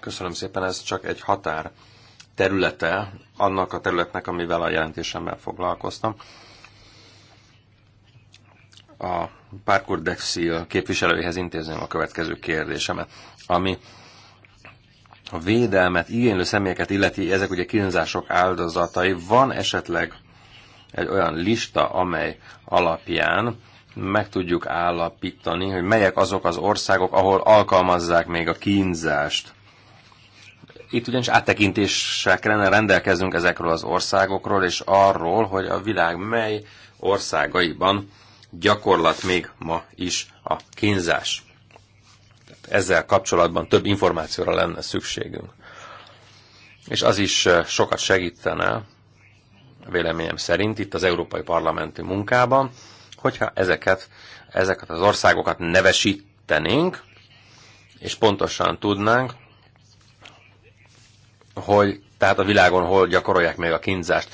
Köszönöm szépen, ez csak egy határ területe annak a területnek, amivel a jelentésemmel foglalkoztam. A Parkour Dexil képviselőihez intézném a következő kérdésemet, ami a védelmet igénylő személyeket illeti, ezek ugye kínzások áldozatai. Van esetleg egy olyan lista, amely alapján meg tudjuk állapítani, hogy melyek azok az országok, ahol alkalmazzák még a kínzást. Itt ugyanis áttekintéssel kellene rendelkezünk ezekről az országokról, és arról, hogy a világ mely országaiban gyakorlat még ma is a kínzás. Tehát ezzel kapcsolatban több információra lenne szükségünk. És az is eh, sokat segítene, véleményem szerint itt az Európai Parlamenti munkában, hogyha ezeket, ezeket az országokat nevesítenénk, és pontosan tudnánk, hogy tehát a világon hol gyakorolják még a kínzást.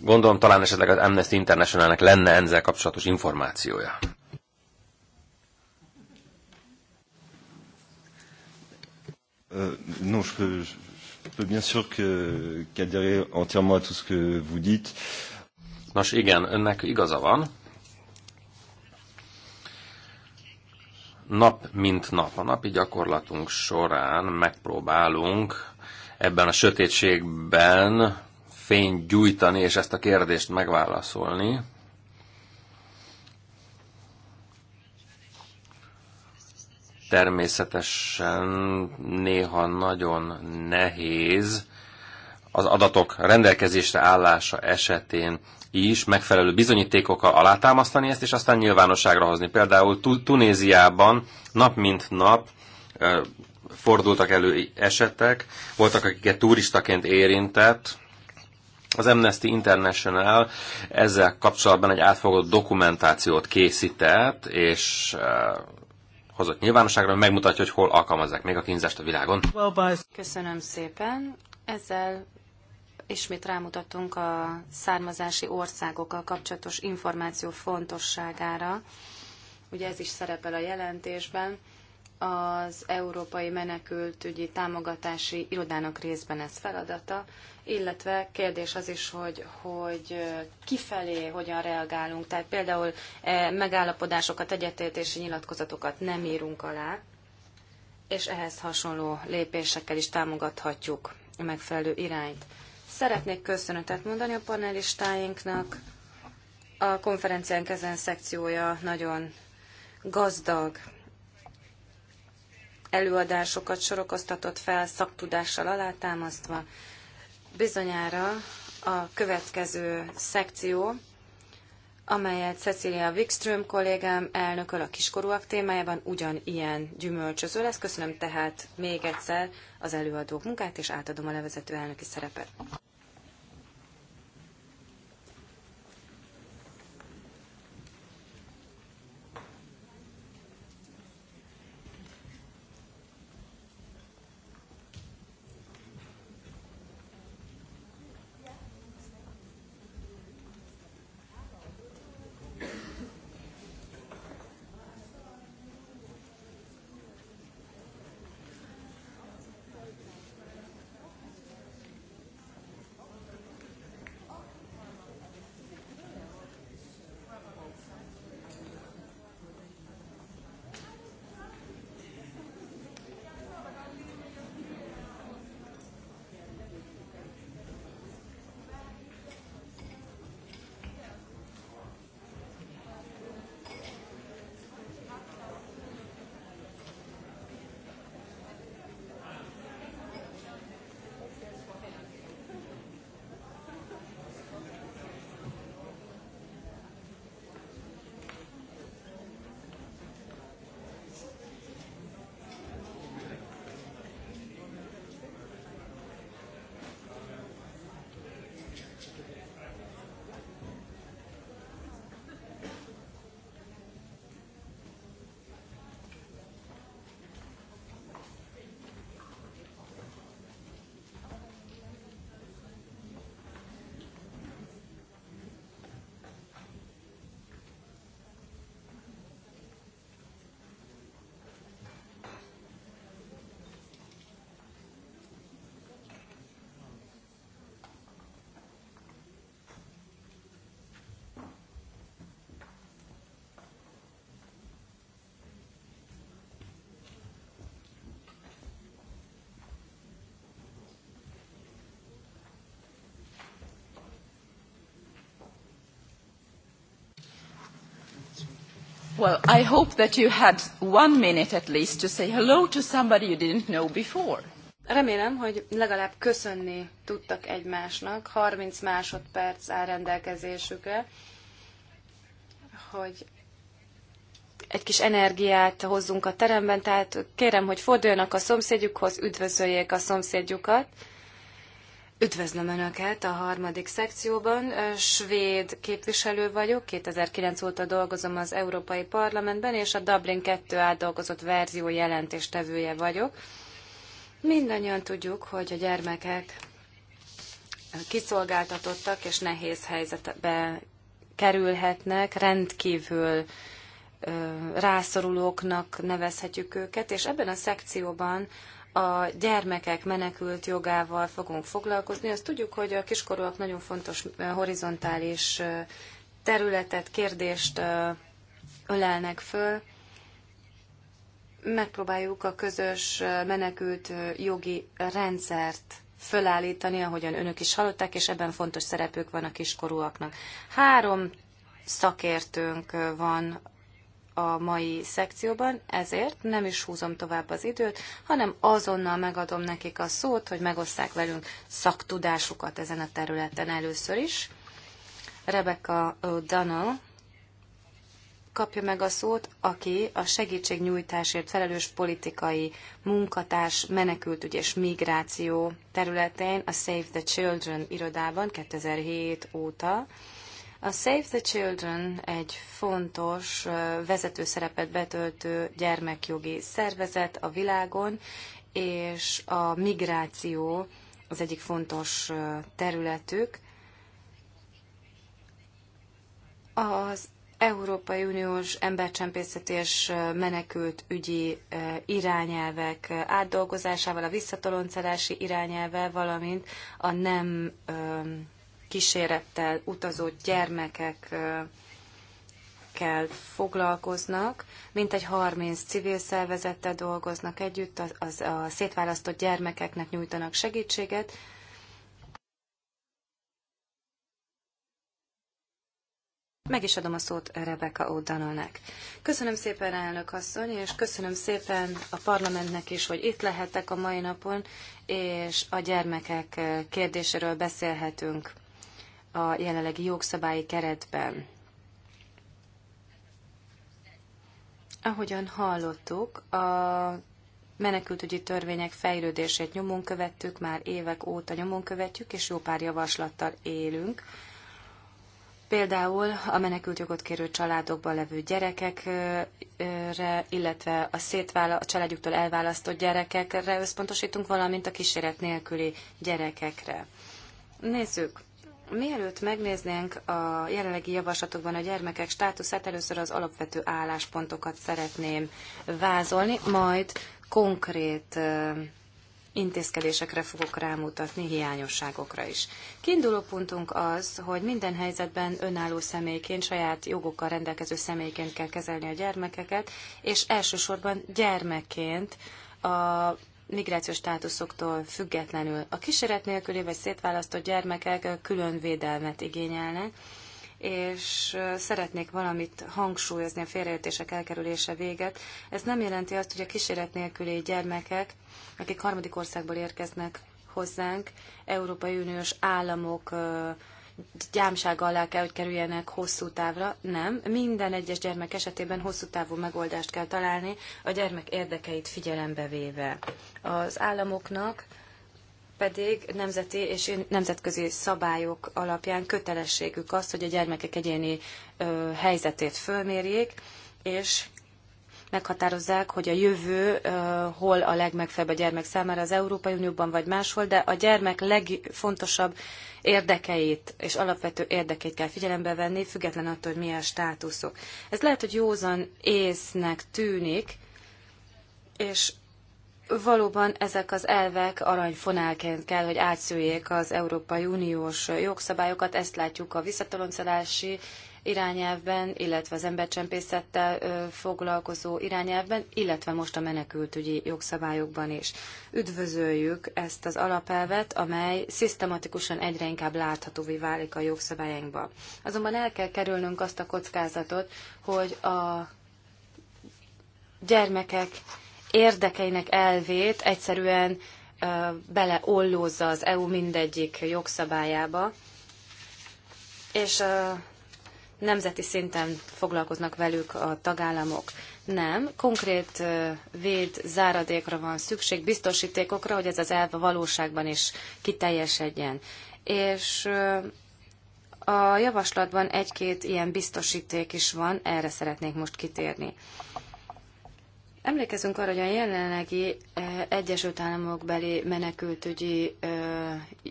Gondolom talán esetleg az Amnesty Internationalnek lenne ezzel kapcsolatos információja. Nos, peut bien sûr qu'adhérer qu entièrement à tout ce que vous dites. Nos igen, önnek igaza van. Nap mint nap, a napi gyakorlatunk során megpróbálunk ebben a sötétségben fényt gyújtani, és ezt a kérdést megválaszolni. természetesen néha nagyon nehéz az adatok rendelkezésre állása esetén is megfelelő bizonyítékokkal alátámasztani ezt, és aztán nyilvánosságra hozni. Például Tunéziában nap mint nap fordultak elő esetek, voltak, akiket turistaként érintett, az Amnesty International ezzel kapcsolatban egy átfogó dokumentációt készített, és hozott nyilvánosságra, megmutatja, hogy hol alkalmazzák még a kínzást a világon. Köszönöm szépen. Ezzel ismét rámutatunk a származási országokkal kapcsolatos információ fontosságára. Ugye ez is szerepel a jelentésben az Európai Menekültügyi Támogatási Irodának részben ez feladata, illetve kérdés az is, hogy, hogy kifelé hogyan reagálunk, tehát például e, megállapodásokat, egyetértési nyilatkozatokat nem írunk alá, és ehhez hasonló lépésekkel is támogathatjuk a megfelelő irányt. Szeretnék köszönetet mondani a panelistáinknak. A konferenciánk ezen szekciója nagyon gazdag előadásokat sorokoztatott fel szaktudással alátámasztva. Bizonyára a következő szekció, amelyet Cecilia Wikström kollégám elnököl a kiskorúak témájában ugyanilyen gyümölcsöző lesz. Köszönöm tehát még egyszer az előadók munkát, és átadom a levezető elnöki szerepet. Well, I hope that you had one minute at least to say hello to somebody you didn't know before. Remélem, hogy legalább köszönni tudtak egymásnak, 30 másodperc áll rendelkezésükre, hogy egy kis energiát hozzunk a teremben, tehát kérem, hogy forduljanak a szomszédjukhoz, üdvözöljék a szomszédjukat. Üdvözlöm Önöket a harmadik szekcióban. Svéd képviselő vagyok, 2009 óta dolgozom az Európai Parlamentben, és a Dublin 2 átdolgozott verzió jelentéstevője vagyok. Mindannyian tudjuk, hogy a gyermekek kiszolgáltatottak és nehéz helyzetbe kerülhetnek, rendkívül rászorulóknak nevezhetjük őket, és ebben a szekcióban a gyermekek menekült jogával fogunk foglalkozni. Azt tudjuk, hogy a kiskorúak nagyon fontos horizontális területet, kérdést ölelnek föl. Megpróbáljuk a közös menekült jogi rendszert fölállítani, ahogyan önök is hallották, és ebben fontos szerepük van a kiskorúaknak. Három szakértőnk van a mai szekcióban, ezért nem is húzom tovább az időt, hanem azonnal megadom nekik a szót, hogy megosszák velünk szaktudásukat ezen a területen először is. Rebecca O'Donnell kapja meg a szót, aki a segítségnyújtásért felelős politikai munkatárs menekültügy és migráció területén a Save the Children irodában 2007 óta a Save the Children egy fontos vezető szerepet betöltő gyermekjogi szervezet a világon, és a migráció az egyik fontos területük. Az Európai Uniós embercsempészet és menekült ügyi irányelvek átdolgozásával, a visszatoloncelási irányelvel, valamint a nem kísérettel utazó kell foglalkoznak. Mintegy 30 civil szervezettel dolgoznak együtt, az, az, a szétválasztott gyermekeknek nyújtanak segítséget. Meg is adom a szót Rebecca O'Donnellnek. Köszönöm szépen, elnök asszony, és köszönöm szépen a parlamentnek is, hogy itt lehetek a mai napon, és a gyermekek kérdéséről beszélhetünk a jelenlegi jogszabályi keretben. Ahogyan hallottuk, a menekültügyi törvények fejlődését nyomon követtük, már évek óta nyomon követjük, és jó pár javaslattal élünk. Például a menekültjogot kérő családokban levő gyerekekre, illetve a, szétvála, a családjuktól elválasztott gyerekekre összpontosítunk, valamint a kíséret nélküli gyerekekre. Nézzük, Mielőtt megnéznénk a jelenlegi javaslatokban a gyermekek státuszát, először az alapvető álláspontokat szeretném vázolni, majd konkrét intézkedésekre fogok rámutatni, hiányosságokra is. Kiinduló pontunk az, hogy minden helyzetben önálló személyként, saját jogokkal rendelkező személyként kell kezelni a gyermekeket, és elsősorban gyermekként a migrációs státuszoktól függetlenül. A kísérlet nélküli vagy szétválasztott gyermekek külön védelmet igényelnek, és szeretnék valamit hangsúlyozni a félreértések elkerülése véget. Ez nem jelenti azt, hogy a kísérlet nélküli gyermekek, akik harmadik országból érkeznek hozzánk, Európai Uniós államok gyámság alá kell, hogy kerüljenek hosszú távra. Nem, minden egyes gyermek esetében hosszú távú megoldást kell találni, a gyermek érdekeit figyelembe véve. Az államoknak pedig nemzeti és nemzetközi szabályok alapján kötelességük az, hogy a gyermekek egyéni ö, helyzetét fölmérjék, és meghatározzák, hogy a jövő hol a legmegfelelőbb a gyermek számára az Európai Unióban vagy máshol, de a gyermek legfontosabb érdekeit és alapvető érdekeit kell figyelembe venni, független attól, hogy milyen státuszok. Ez lehet, hogy józan észnek tűnik, és valóban ezek az elvek aranyfonálként kell, hogy átszőjék az Európai Uniós jogszabályokat. Ezt látjuk a visszatoloncolási irányelvben, illetve az embercsempészettel foglalkozó irányelvben, illetve most a menekültügyi jogszabályokban is. Üdvözöljük ezt az alapelvet, amely szisztematikusan egyre inkább láthatóvá válik a jogszabályainkban. Azonban el kell kerülnünk azt a kockázatot, hogy a gyermekek érdekeinek elvét egyszerűen beleollózza az EU mindegyik jogszabályába, és nemzeti szinten foglalkoznak velük a tagállamok. Nem, konkrét véd záradékra van szükség, biztosítékokra, hogy ez az elv valóságban is kiteljesedjen. És a javaslatban egy-két ilyen biztosíték is van, erre szeretnék most kitérni. Emlékezünk arra, hogy a jelenlegi eh, Egyesült Államok beli menekültügyi eh,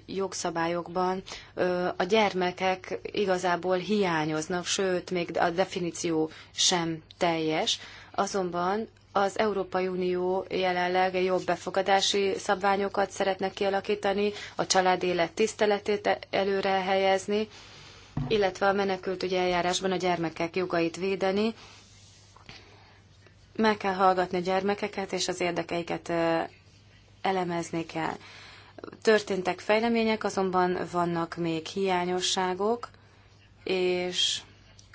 jogszabályokban eh, a gyermekek igazából hiányoznak, sőt, még a definíció sem teljes. Azonban az Európai Unió jelenleg jobb befogadási szabványokat szeretne kialakítani, a család élet tiszteletét előre helyezni, illetve a menekültügyi eljárásban a gyermekek jogait védeni meg kell hallgatni a gyermekeket, és az érdekeiket elemezni kell. Történtek fejlemények, azonban vannak még hiányosságok, és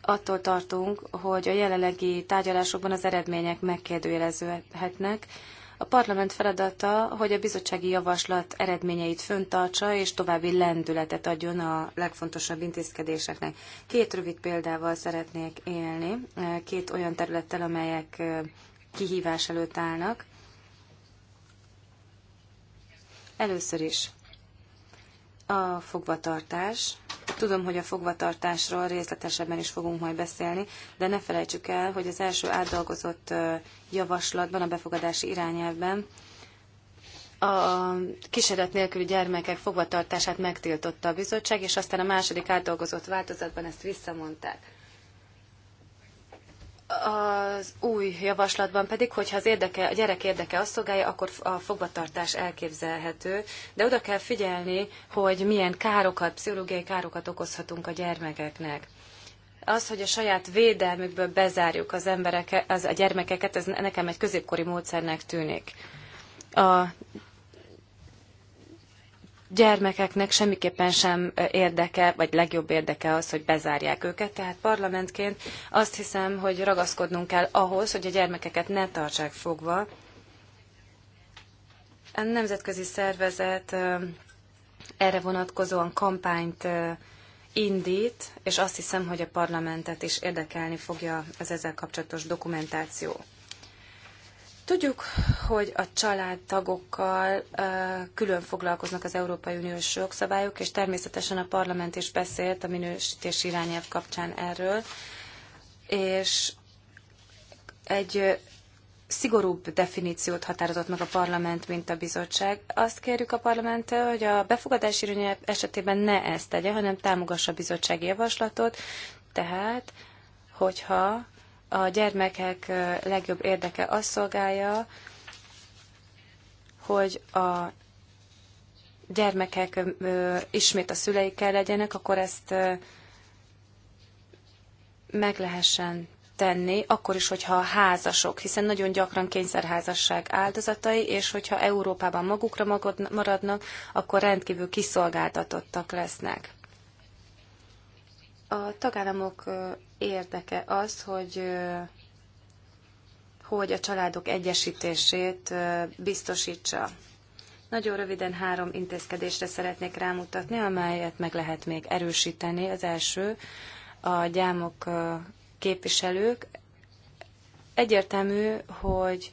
attól tartunk, hogy a jelenlegi tárgyalásokban az eredmények megkérdőjelezhetnek, a parlament feladata, hogy a bizottsági javaslat eredményeit föntartsa és további lendületet adjon a legfontosabb intézkedéseknek. Két rövid példával szeretnék élni, két olyan területtel, amelyek kihívás előtt állnak. Először is a fogvatartás. Tudom, hogy a fogvatartásról részletesebben is fogunk majd beszélni, de ne felejtsük el, hogy az első átdolgozott javaslatban, a befogadási irányelvben a kísérlet nélküli gyermekek fogvatartását megtiltotta a bizottság, és aztán a második átdolgozott változatban ezt visszamondták. Az új javaslatban pedig, hogyha az érdeke, a gyerek érdeke azt szolgálja, akkor a fogvatartás elképzelhető, de oda kell figyelni, hogy milyen károkat, pszichológiai károkat okozhatunk a gyermekeknek. Az, hogy a saját védelmükből bezárjuk az, embereket, az a gyermekeket, ez nekem egy középkori módszernek tűnik. A gyermekeknek semmiképpen sem érdeke, vagy legjobb érdeke az, hogy bezárják őket. Tehát parlamentként azt hiszem, hogy ragaszkodnunk kell ahhoz, hogy a gyermekeket ne tartsák fogva. A nemzetközi szervezet erre vonatkozóan kampányt indít, és azt hiszem, hogy a parlamentet is érdekelni fogja az ezzel kapcsolatos dokumentáció. Tudjuk, hogy a családtagokkal külön foglalkoznak az Európai Uniós jogszabályok, és természetesen a parlament is beszélt a minősítés irányelv kapcsán erről, és egy szigorúbb definíciót határozott meg a parlament, mint a bizottság. Azt kérjük a parlamenttől, hogy a befogadási irányelv esetében ne ezt tegye, hanem támogassa a bizottsági javaslatot, tehát hogyha a gyermekek legjobb érdeke azt szolgálja, hogy a gyermekek ismét a szüleikkel legyenek, akkor ezt meg lehessen tenni, akkor is, hogyha házasok, hiszen nagyon gyakran kényszerházasság áldozatai, és hogyha Európában magukra maradnak, akkor rendkívül kiszolgáltatottak lesznek. A tagállamok érdeke az, hogy hogy a családok egyesítését biztosítsa. Nagyon röviden három intézkedésre szeretnék rámutatni, amelyet meg lehet még erősíteni. Az első a gyámok képviselők. Egyértelmű, hogy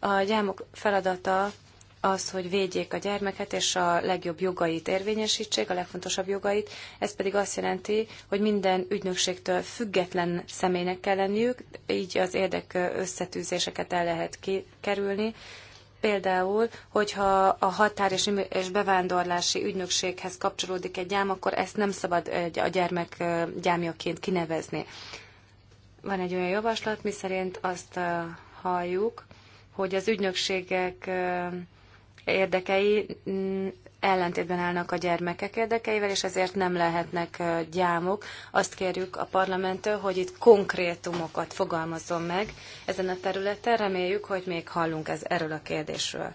a gyámok feladata az, hogy védjék a gyermeket, és a legjobb jogait érvényesítsék, a legfontosabb jogait. Ez pedig azt jelenti, hogy minden ügynökségtől független személynek kell lenniük, így az érdek összetűzéseket el lehet kerülni. Például, hogyha a határ és bevándorlási ügynökséghez kapcsolódik egy gyám, akkor ezt nem szabad eh, a gyermek eh, gyámjaként kinevezni. Van egy olyan javaslat, miszerint azt eh, halljuk, hogy az ügynökségek érdekei ellentétben állnak a gyermekek érdekeivel, és ezért nem lehetnek gyámok. Azt kérjük a parlamenttől, hogy itt konkrétumokat fogalmazzon meg ezen a területen. Reméljük, hogy még hallunk ez erről a kérdésről.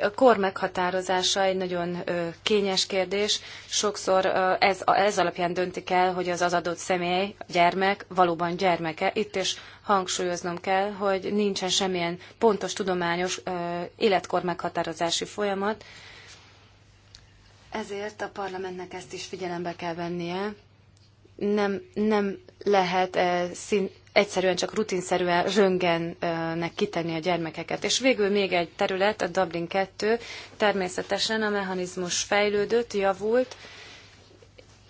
A kor meghatározása egy nagyon kényes kérdés. Sokszor ez, ez alapján döntik el, hogy az az adott személy, gyermek valóban gyermeke. Itt is hangsúlyoznom kell, hogy nincsen semmilyen pontos tudományos életkor meghatározási folyamat. Ezért a parlamentnek ezt is figyelembe kell vennie nem, nem lehet eh, szín, egyszerűen csak rutinszerűen röngennek kitenni a gyermekeket. És végül még egy terület, a Dublin 2, természetesen a mechanizmus fejlődött, javult,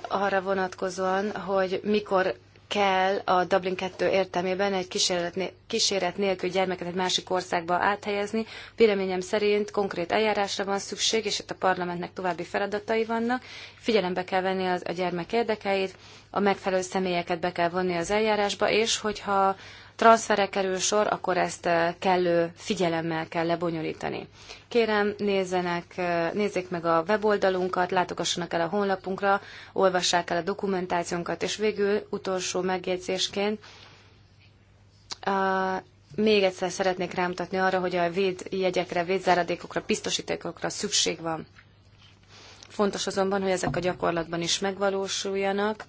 arra vonatkozóan, hogy mikor kell a Dublin 2 értelmében egy kísérlet, kíséret nélkül gyermeket egy másik országba áthelyezni. Véleményem szerint konkrét eljárásra van szükség, és itt a parlamentnek további feladatai vannak. Figyelembe kell venni az, a gyermek érdekeit, a megfelelő személyeket be kell vonni az eljárásba, és hogyha transferre kerül sor, akkor ezt eh, kellő figyelemmel kell lebonyolítani. Kérem, nézzenek, eh, nézzék meg a weboldalunkat, látogassanak el a honlapunkra, olvassák el a dokumentációnkat, és végül utolsó megjegyzésként a, még egyszer szeretnék rámutatni arra, hogy a védjegyekre, védzáradékokra, biztosítékokra szükség van. Fontos azonban, hogy ezek a gyakorlatban is megvalósuljanak,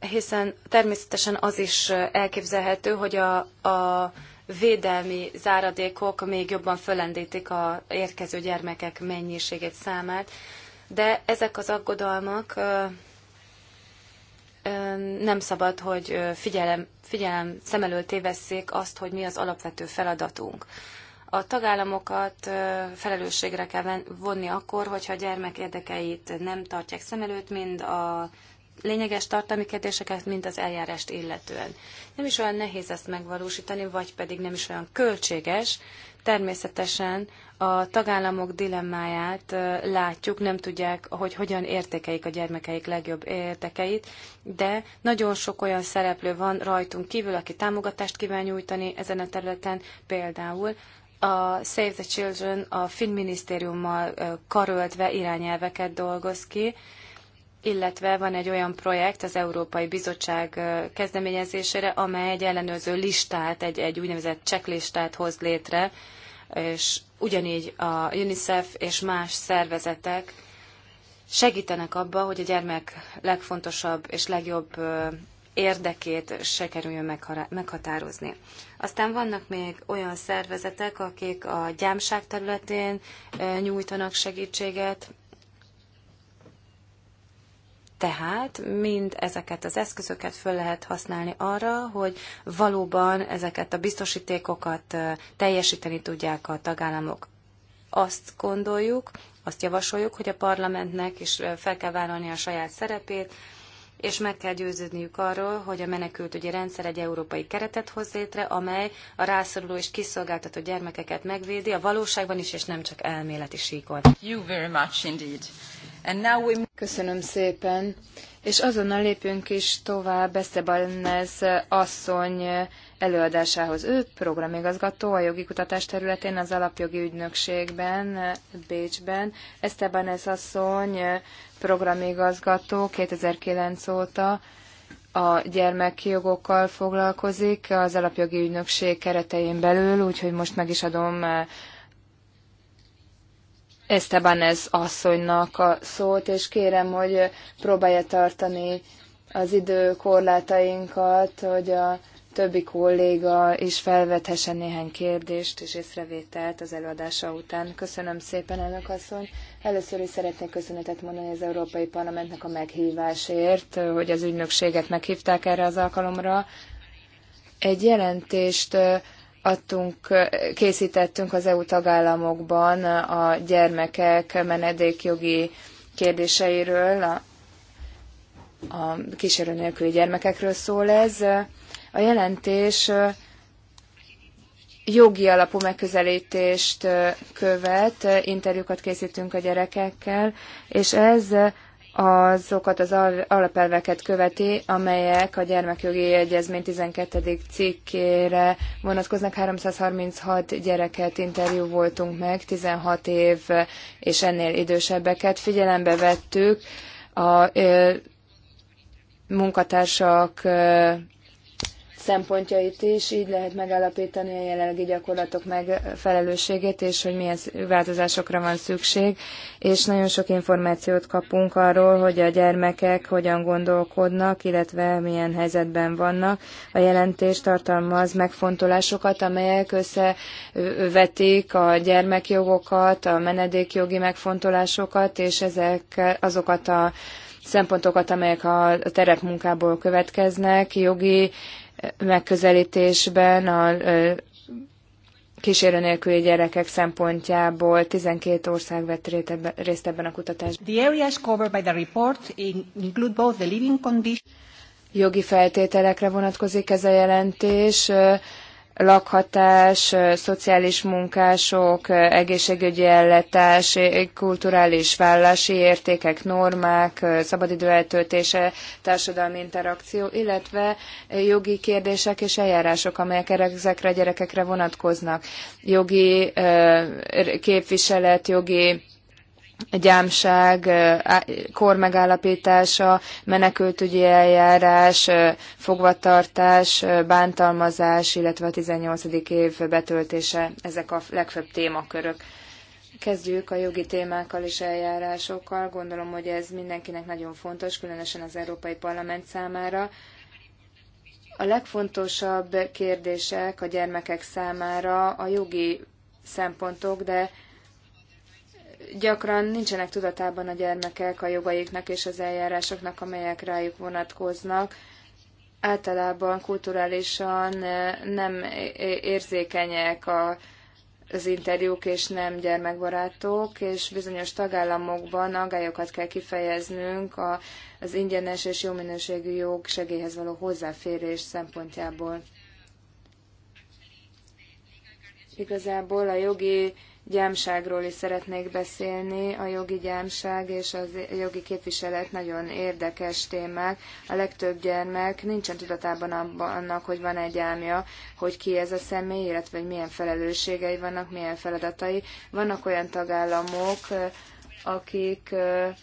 hiszen természetesen az is elképzelhető, hogy a, a védelmi záradékok még jobban fölendítik a érkező gyermekek mennyiségét, számát, de ezek az aggodalmak nem szabad, hogy figyelem, figyelem szem elől tévesszék azt, hogy mi az alapvető feladatunk. A tagállamokat felelősségre kell vonni akkor, hogyha a gyermek érdekeit nem tartják szem előtt, mind a lényeges tartalmi kérdéseket, mint az eljárást illetően. Nem is olyan nehéz ezt megvalósítani, vagy pedig nem is olyan költséges. Természetesen a tagállamok dilemmáját látjuk, nem tudják, hogy hogyan értékeik a gyermekeik legjobb értekeit, de nagyon sok olyan szereplő van rajtunk kívül, aki támogatást kíván nyújtani ezen a területen, például a Save the Children a Finnminisztériummal karöltve irányelveket dolgoz ki, illetve van egy olyan projekt az Európai Bizottság kezdeményezésére, amely egy ellenőrző listát, egy, egy úgynevezett checklistát hoz létre, és ugyanígy a UNICEF és más szervezetek segítenek abba, hogy a gyermek legfontosabb és legjobb érdekét se kerüljön meghatározni. Aztán vannak még olyan szervezetek, akik a gyámság területén nyújtanak segítséget, tehát mind ezeket az eszközöket föl lehet használni arra, hogy valóban ezeket a biztosítékokat teljesíteni tudják a tagállamok. Azt gondoljuk, azt javasoljuk, hogy a parlamentnek is fel kell vállalni a saját szerepét, és meg kell győződniük arról, hogy a menekültügyi rendszer egy európai keretet hoz létre, amely a rászoruló és kiszolgáltató gyermekeket megvédi a valóságban is, és nem csak elméleti síkon. You very much indeed. Köszönöm szépen. És azonnal lépünk is tovább Eszebanez asszony előadásához. Ő programigazgató a jogi kutatás területén az alapjogi ügynökségben, Bécsben. Eszebanez asszony programigazgató 2009 óta a gyermekjogokkal foglalkozik az alapjogi ügynökség keretein belül, úgyhogy most meg is adom Estebanez asszonynak a szót, és kérem, hogy próbálja tartani az korlátainkat, hogy a többi kolléga is felvethessen néhány kérdést és észrevételt az előadása után. Köszönöm szépen, elnök asszony. Először is szeretnék köszönetet mondani az Európai Parlamentnek a meghívásért, hogy az ügynökséget meghívták erre az alkalomra. Egy jelentést adtunk, készítettünk az EU tagállamokban a gyermekek menedékjogi kérdéseiről, a, a kísérő nélküli gyermekekről szól ez. A jelentés jogi alapú megközelítést követ, interjúkat készítünk a gyerekekkel, és ez azokat az alapelveket követi, amelyek a gyermekjogi egyezmény 12. cikkére vonatkoznak. 336 gyereket interjú voltunk meg, 16 év és ennél idősebbeket. Figyelembe vettük a munkatársak szempontjait is, így lehet megállapítani a jelenlegi gyakorlatok megfelelőségét, és hogy milyen változásokra van szükség, és nagyon sok információt kapunk arról, hogy a gyermekek hogyan gondolkodnak, illetve milyen helyzetben vannak. A jelentés tartalmaz megfontolásokat, amelyek összevetik a gyermekjogokat, a menedékjogi megfontolásokat, és ezek azokat a szempontokat, amelyek a terepmunkából következnek, jogi megközelítésben a kísérő nélküli gyerekek szempontjából 12 ország vett részt ebben a kutatásban. The areas covered by the report include both the living conditions jogi feltételekre vonatkozik ez a jelentés, lakhatás, szociális munkások, egészségügyi ellátás, kulturális vállási értékek, normák, szabadidő eltöltése, társadalmi interakció, illetve jogi kérdések és eljárások, amelyek ezekre a gyerekekre vonatkoznak. Jogi képviselet, jogi gyámság, kor megállapítása, menekültügyi eljárás, fogvatartás, bántalmazás, illetve a 18. év betöltése, ezek a legfőbb témakörök. Kezdjük a jogi témákkal és eljárásokkal. Gondolom, hogy ez mindenkinek nagyon fontos, különösen az Európai Parlament számára. A legfontosabb kérdések a gyermekek számára a jogi szempontok, de gyakran nincsenek tudatában a gyermekek a jogaiknak és az eljárásoknak, amelyek rájuk vonatkoznak. Általában kulturálisan eh, nem érzékenyek a, az interjúk és nem gyermekbarátok, és bizonyos tagállamokban aggályokat kell kifejeznünk a, az ingyenes és jó minőségű jog segélyhez való hozzáférés szempontjából. Igazából a jogi gyámságról is szeretnék beszélni. A jogi gyámság és a jogi képviselet nagyon érdekes témák. A legtöbb gyermek nincsen tudatában annak, hogy van egy álmja, hogy ki ez a személy, illetve hogy milyen felelősségei vannak, milyen feladatai. Vannak olyan tagállamok, eh, akik eh,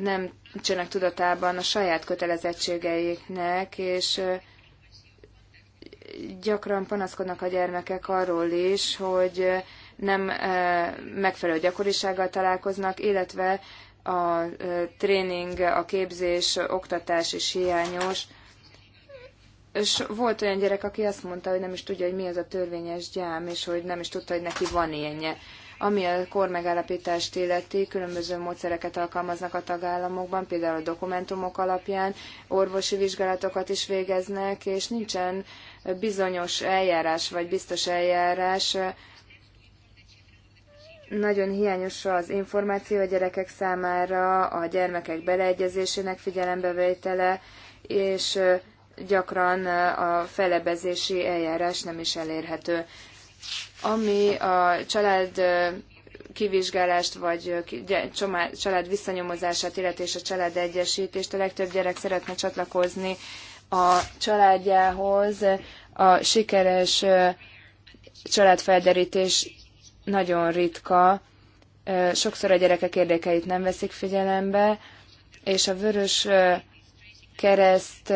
nem csinálnak tudatában a saját kötelezettségeiknek, és eh, gyakran panaszkodnak a gyermekek arról is, hogy nem e, megfelelő gyakorisággal találkoznak, illetve a e, tréning, a képzés, oktatás is hiányos. És volt olyan gyerek, aki azt mondta, hogy nem is tudja, hogy mi az a törvényes gyám, és hogy nem is tudta, hogy neki van ilyenje. Ami a kormegállapítást illeti, különböző módszereket alkalmaznak a tagállamokban, például a dokumentumok alapján orvosi vizsgálatokat is végeznek, és nincsen bizonyos eljárás, vagy biztos eljárás nagyon hiányos az információ a gyerekek számára, a gyermekek beleegyezésének figyelembevétele, és gyakran a felebezési eljárás nem is elérhető. Ami a család kivizsgálást, vagy család visszanyomozását, illetve a család egyesítést, a legtöbb gyerek szeretne csatlakozni a családjához, a sikeres családfelderítés nagyon ritka, sokszor a gyerekek érdekeit nem veszik figyelembe, és a vörös kereszt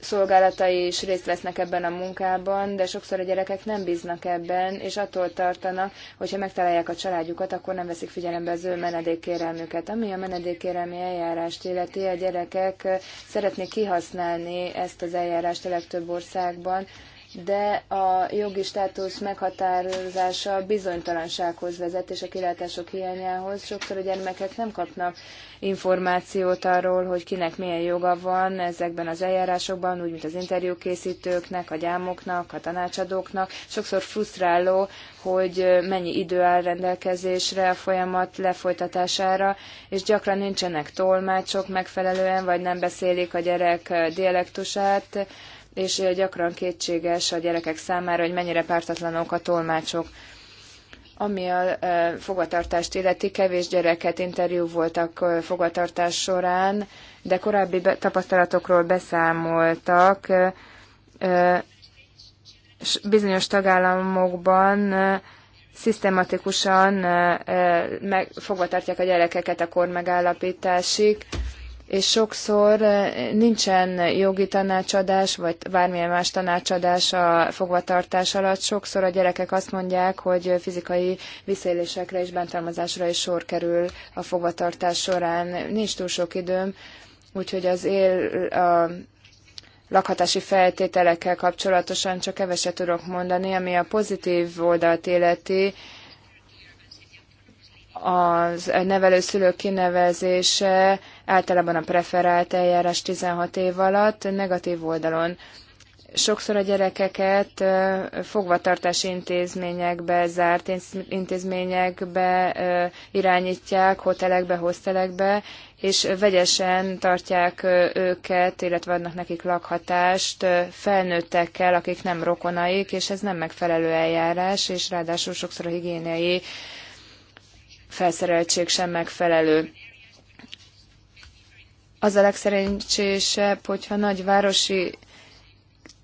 szolgálatai is részt vesznek ebben a munkában, de sokszor a gyerekek nem bíznak ebben, és attól tartanak, hogyha megtalálják a családjukat, akkor nem veszik figyelembe az ő menedékkérelmüket. Ami a menedékkérelmi eljárást illeti, a gyerekek szeretnék kihasználni ezt az eljárást a legtöbb országban, de a jogi státusz meghatározása bizonytalansághoz vezet, és a kilátások hiányához. Sokszor a gyermekek nem kapnak információt arról, hogy kinek milyen joga van ezekben az eljárásokban, úgy, mint az interjúkészítőknek, a gyámoknak, a tanácsadóknak. Sokszor frusztráló, hogy mennyi idő áll rendelkezésre a folyamat lefolytatására, és gyakran nincsenek tolmácsok megfelelően, vagy nem beszélik a gyerek dialektusát, és gyakran kétséges a gyerekek számára, hogy mennyire pártatlanok a tolmácsok. Ami a fogvatartást illeti, kevés gyereket interjú voltak fogvatartás során, de korábbi tapasztalatokról beszámoltak. Bizonyos tagállamokban szisztematikusan fogvatartják a gyerekeket a kor megállapításig, és sokszor eh, nincsen jogi tanácsadás, vagy bármilyen más tanácsadás a fogvatartás alatt. Sokszor a gyerekek azt mondják, hogy fizikai visszaélésekre és bántalmazásra is sor kerül a fogvatartás során. Nincs túl sok időm, úgyhogy az él a lakhatási feltételekkel kapcsolatosan csak keveset tudok mondani, ami a pozitív oldalt életi az nevelőszülők kinevezése általában a preferált eljárás 16 év alatt negatív oldalon. Sokszor a gyerekeket fogvatartási intézményekbe, zárt intézményekbe irányítják, hotelekbe, hostelekbe, és vegyesen tartják őket, illetve adnak nekik lakhatást felnőttekkel, akik nem rokonaik, és ez nem megfelelő eljárás, és ráadásul sokszor a higiéniai felszereltség sem megfelelő. Az a legszerencsésebb, hogyha nagyvárosi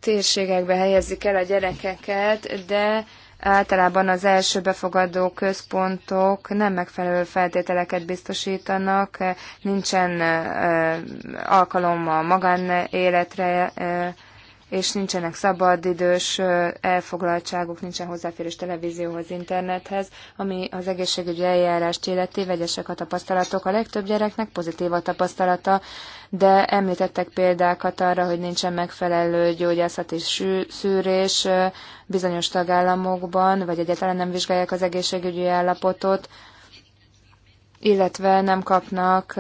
térségekbe helyezik el a gyerekeket, de általában az első befogadó központok nem megfelelő feltételeket biztosítanak, nincsen alkalom a magánéletre, és nincsenek szabadidős elfoglaltságuk, nincsen hozzáférés televízióhoz, internethez, ami az egészségügyi eljárást illeti, vegyesek a tapasztalatok. A legtöbb gyereknek pozitív a tapasztalata, de említettek példákat arra, hogy nincsen megfelelő gyógyászati szűrés bizonyos tagállamokban, vagy egyáltalán nem vizsgálják az egészségügyi állapotot, illetve nem kapnak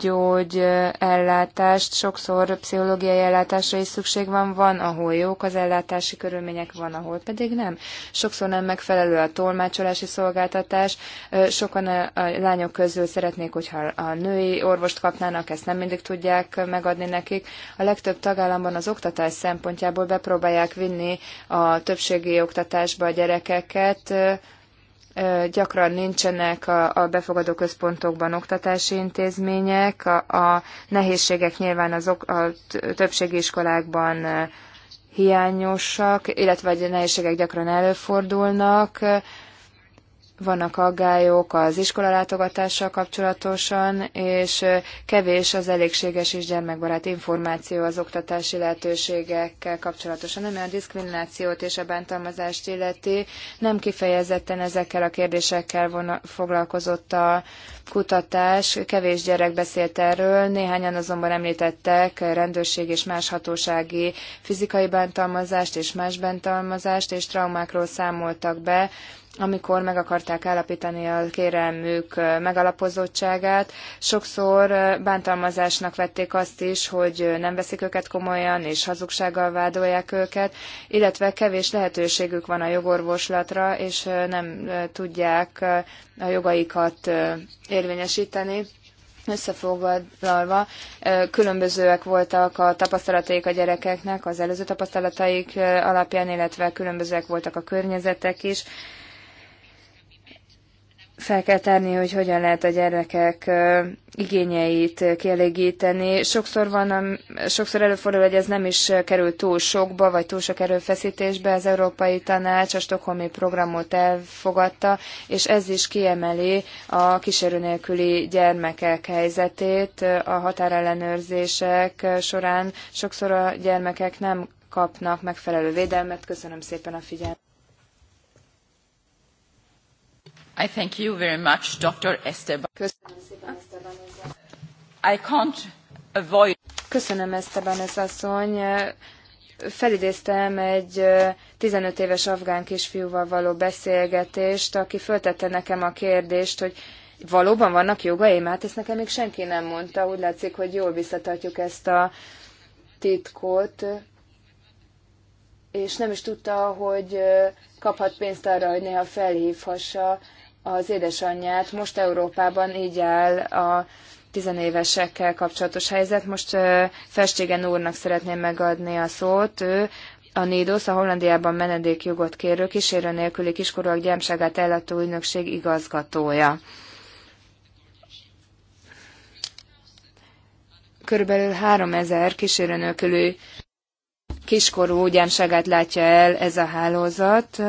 gyógyellátást, sokszor pszichológiai ellátásra is szükség van, van, ahol jók az ellátási körülmények, van, ahol pedig nem. Sokszor nem megfelelő a tolmácsolási szolgáltatás, sokan a, lányok közül szeretnék, hogyha a női orvost kapnának, ezt nem mindig tudják megadni nekik. A legtöbb tagállamban az oktatás szempontjából bepróbálják vinni a többségi oktatásba a gyerekeket, gyakran nincsenek a, a befogadó központokban oktatási intézmények, a, a nehézségek nyilván az ok, a többségi iskolákban hiányosak, illetve a nehézségek gyakran előfordulnak, vannak aggályok az iskolalátogatással kapcsolatosan, és kevés az elégséges és gyermekbarát információ az oktatási lehetőségekkel kapcsolatosan, ami a diszkriminációt és a bántalmazást illeti. Nem kifejezetten ezekkel a kérdésekkel vona, foglalkozott a kutatás, kevés gyerek beszélt erről, néhányan azonban említettek rendőrség és más hatósági fizikai bántalmazást és más bántalmazást, és traumákról számoltak be, amikor meg akarták állapítani a kérelmük megalapozottságát. Sokszor bántalmazásnak vették azt is, hogy nem veszik őket komolyan, és hazugsággal vádolják őket, illetve kevés lehetőségük van a jogorvoslatra, és nem tudják a jogaikat érvényesíteni összefoglalva, különbözőek voltak a tapasztalataik a gyerekeknek, az előző tapasztalataik alapján, illetve különbözőek voltak a környezetek is fel kell tárni, hogy hogyan lehet a gyermekek igényeit kielégíteni. Sokszor, van, sokszor előfordul, hogy ez nem is került túl sokba, vagy túl sok erőfeszítésbe. Az Európai Tanács a Stokholmi programot elfogadta, és ez is kiemeli a kísérő nélküli gyermekek helyzetét. A határellenőrzések során sokszor a gyermekek nem kapnak megfelelő védelmet. Köszönöm szépen a figyelmet. I thank you very much, Dr. Esteban. I can't avoid... Köszönöm, Esteban, ez asszony. Felidéztem egy 15 éves afgán kisfiúval való beszélgetést, aki föltette nekem a kérdést, hogy valóban vannak jogaim? Hát ezt nekem még senki nem mondta. Úgy látszik, hogy jól visszatartjuk ezt a titkot, és nem is tudta, hogy kaphat pénzt arra, hogy néha felhívhassa az édesanyját. Most Európában így áll a tizenévesekkel kapcsolatos helyzet. Most Festégen úrnak szeretném megadni a szót. Ő a NIDOS, a Hollandiában menedékjogot kérő kísérő nélküli kiskorúak gyámságát ellátó ügynökség igazgatója. Körülbelül 3000 kísérő nélküli kiskorú gyámságát látja el ez a hálózat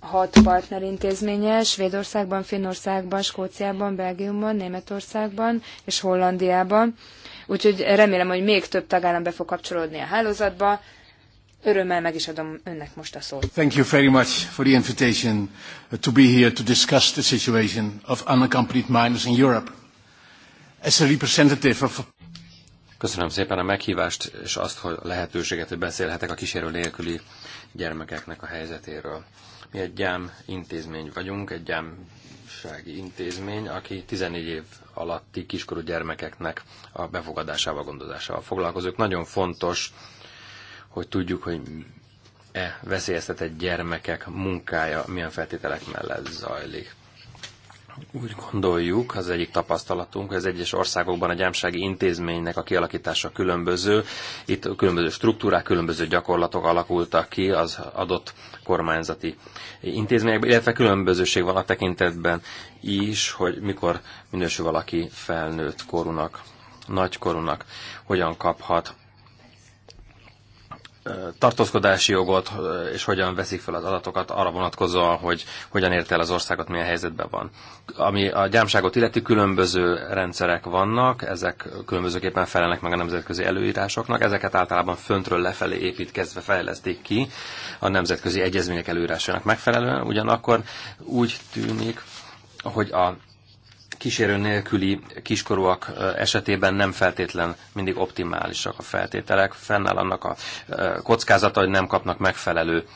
hat partnerintézménye Svédországban, Finnországban, Skóciában, Belgiumban, Németországban és Hollandiában. Úgyhogy remélem, hogy még több tagállam be fog kapcsolódni a hálózatba. Örömmel meg is adom önnek most a szót. Thank you very much for the invitation to be here to discuss the situation of unaccompanied minors in Europe. As a representative of Köszönöm szépen a meghívást, és azt, hogy a lehetőséget, hogy beszélhetek a kísérő nélküli gyermekeknek a helyzetéről. Mi egy gyám intézmény vagyunk, egy gyámsági intézmény, aki 14 év alatti kiskorú gyermekeknek a befogadásával, gondozásával foglalkozók. Nagyon fontos, hogy tudjuk, hogy e veszélyeztetett gyermekek munkája milyen feltételek mellett zajlik. Úgy gondoljuk, az egyik tapasztalatunk, hogy az egyes országokban a gyámsági intézménynek a kialakítása különböző. Itt különböző struktúrák, különböző gyakorlatok alakultak ki az adott kormányzati intézményekben, illetve különbözőség van a tekintetben is, hogy mikor minősül valaki felnőtt korunak, nagykorunak, hogyan kaphat tartózkodási jogot, és hogyan veszik fel az adatokat arra vonatkozóan, hogy hogyan ért el az országot, milyen helyzetben van. Ami a gyámságot illeti, különböző rendszerek vannak, ezek különbözőképpen felelnek meg a nemzetközi előírásoknak, ezeket általában föntről lefelé építkezve fejlesztik ki a nemzetközi egyezmények előírásának megfelelően, ugyanakkor úgy tűnik, hogy a kísérő nélküli kiskorúak esetében nem feltétlen mindig optimálisak a feltételek. Fennáll annak a kockázata, hogy nem kapnak megfelelő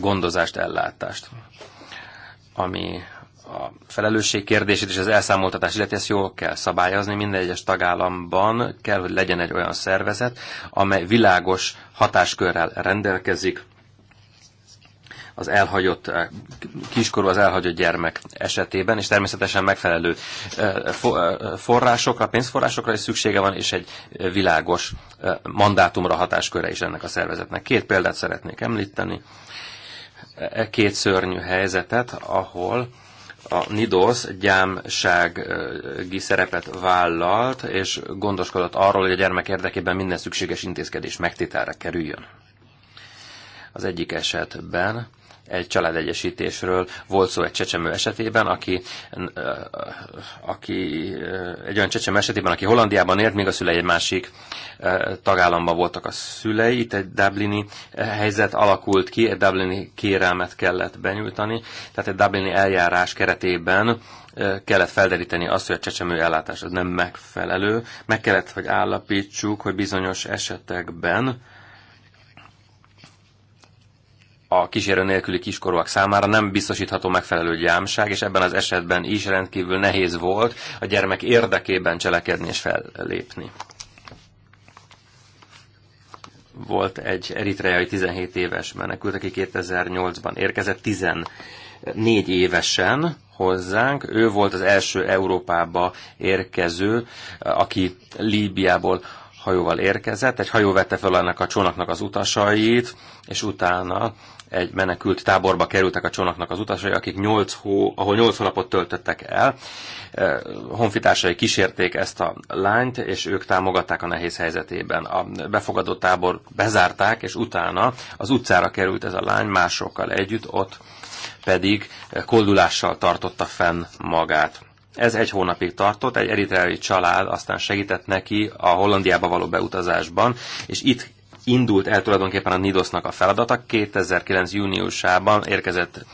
gondozást, ellátást. Ami a felelősség kérdését és az elszámoltatás illetve ezt jól kell szabályozni. Minden egyes tagállamban kell, hogy legyen egy olyan szervezet, amely világos hatáskörrel rendelkezik, az elhagyott eh, kiskorú, az elhagyott gyermek esetében, és természetesen megfelelő eh, eh, forrásokra, pénzforrásokra is szüksége van, és egy világos mandátumra hatásköre is ennek a szervezetnek. Két példát szeretnék említeni, e-, két szörnyű helyzetet, ahol a Nidos gyámsági szerepet vállalt, és gondoskodott arról, hogy a gyermek érdekében minden szükséges intézkedés megtételre kerüljön. Az egyik esetben egy családegyesítésről volt szó egy csecsemő esetében, aki, eh, aki eh, egy olyan csecsemő esetében, aki Hollandiában élt, míg a szülei egy másik eh, tagállamban voltak a szülei. Itt egy Dublini helyzet alakult ki, egy Dublini kérelmet kellett benyújtani, tehát egy Dublini eljárás keretében kellett felderíteni azt, hogy a csecsemő ellátás az nem megfelelő. Meg kellett, hogy állapítsuk, hogy bizonyos esetekben a kísérő nélküli kiskorúak számára nem biztosítható megfelelő gyámság, és ebben az esetben is rendkívül nehéz volt a gyermek érdekében cselekedni és fellépni. Volt egy eritreai 17 éves menekült, aki 2008-ban érkezett 14 évesen hozzánk. Ő volt az első Európába érkező, aki Líbiából hajóval érkezett, egy hajó vette fel ennek a csónaknak az utasait, és utána egy menekült táborba kerültek a csónaknak az utasai, akik 8 hó, ahol 8 hónapot töltöttek el. Eh, honfitársai kísérték ezt a lányt, és ők támogatták a nehéz helyzetében. A befogadó tábor bezárták, és utána az utcára került ez a lány másokkal együtt, ott pedig koldulással tartotta fenn magát. Ez egy hónapig tartott, egy eritreai család aztán segített neki a Hollandiába való beutazásban, és itt indult el tulajdonképpen a Nidosnak a feladata. 2009. júniusában érkezett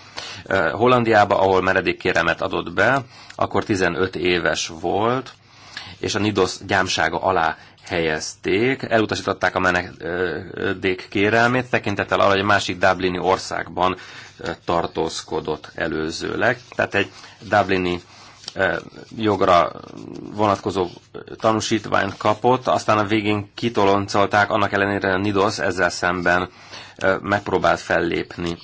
Hollandiába, ahol meredékkérelmet adott be, akkor 15 éves volt, és a Nidos gyámsága alá helyezték, elutasították a menedék kérelmét, tekintettel arra, hogy egy másik Dublini országban tartózkodott előzőleg. Tehát egy Dublini jogra vonatkozó tanúsítványt kapott, aztán a végén kitoloncolták, annak ellenére a Nidos ezzel szemben megpróbált fellépni.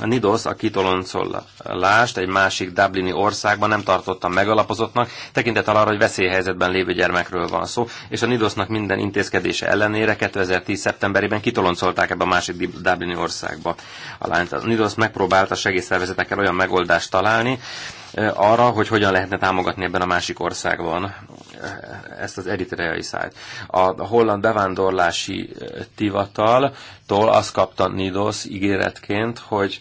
A Nidos a kitoloncolást egy másik Dublini országban nem tartotta megalapozottnak, tekintet arra, hogy veszélyhelyzetben lévő gyermekről van szó, és a Nidosnak minden intézkedése ellenére 2010. szeptemberében kitoloncolták ebbe a másik Dublini országba a lányt. A Nidos a segélyszervezetekkel olyan megoldást találni, arra, hogy hogyan lehetne támogatni ebben a másik országban ezt az eritreai szájt. A holland bevándorlási tivataltól azt kapta Nidos ígéretként, hogy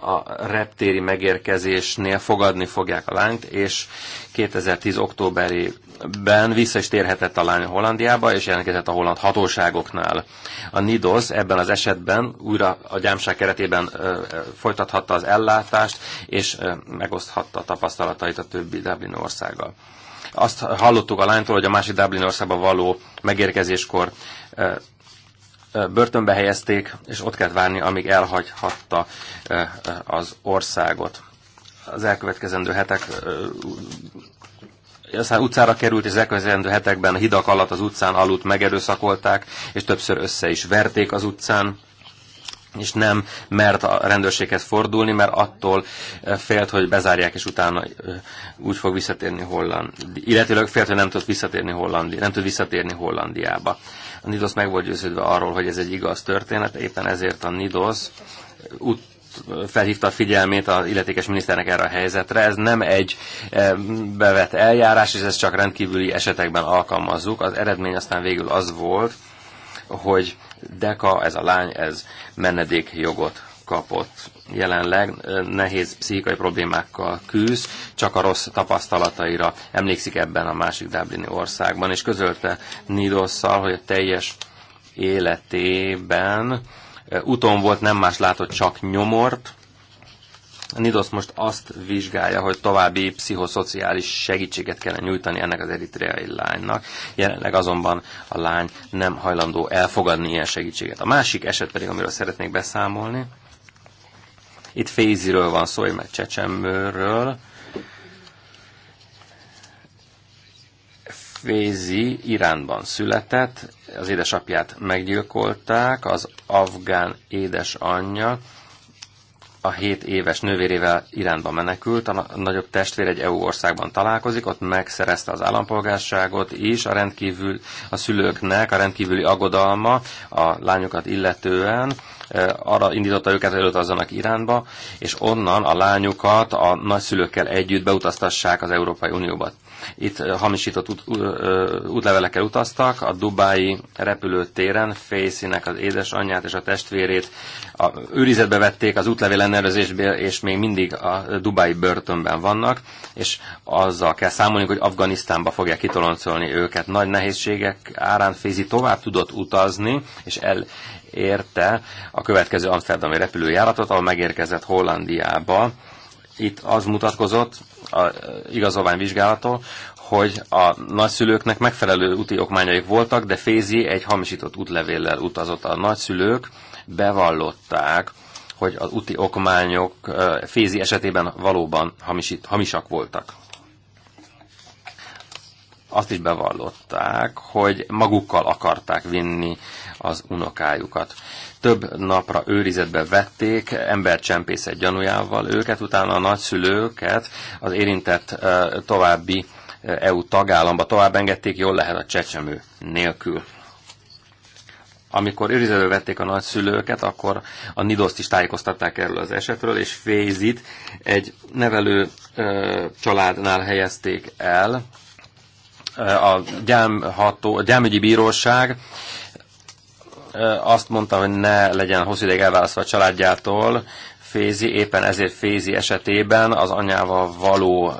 a reptéri megérkezésnél fogadni fogják a lányt, és 2010. októberében vissza is térhetett a lány Hollandiába, és jelentkezett a holland hatóságoknál. A NIDOS ebben az esetben újra a gyámság keretében folytathatta az ellátást, és megoszthatta a tapasztalatait a többi Dublin országgal. Azt hallottuk a lánytól, hogy a másik Dublin országba való megérkezéskor börtönbe helyezték, és ott kellett várni, amíg elhagyhatta az országot. Az elkövetkezendő hetek aztán utcára került, és az elkövetkezendő hetekben a hidak alatt az utcán aludt megerőszakolták, és többször össze is verték az utcán és nem mert a rendőrséghez fordulni, mert attól félt, hogy bezárják, és utána úgy fog visszatérni Holland. Illetőleg félt, hogy nem tud visszatérni Hollandi, nem tud visszatérni Hollandiába. A NIDOS meg volt győződve arról, hogy ez egy igaz történet, éppen ezért a NIDOS út felhívta a figyelmét az illetékes miniszternek erre a helyzetre. Ez nem egy eh, bevett eljárás, és ezt csak rendkívüli esetekben alkalmazzuk. Az eredmény aztán végül az volt, hogy Deka, ez a lány, ez menedékjogot kapott. Jelenleg nehéz pszichikai problémákkal küzd, csak a rossz tapasztalataira emlékszik ebben a másik Dublini országban, és közölte Nidosszal, hogy a teljes életében uton volt, nem más látott, csak nyomort, Nidos most azt vizsgálja, hogy további pszichoszociális segítséget kellene nyújtani ennek az eritreai lánynak. Jelenleg azonban a lány nem hajlandó elfogadni ilyen segítséget. A másik eset pedig, amiről szeretnék beszámolni, itt Féziről van szó, meg Csecsemőről. Fézi Iránban született, az édesapját meggyilkolták, az afgán édesanyja a 7 éves nővérével Iránba menekült, a nagyobb testvér egy EU országban találkozik, ott megszerezte az állampolgárságot is, a rendkívül a szülőknek a rendkívüli agodalma a lányokat illetően arra indította őket, hogy utazzanak Iránba, és onnan a lányukat a nagyszülőkkel együtt beutaztassák az Európai Unióba. Itt hamisított út, útlevelekkel utaztak, a Dubái repülőtéren Fészinek az édesanyját és a testvérét a, őrizetbe vették az útlevél ellenőrzésből, és még mindig a Dubái börtönben vannak, és azzal kell számolni, hogy Afganisztánba fogják kitoloncolni őket. Nagy nehézségek árán Fézi tovább tudott utazni, és el, érte a következő amsterdami repülőjáratot, ahol megérkezett Hollandiába, itt az mutatkozott a e, igazolványvizsgálattól, hogy a nagyszülőknek megfelelő úti okmányaik voltak, de Fézi egy hamisított útlevéllel utazott. A nagyszülők bevallották, hogy az úti okmányok e, Fézi esetében valóban hamisít, hamisak voltak. Azt is bevallották, hogy magukkal akarták vinni az unokájukat több napra őrizetbe vették, embercsempészet gyanújával őket, utána a nagyszülőket az érintett további EU tagállamba tovább engedték, jól lehet a csecsemő nélkül. Amikor őrizetbe vették a nagyszülőket, akkor a Nidoszt is tájékoztatták erről az esetről, és Fézit egy nevelő családnál helyezték el, a, gyámható, a gyámügyi bíróság azt mondta, hogy ne legyen hosszú ideig elválasztva a családjától, Fézi, éppen ezért Fézi esetében az anyával való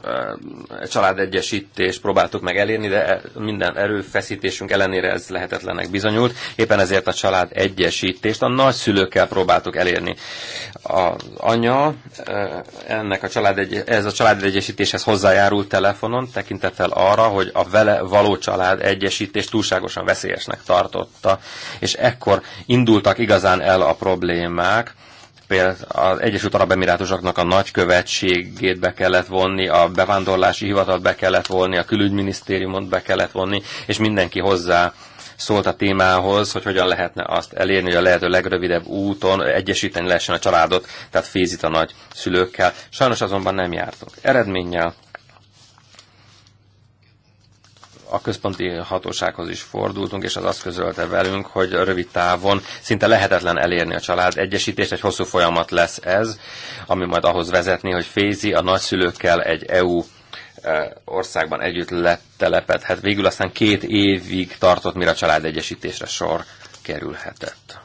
családegyesítést próbáltuk meg elérni, de e, minden erőfeszítésünk ellenére ez lehetetlenek bizonyult. Éppen ezért a család egyesítést a nagyszülőkkel próbáltuk elérni. Az anya ennek a család, ez a családegyesítéshez hozzájárult telefonon, tekintettel arra, hogy a vele való család egyesítés túlságosan veszélyesnek tartotta, és ekkor indultak igazán el a problémák, például az Egyesült Arab Emirátusoknak a nagykövetségét be kellett vonni, a bevándorlási hivatalt be kellett vonni, a külügyminisztériumot be kellett vonni, és mindenki hozzá szólt a témához, hogy hogyan lehetne azt elérni, hogy a lehető legrövidebb úton egyesíteni lehessen a családot, tehát fézít a nagy szülőkkel. Sajnos azonban nem jártunk eredménnyel, a központi hatósághoz is fordultunk, és az azt közölte velünk, hogy rövid távon szinte lehetetlen elérni a család egyesítést, egy hosszú folyamat lesz ez, ami majd ahhoz vezetni, hogy Fézi a nagyszülőkkel egy EU e, országban együtt letelepedhet. Végül aztán két évig tartott, mire a család egyesítésre sor kerülhetett.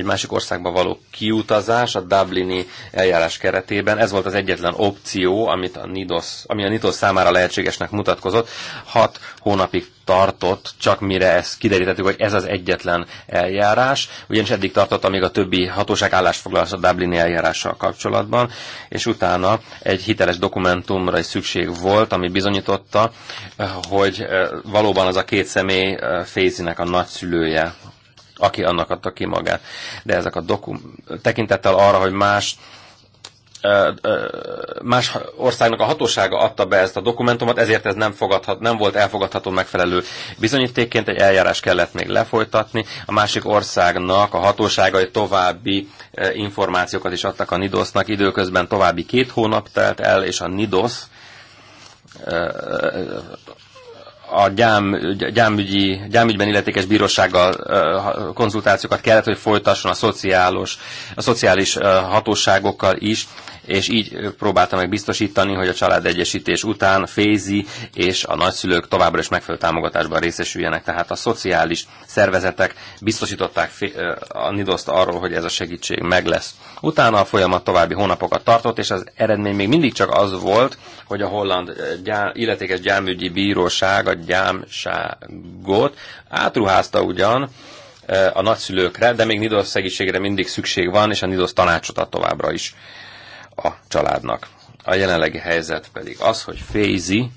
egy másik országba való kiutazás a Dublini eljárás keretében. Ez volt az egyetlen opció, amit a NIDOS, ami a NIDOS számára lehetségesnek mutatkozott. Hat hónapig tartott, csak mire ezt kiderítettük, hogy ez az egyetlen eljárás, ugyanis eddig tartott, amíg a többi hatóság állásfoglalás a Dublini eljárással kapcsolatban, és utána egy hiteles dokumentumra is szükség volt, ami bizonyította, hogy eh, valóban az a két személy eh, Fézinek a nagyszülője aki annak adta ki magát. De ezek a dokum, tekintettel arra, hogy más más országnak a hatósága adta be ezt a dokumentumot, ezért ez nem, fogadhat, nem volt elfogadható megfelelő bizonyítékként, egy eljárás kellett még lefolytatni. A másik országnak a hatóságai további információkat is adtak a NIDOSZ-nak, időközben további két hónap telt el, és a Nidosz a gyám, gyámügyi, gyámügyben illetékes bírósággal konzultációkat kellett, hogy folytasson a, szociálos, a szociális hatóságokkal is, és így próbálta meg biztosítani, hogy a családegyesítés után Fézi és a nagyszülők továbbra is megfelelő támogatásban részesüljenek. Tehát a szociális szervezetek biztosították a nidoszt arról, hogy ez a segítség meg lesz. Utána a folyamat további hónapokat tartott, és az eredmény még mindig csak az volt, hogy a holland gyá, illetékes gyámügyi bíróság a gyámságot. Átruházta ugyan e, a nagyszülőkre, de még Nidosz segítségre mindig szükség van, és a Nidosz tanácsot ad továbbra is a családnak. A jelenlegi helyzet pedig az, hogy Fézi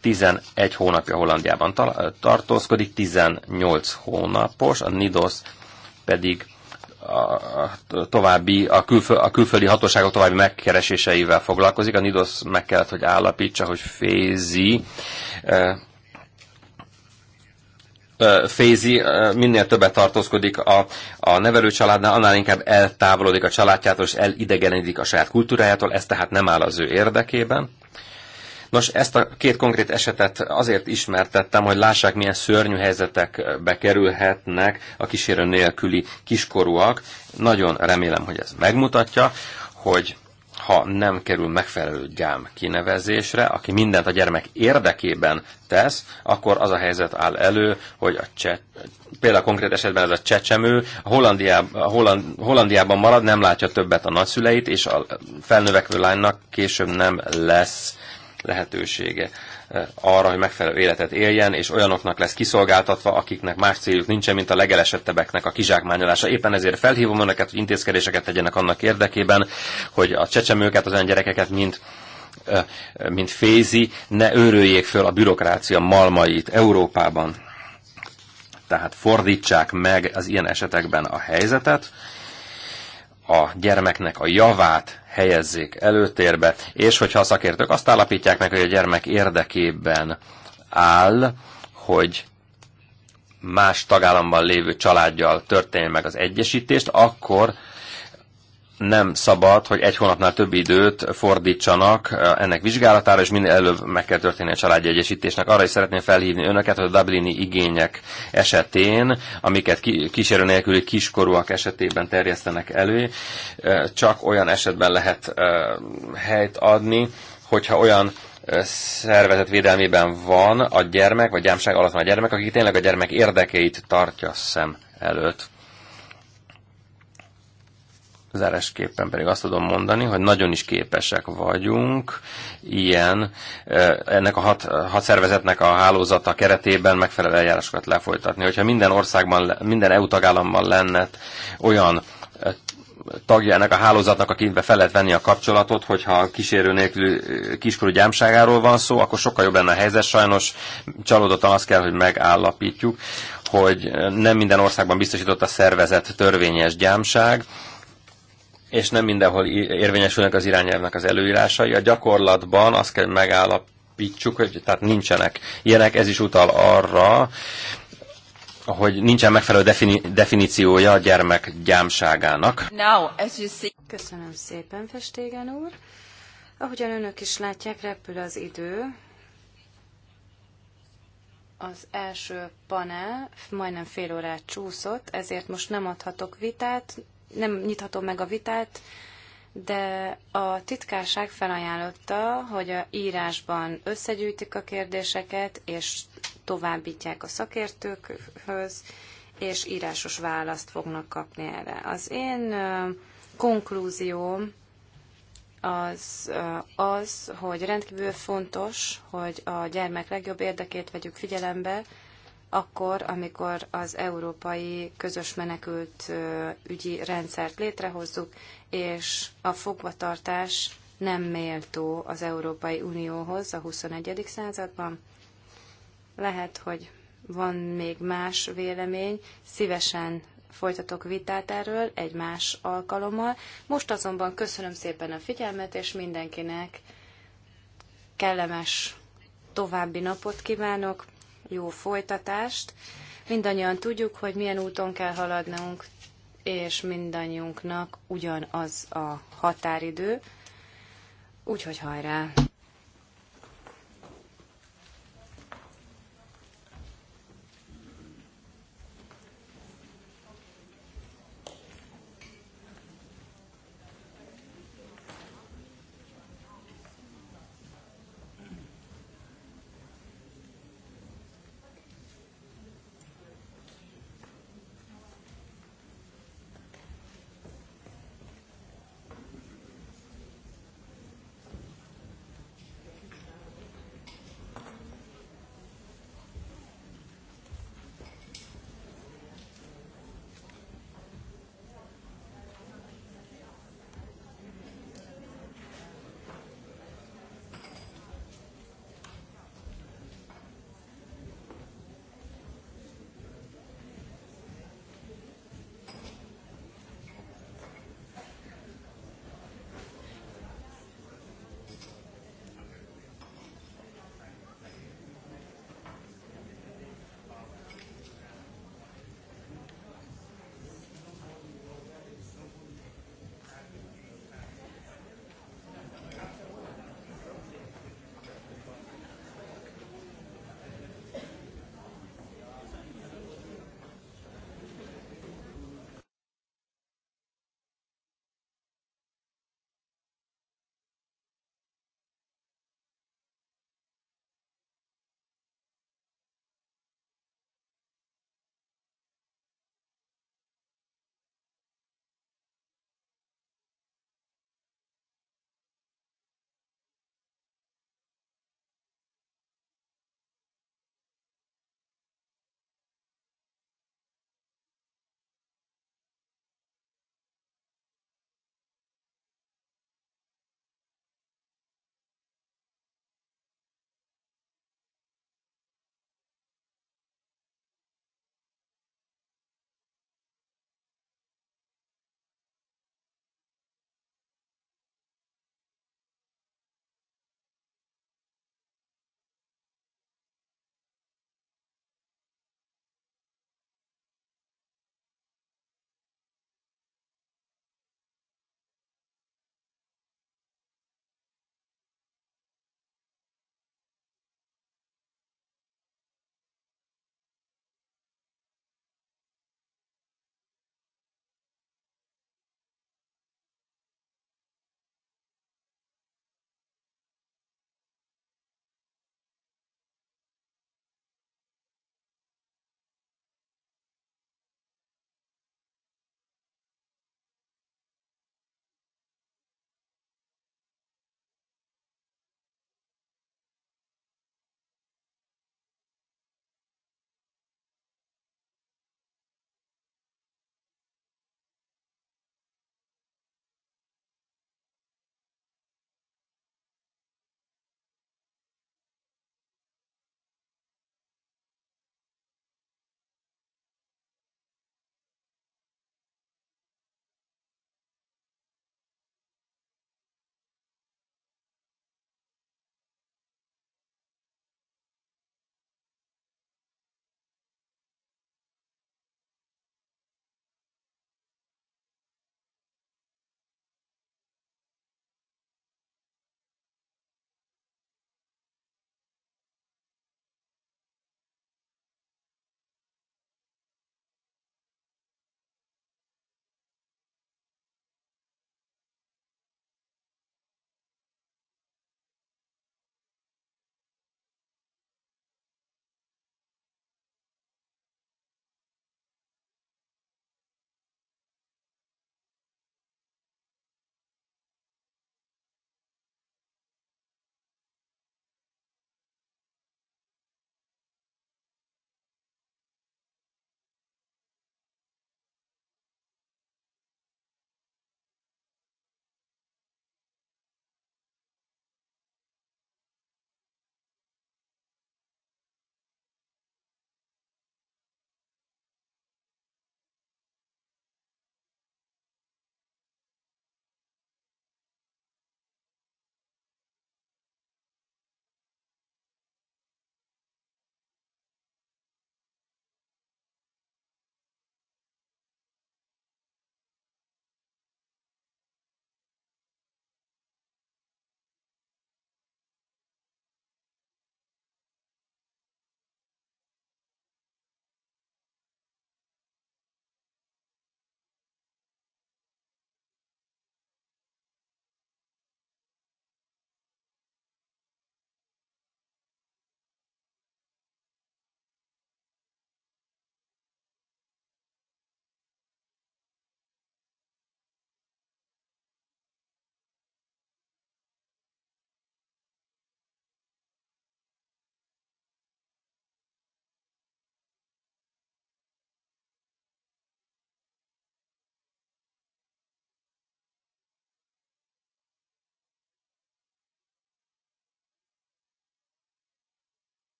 11 hónapja Hollandiában tartózkodik, 18 hónapos, a Nidosz pedig a további, a, külfö, a külföldi hatóságok további megkereséseivel foglalkozik. A NIDOS meg kellett, hogy állapítsa, hogy Fézi Fézi minél többet tartózkodik a, a nevelő családnál, annál inkább eltávolodik a családjától, és elidegenedik a saját kultúrájától, ez tehát nem áll az ő érdekében. Nos, ezt a két konkrét esetet azért ismertettem, hogy lássák, milyen szörnyű helyzetekbe kerülhetnek a kísérő nélküli kiskorúak. Nagyon remélem, hogy ez megmutatja, hogy ha nem kerül megfelelő gyám kinevezésre, aki mindent a gyermek érdekében tesz, akkor az a helyzet áll elő, hogy a cse, például konkrét esetben ez a csecsemő a Hollandiában, a Holland, Hollandiában marad, nem látja többet a nagyszüleit, és a felnövekvő lánynak később nem lesz lehetősége eh, arra, hogy megfelelő életet éljen, és olyanoknak lesz kiszolgáltatva, akiknek más céljuk nincsen, mint a legelesettebbeknek a kizsákmányolása. Éppen ezért felhívom önöket, hogy intézkedéseket tegyenek annak érdekében, hogy a csecsemőket, az olyan gyerekeket, mint eh, mint fézi, ne őröljék föl a bürokrácia malmait Európában. Tehát fordítsák meg az ilyen esetekben a helyzetet, a gyermeknek a javát helyezzék előtérbe, és hogyha a szakértők azt állapítják meg, hogy a gyermek érdekében áll, hogy más tagállamban lévő családjal történjen meg az egyesítést, akkor nem szabad, hogy egy hónapnál több időt fordítsanak ennek vizsgálatára, és minél előbb meg kell történni a családi egyesítésnek. Arra is szeretném felhívni önöket, hogy a Dublini igények esetén, amiket kísérő nélküli kiskorúak esetében terjesztenek elő, csak olyan esetben lehet helyt adni, hogyha olyan szervezet védelmében van a gyermek, vagy gyámság alatt van a gyermek, aki tényleg a gyermek érdekeit tartja szem előtt Zárásképpen pedig azt tudom mondani, hogy nagyon is képesek vagyunk ilyen, eh, ennek a hat, hat szervezetnek a hálózata keretében megfelelő eljárásokat lefolytatni. Hogyha minden országban, minden EU tagállamban lenne olyan eh, tagja ennek a hálózatnak, akikbe fel lehet venni a kapcsolatot, hogyha kísérő nélkül eh, kiskorú gyámságáról van szó, akkor sokkal jobb lenne a helyzet. Sajnos csalódottan azt kell, hogy megállapítjuk, hogy nem minden országban biztosított a szervezet törvényes gyámság, és nem mindenhol érvényesülnek az irányelvnek az előírásai. A gyakorlatban azt kell megállapítsuk, hogy tehát nincsenek ilyenek, ez is utal arra, hogy nincsen megfelelő defini- definíciója a gyermek gyámságának. Now, as you see... Köszönöm szépen, Festégen úr. Ahogyan önök is látják, repül az idő. Az első panel majdnem fél órát csúszott, ezért most nem adhatok vitát, nem nyithatom meg a vitát, de a titkárság felajánlotta, hogy a írásban összegyűjtik a kérdéseket, és továbbítják a szakértőkhöz, és írásos választ fognak kapni erre. Az én konklúzióm az, az, hogy rendkívül fontos, hogy a gyermek legjobb érdekét vegyük figyelembe, akkor, amikor az európai közös menekült ügyi rendszert létrehozzuk, és a fogvatartás nem méltó az Európai Unióhoz a XXI. században. Lehet, hogy van még más vélemény, szívesen folytatok vitát erről egy más alkalommal. Most azonban köszönöm szépen a figyelmet, és mindenkinek kellemes további napot kívánok jó folytatást. Mindannyian tudjuk, hogy milyen úton kell haladnunk, és mindannyiunknak ugyanaz a határidő. Úgyhogy hajrá!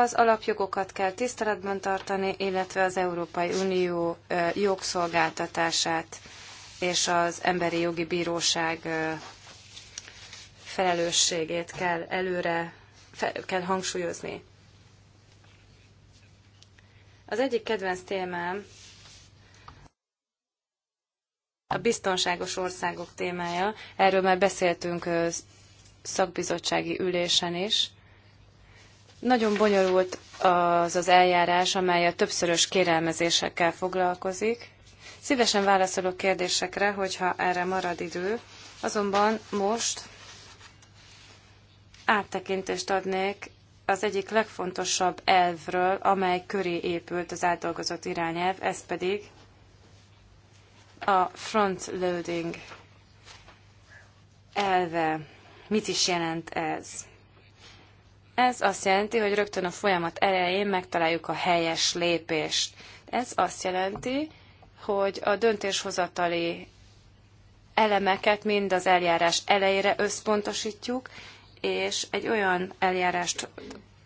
az alapjogokat kell tiszteletben tartani, illetve az Európai Unió jogszolgáltatását és az Emberi Jogi Bíróság felelősségét kell előre kell hangsúlyozni. Az egyik kedvenc témám a biztonságos országok témája. Erről már beszéltünk szakbizottsági ülésen is. Nagyon bonyolult az az eljárás, amely a többszörös kérelmezésekkel foglalkozik. Szívesen válaszolok kérdésekre, hogyha erre marad idő, azonban most áttekintést adnék az egyik legfontosabb elvről, amely köré épült az átdolgozott irányelv, ez pedig a front-loading elve. Mit is jelent ez? Ez azt jelenti, hogy rögtön a folyamat elején megtaláljuk a helyes lépést. Ez azt jelenti, hogy a döntéshozatali elemeket mind az eljárás elejére összpontosítjuk, és egy olyan eljárást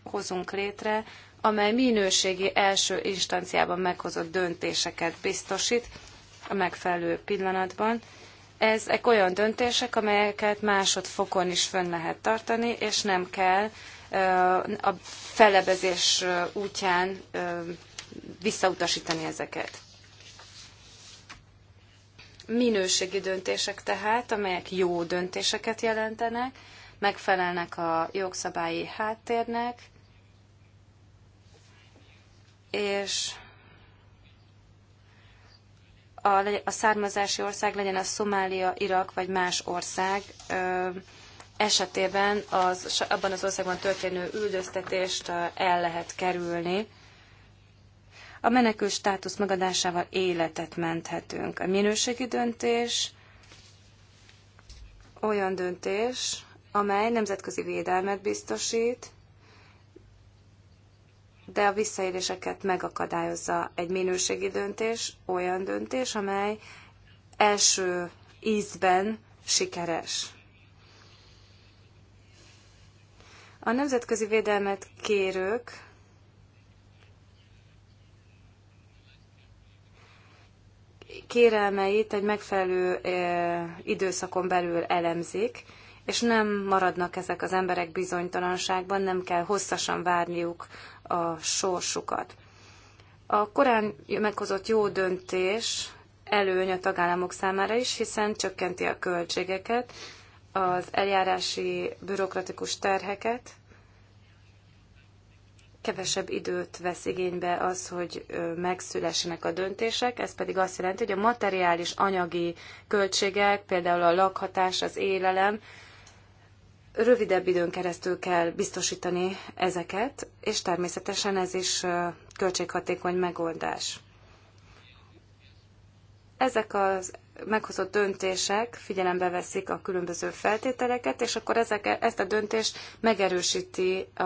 hozunk létre, amely minőségi első instanciában meghozott döntéseket biztosít a megfelelő pillanatban. Ezek olyan döntések, amelyeket másodfokon is fönn lehet tartani, és nem kell a fellebezés útján visszautasítani ezeket. Minőségi döntések tehát, amelyek jó döntéseket jelentenek, megfelelnek a jogszabályi háttérnek, és a, a származási ország legyen a Szomália, Irak vagy más ország esetében az, abban az országban történő üldöztetést uh, el lehet kerülni. A menekül státusz megadásával életet menthetünk. A minőségi döntés olyan döntés, amely nemzetközi védelmet biztosít, de a visszaéléseket megakadályozza egy minőségi döntés, olyan döntés, amely első ízben sikeres. A nemzetközi védelmet kérők kérelmeit egy megfelelő időszakon belül elemzik, és nem maradnak ezek az emberek bizonytalanságban, nem kell hosszasan várniuk a sorsukat. A korán meghozott jó döntés előny a tagállamok számára is, hiszen csökkenti a költségeket, az eljárási bürokratikus terheket, kevesebb időt vesz igénybe az, hogy megszülessenek a döntések, ez pedig azt jelenti, hogy a materiális anyagi költségek, például a lakhatás, az élelem, rövidebb időn keresztül kell biztosítani ezeket, és természetesen ez is költséghatékony megoldás. Ezek az meghozott döntések figyelembe veszik a különböző feltételeket, és akkor ezek, ezt a döntést megerősíti a,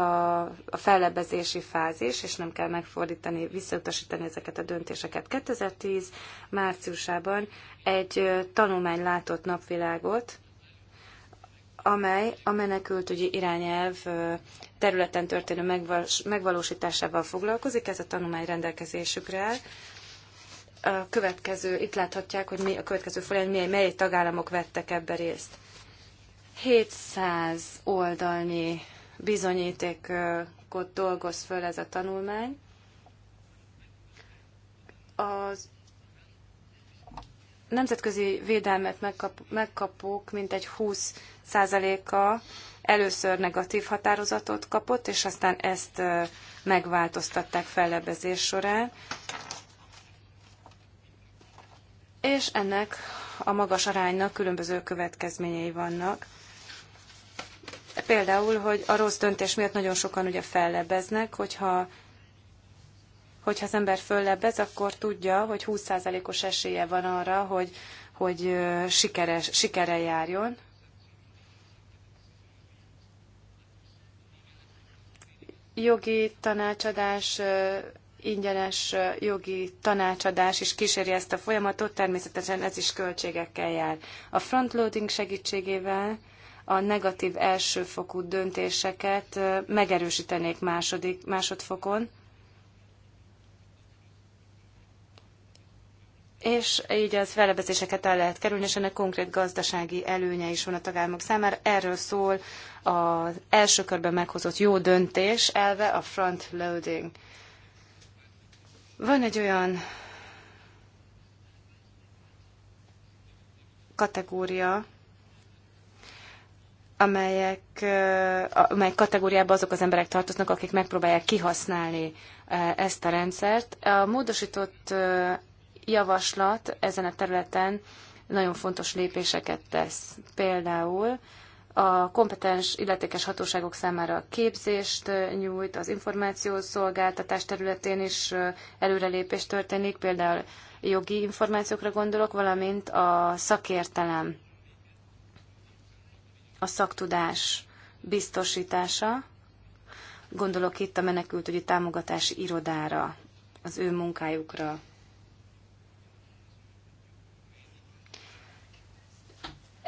a fellebezési fázis, és nem kell megfordítani, visszautasítani ezeket a döntéseket. 2010 márciusában egy tanulmány látott napvilágot, amely a menekültügyi irányelv területen történő megvalósításával foglalkozik. Ez a tanulmány rendelkezésükre áll a következő, itt láthatják, hogy mi a következő folyam mely, mely tagállamok vettek ebbe részt. 700 oldalnyi bizonyítékot dolgoz föl ez a tanulmány. Az nemzetközi védelmet megkap, megkapók mintegy 20%-a először negatív határozatot kapott, és aztán ezt megváltoztatták fellebezés során és ennek a magas aránynak különböző következményei vannak. Például, hogy a rossz döntés miatt nagyon sokan ugye fellebeznek, hogyha, hogyha az ember föllebez, akkor tudja, hogy 20%-os esélye van arra, hogy, hogy sikeres, sikere járjon. Jogi tanácsadás ingyenes jogi tanácsadás is kíséri ezt a folyamatot, természetesen ez is költségekkel jár. A frontloading segítségével a negatív elsőfokú döntéseket megerősítenék második, másodfokon, és így az felebezéseket el lehet kerülni, és ennek konkrét gazdasági előnye is van a tagállamok számára. Erről szól az első körben meghozott jó döntés elve, a front loading. Van egy olyan kategória, amelyek, amely kategóriába azok az emberek tartoznak, akik megpróbálják kihasználni ezt a rendszert. A módosított javaslat ezen a területen nagyon fontos lépéseket tesz. Például a kompetens illetékes hatóságok számára képzést nyújt, az információszolgáltatás területén is előrelépés történik, például jogi információkra gondolok, valamint a szakértelem, a szaktudás biztosítása. Gondolok itt a menekültügyi támogatási irodára, az ő munkájukra.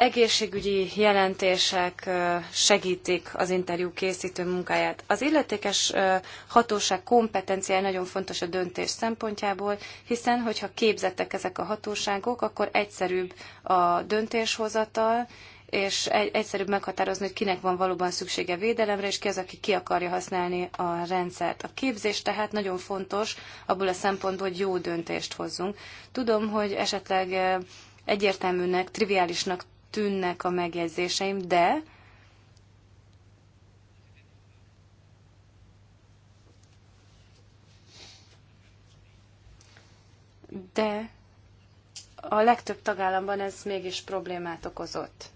egészségügyi jelentések segítik az interjú készítő munkáját. Az illetékes hatóság kompetenciája nagyon fontos a döntés szempontjából, hiszen hogyha képzettek ezek a hatóságok, akkor egyszerűbb a döntéshozatal, és egyszerűbb meghatározni, hogy kinek van valóban szüksége védelemre, és ki az, aki ki akarja használni a rendszert. A képzés tehát nagyon fontos abból a szempontból, hogy jó döntést hozzunk. Tudom, hogy esetleg egyértelműnek, triviálisnak tűnnek a megjegyzéseim, de de a legtöbb tagállamban ez mégis problémát okozott.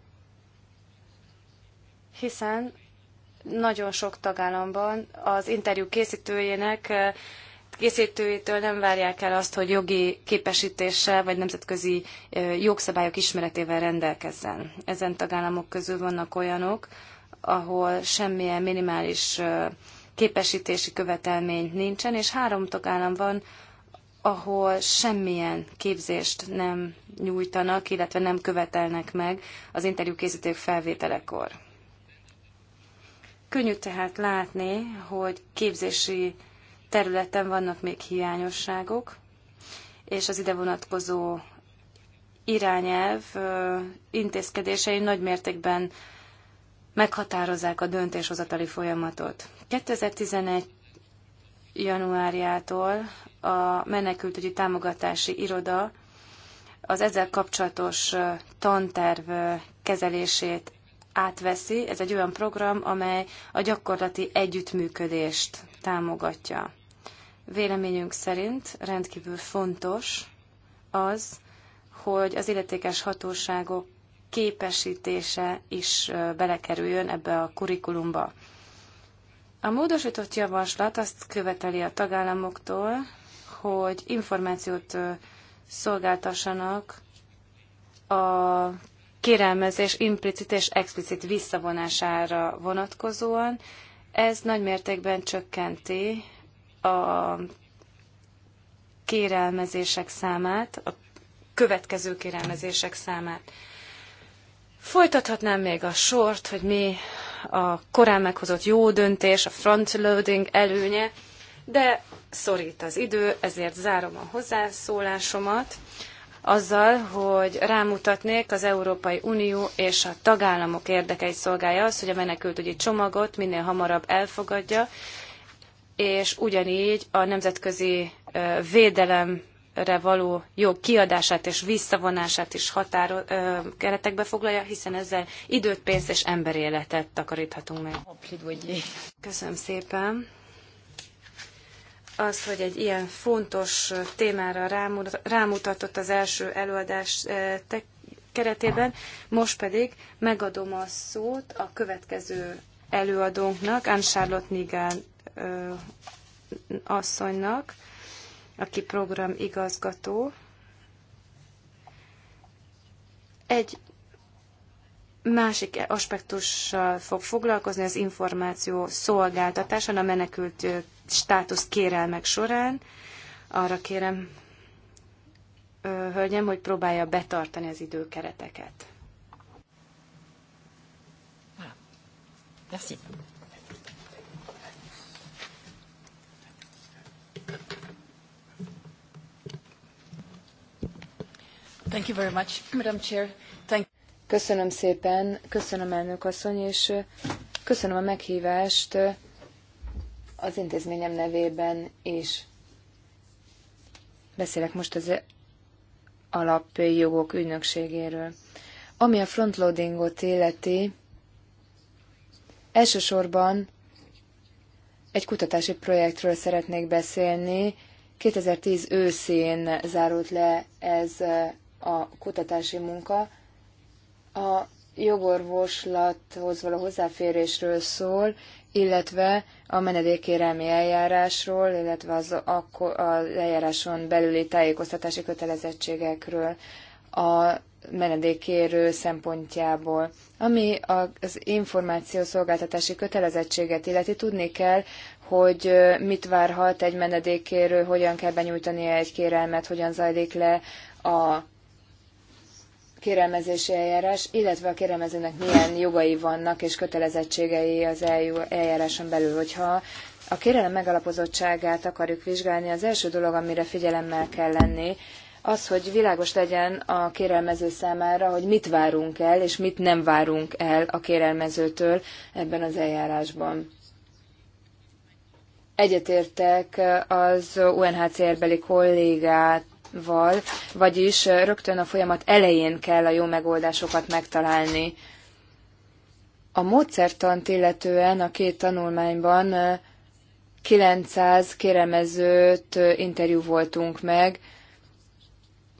Hiszen nagyon sok tagállamban az interjú készítőjének készítőitől nem várják el azt, hogy jogi képesítéssel vagy nemzetközi jogszabályok ismeretével rendelkezzen. Ezen tagállamok közül vannak olyanok, ahol semmilyen minimális képesítési követelmény nincsen, és három tagállam van, ahol semmilyen képzést nem nyújtanak, illetve nem követelnek meg az interjúkészítők felvételekor. Könnyű tehát látni, hogy képzési területen vannak még hiányosságok, és az ide vonatkozó irányelv intézkedései nagy mértékben meghatározzák a döntéshozatali folyamatot. 2011 januárjától a menekültügyi támogatási iroda az ezzel kapcsolatos tanterv kezelését átveszi. Ez egy olyan program, amely a gyakorlati együttműködést támogatja. Véleményünk szerint rendkívül fontos az, hogy az illetékes hatóságok képesítése is belekerüljön ebbe a kurikulumba. A módosított javaslat azt követeli a tagállamoktól, hogy információt szolgáltassanak a kérelmezés implicit és explicit visszavonására vonatkozóan, ez nagy mértékben csökkenti a kérelmezések számát, a következő kérelmezések számát. Folytathatnám még a sort, hogy mi a korán meghozott jó döntés, a frontloading előnye, de szorít az idő, ezért zárom a hozzászólásomat azzal, hogy rámutatnék az Európai Unió és a tagállamok érdekeit szolgálja az, hogy a menekültügyi csomagot minél hamarabb elfogadja, és ugyanígy a nemzetközi védelemre való jog kiadását és visszavonását is határo, keretekbe foglalja, hiszen ezzel időt, pénzt és emberéletet takaríthatunk meg. Köszönöm szépen az, hogy egy ilyen fontos témára rámutatott az első előadás eh, keretében, most pedig megadom a szót a következő előadónknak, Anne Charlotte Nigel eh, asszonynak, aki programigazgató. Egy másik aspektussal fog foglalkozni, az információ szolgáltatáson a menekült eh, státuszt kérelmek során. Arra kérem, hölgyem, hogy próbálja betartani az időkereteket. Köszönöm. Thank you very much, Madam Chair. Thank köszönöm szépen, köszönöm elnök asszony, és köszönöm a meghívást az intézményem nevében is. Beszélek most az alapjogok ügynökségéről. Ami a frontloadingot illeti, elsősorban egy kutatási projektről szeretnék beszélni. 2010 őszén zárult le ez a kutatási munka. A jogorvoslathoz való hozzáférésről szól, illetve a menedékkérelmi eljárásról, illetve az, a eljáráson belüli tájékoztatási kötelezettségekről a menedékkérő szempontjából. Ami az információszolgáltatási kötelezettséget illeti, tudni kell, hogy mit várhat egy menedékkérő, hogyan kell benyújtania egy kérelmet, hogyan zajlik le a kérelmezési eljárás, illetve a kérelmezőnek milyen jogai vannak és kötelezettségei az e eljáráson belül, hogyha a kérelem megalapozottságát akarjuk vizsgálni, az első dolog, amire figyelemmel kell lenni, az, hogy világos legyen a kérelmező számára, hogy mit várunk el, és mit nem várunk el a kérelmezőtől ebben az eljárásban. Egyetértek az UNHCR-beli kollégát val, vagyis rögtön a folyamat elején kell a jó megoldásokat megtalálni. A módszertant illetően a két tanulmányban 900 kérelmezőt interjú voltunk meg,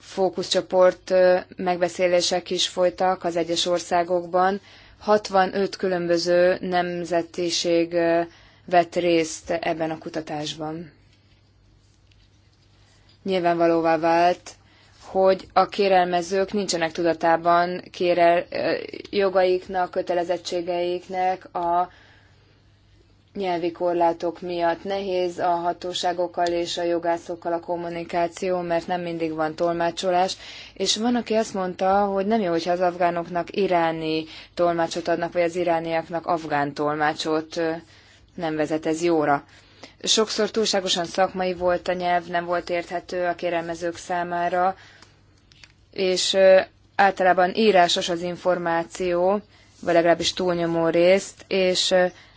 fókuszcsoport megbeszélések is folytak az egyes országokban, 65 különböző nemzetiség vett részt ebben a kutatásban nyilvánvalóvá vált, hogy a kérelmezők nincsenek tudatában kérel, jogaiknak, kötelezettségeiknek a nyelvi korlátok miatt. Nehéz a hatóságokkal és a jogászokkal a kommunikáció, mert nem mindig van tolmácsolás. És van, aki azt mondta, hogy nem jó, hogyha az afgánoknak iráni tolmácsot adnak, vagy az irániaknak afgán tolmácsot nem vezet ez jóra. Sokszor túlságosan szakmai volt a nyelv, nem volt érthető a kérelmezők számára, és általában írásos az információ, vagy legalábbis túlnyomó részt, és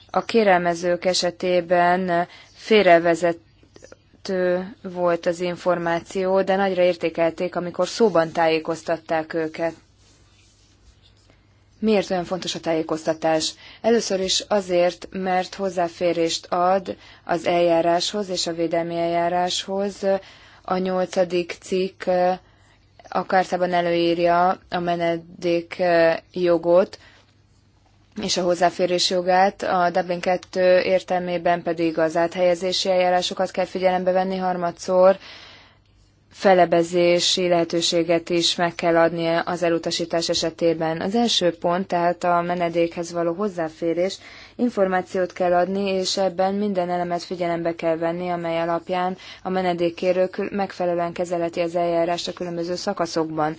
a kérelmezők esetében félrevezető volt az információ, de nagyra értékelték, amikor szóban tájékoztatták őket. Miért olyan fontos a tájékoztatás? Először is azért, mert hozzáférést ad az eljáráshoz és a védelmi eljáráshoz. A nyolcadik cikk a kártában előírja a menedék jogot és a hozzáférés jogát, a Dublin 2 értelmében pedig az áthelyezési eljárásokat kell figyelembe venni harmadszor, felebezési lehetőséget is meg kell adni az elutasítás esetében. Az első pont, tehát a menedékhez való hozzáférés, információt kell adni, és ebben minden elemet figyelembe kell venni, amely alapján a menedékkérő megfelelően kezelheti az eljárást a különböző szakaszokban.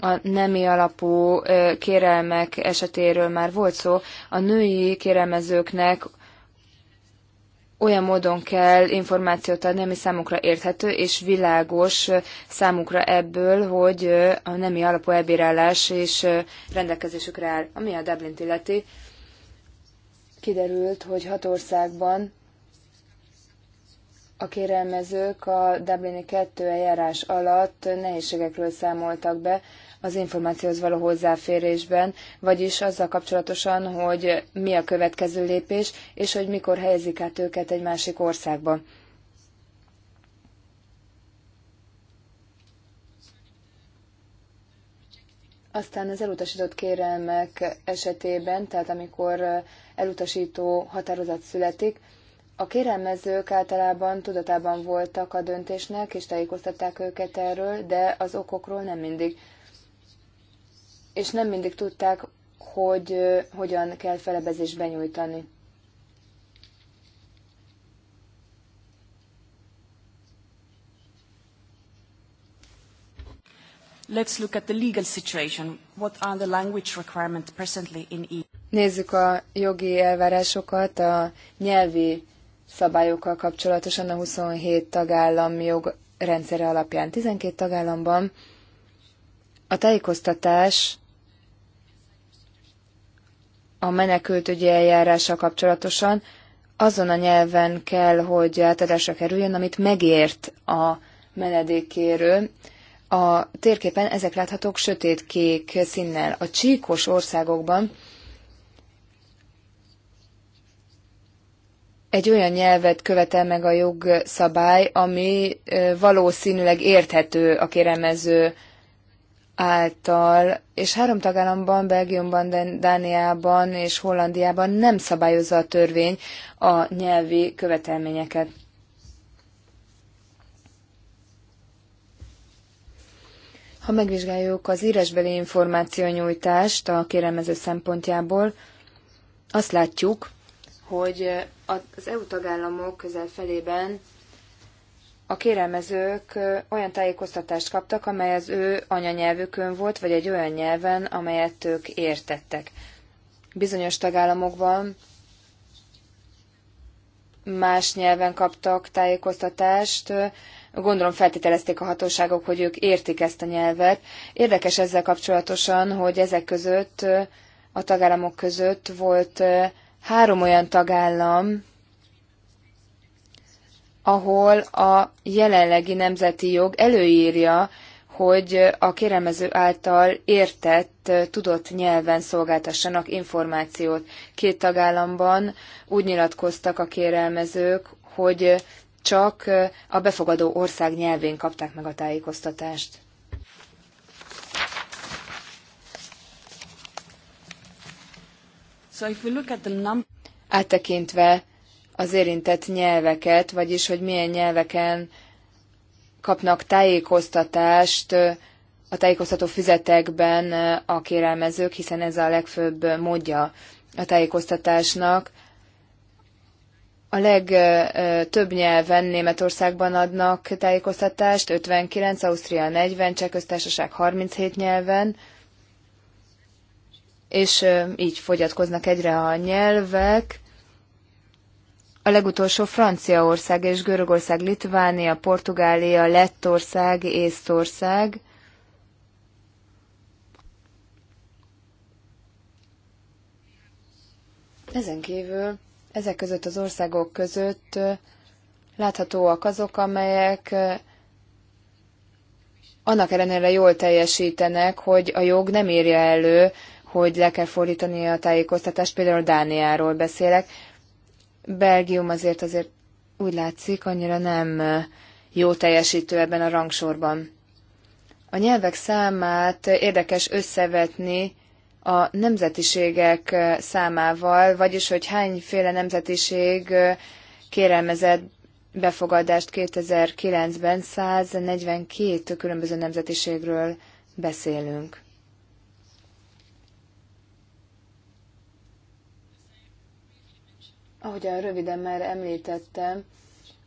A nemi alapú kérelmek esetéről már volt szó, a női kérelmezőknek olyan módon kell információt adni, ami számukra érthető és világos számukra ebből, hogy a nemi alapú elbírálás és rendelkezésükre áll. Ami a dublin illeti, kiderült, hogy hat országban a kérelmezők a Dublini kettő eljárás alatt nehézségekről számoltak be, az információhoz való hozzáférésben, vagyis azzal kapcsolatosan, hogy mi a következő lépés, és hogy mikor helyezik át őket egy másik országba. Aztán az elutasított kérelmek esetében, tehát amikor eh, elutasító határozat születik, a kérelmezők általában tudatában voltak a döntésnek, és tájékoztatták őket erről, de az okokról nem mindig és nem mindig tudták, hogy hogyan kell felebezést benyújtani. Let's look at the legal situation. What are the language requirements presently in EU? Nézzük a jogi elvárásokat a nyelvi szabályokkal kapcsolatosan a 27 tagállam jogrendszere alapján. 12 tagállamban a tájékoztatás a menekültügyi eljárással kapcsolatosan azon a nyelven kell, hogy átadásra kerüljön, amit megért a menedékkérő. A térképen ezek láthatók sötétkék színnel. A csíkos országokban egy olyan nyelvet követel meg a jogszabály, ami valószínűleg érthető a kéremező által, és három tagállamban, Belgiumban, Dániában és Hollandiában nem szabályozza a törvény a nyelvi követelményeket. Ha megvizsgáljuk az írásbeli információnyújtást a kérelmező szempontjából, azt látjuk, hogy az EU tagállamok közel felében a kérelmezők olyan tájékoztatást kaptak, amely az ő anyanyelvükön volt, vagy egy olyan nyelven, amelyet ők értettek. Bizonyos tagállamokban más nyelven kaptak tájékoztatást, gondolom feltételezték a hatóságok, hogy ők értik ezt a nyelvet. Érdekes ezzel kapcsolatosan, hogy ezek között, a tagállamok között volt három olyan tagállam, ahol a jelenlegi nemzeti jog előírja, hogy a kérelmező által értett, tudott nyelven szolgáltassanak információt. Két tagállamban úgy nyilatkoztak a kérelmezők, hogy csak a befogadó ország nyelvén kapták meg a tájékoztatást. So if we look at the Áttekintve az érintett nyelveket, vagyis hogy milyen nyelveken kapnak tájékoztatást a tájékoztató füzetekben a kérelmezők, hiszen ez a legfőbb módja a tájékoztatásnak. A legtöbb nyelven Németországban adnak tájékoztatást, 59, Ausztria 40, Csehköztársaság 37 nyelven, és így fogyatkoznak egyre a nyelvek a legutolsó Franciaország és Görögország, Litvánia, Portugália, Lettország, Észtország. Ezen kívül ezek között az országok között láthatóak azok, amelyek annak ellenére jól teljesítenek, hogy a jog nem írja elő, hogy le kell fordítani a tájékoztatást, például Dániáról beszélek, Belgium azért azért úgy látszik, annyira nem jó teljesítő ebben a rangsorban. A nyelvek számát érdekes összevetni a nemzetiségek számával, vagyis hogy hányféle nemzetiség kérelmezett befogadást 2009-ben 142 különböző nemzetiségről beszélünk. Ahogyan röviden már említettem,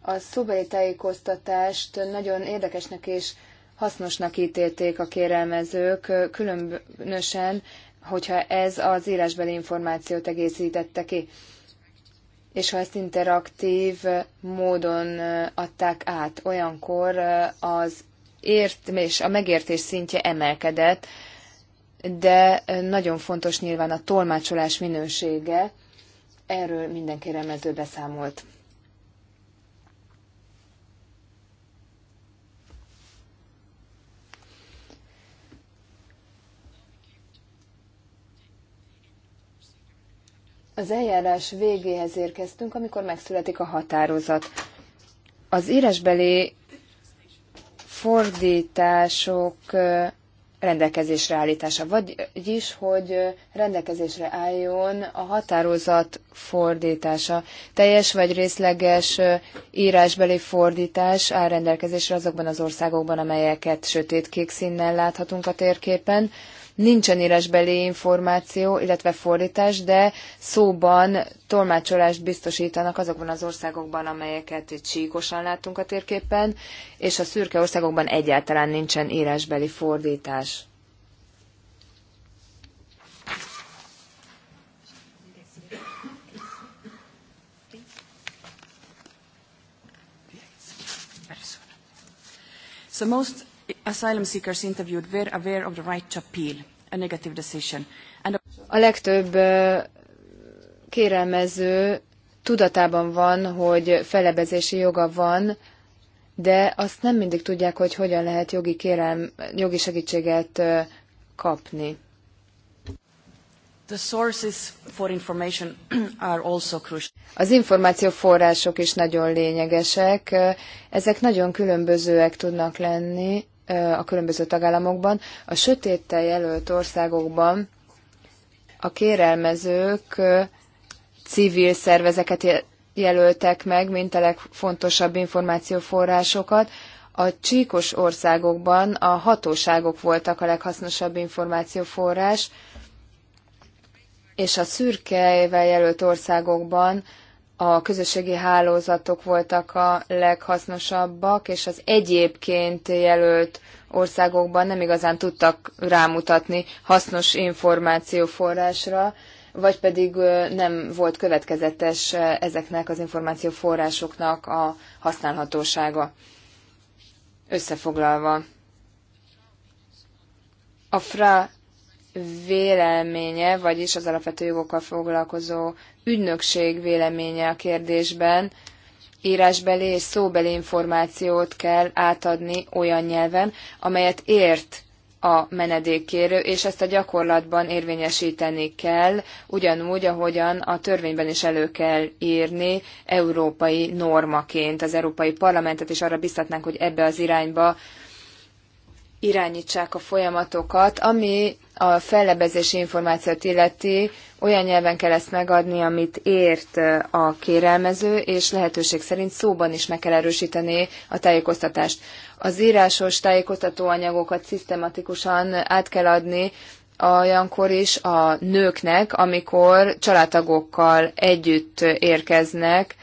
a szóbeli tájékoztatást nagyon érdekesnek és hasznosnak ítélték a kérelmezők, különösen, hogyha ez az írásbeli információt egészítette ki, és ha ezt interaktív módon adták át, olyankor az ért, és a megértés szintje emelkedett, de nagyon fontos nyilván a tolmácsolás minősége, Erről mindenki remező beszámolt. Az eljárás végéhez érkeztünk, amikor megszületik a határozat. Az írásbeli fordítások rendelkezésre állítása. Vagyis, hogy rendelkezésre álljon a határozat fordítása. Teljes vagy részleges írásbeli fordítás áll rendelkezésre azokban az országokban, amelyeket sötétkék színnel láthatunk a térképen nincsen írásbeli információ, illetve fordítás, de szóban tolmácsolást biztosítanak azokban az országokban, amelyeket csíkosan látunk a térképen, és a szürke országokban egyáltalán nincsen írásbeli fordítás. So most asylum seekers interviewed were aware of the right to appeal a negative decision. And a legtöbb kérelmező tudatában van, hogy felebezési joga van, de azt nem mindig tudják, hogy hogyan lehet jogi, kérem, jogi segítséget kapni. The sources for information are also crucial. Az információ források is nagyon lényegesek. Ezek nagyon különbözőek tudnak lenni a különböző tagállamokban. A sötéttel jelölt országokban a kérelmezők civil szervezeket jelöltek meg, mint a legfontosabb információforrásokat. A csíkos országokban a hatóságok voltak a leghasznosabb információforrás, és a szürkeével jelölt országokban a közösségi hálózatok voltak a leghasznosabbak, és az egyébként jelölt országokban nem igazán tudtak rámutatni hasznos információforrásra, vagy pedig nem volt következetes ezeknek az információforrásoknak a használhatósága. Összefoglalva, a FRA véleménye, vagyis az alapvető jogokkal foglalkozó ügynökség véleménye a kérdésben, írásbeli és szóbeli információt kell átadni olyan nyelven, amelyet ért a menedékkérő, és ezt a gyakorlatban érvényesíteni kell, ugyanúgy, ahogyan a törvényben is elő kell írni európai normaként az Európai Parlamentet, és arra biztatnánk, hogy ebbe az irányba irányítsák a folyamatokat, ami a fellebezési információt illeti, olyan nyelven kell ezt megadni, amit ért a kérelmező, és lehetőség szerint szóban is meg kell erősíteni a tájékoztatást. Az írásos tájékoztatóanyagokat szisztematikusan át kell adni, olyankor is a nőknek, amikor családtagokkal együtt érkeznek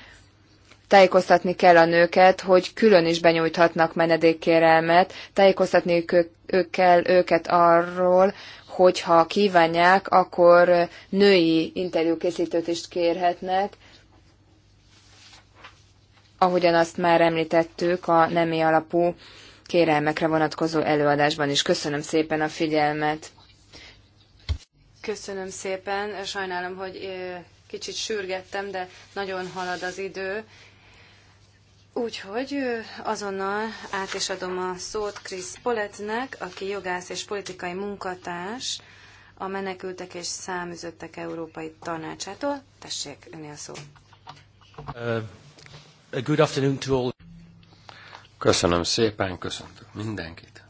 tájékoztatni kell a nőket, hogy külön is benyújthatnak menedékkérelmet, tájékoztatni ők kell őket arról, hogyha kívánják, akkor női interjúkészítőt is kérhetnek, ahogyan azt már említettük a nemi alapú kérelmekre vonatkozó előadásban is. Köszönöm szépen a figyelmet! Köszönöm szépen, sajnálom, hogy kicsit sürgettem, de nagyon halad az idő, Úgyhogy azonnal át is adom a szót Krisz Poletnek, aki jogász és politikai munkatárs a Menekültek és Száműzöttek Európai Tanácsától. Tessék, önél szó. Uh, good afternoon to all. Köszönöm szépen, köszöntök mindenkit.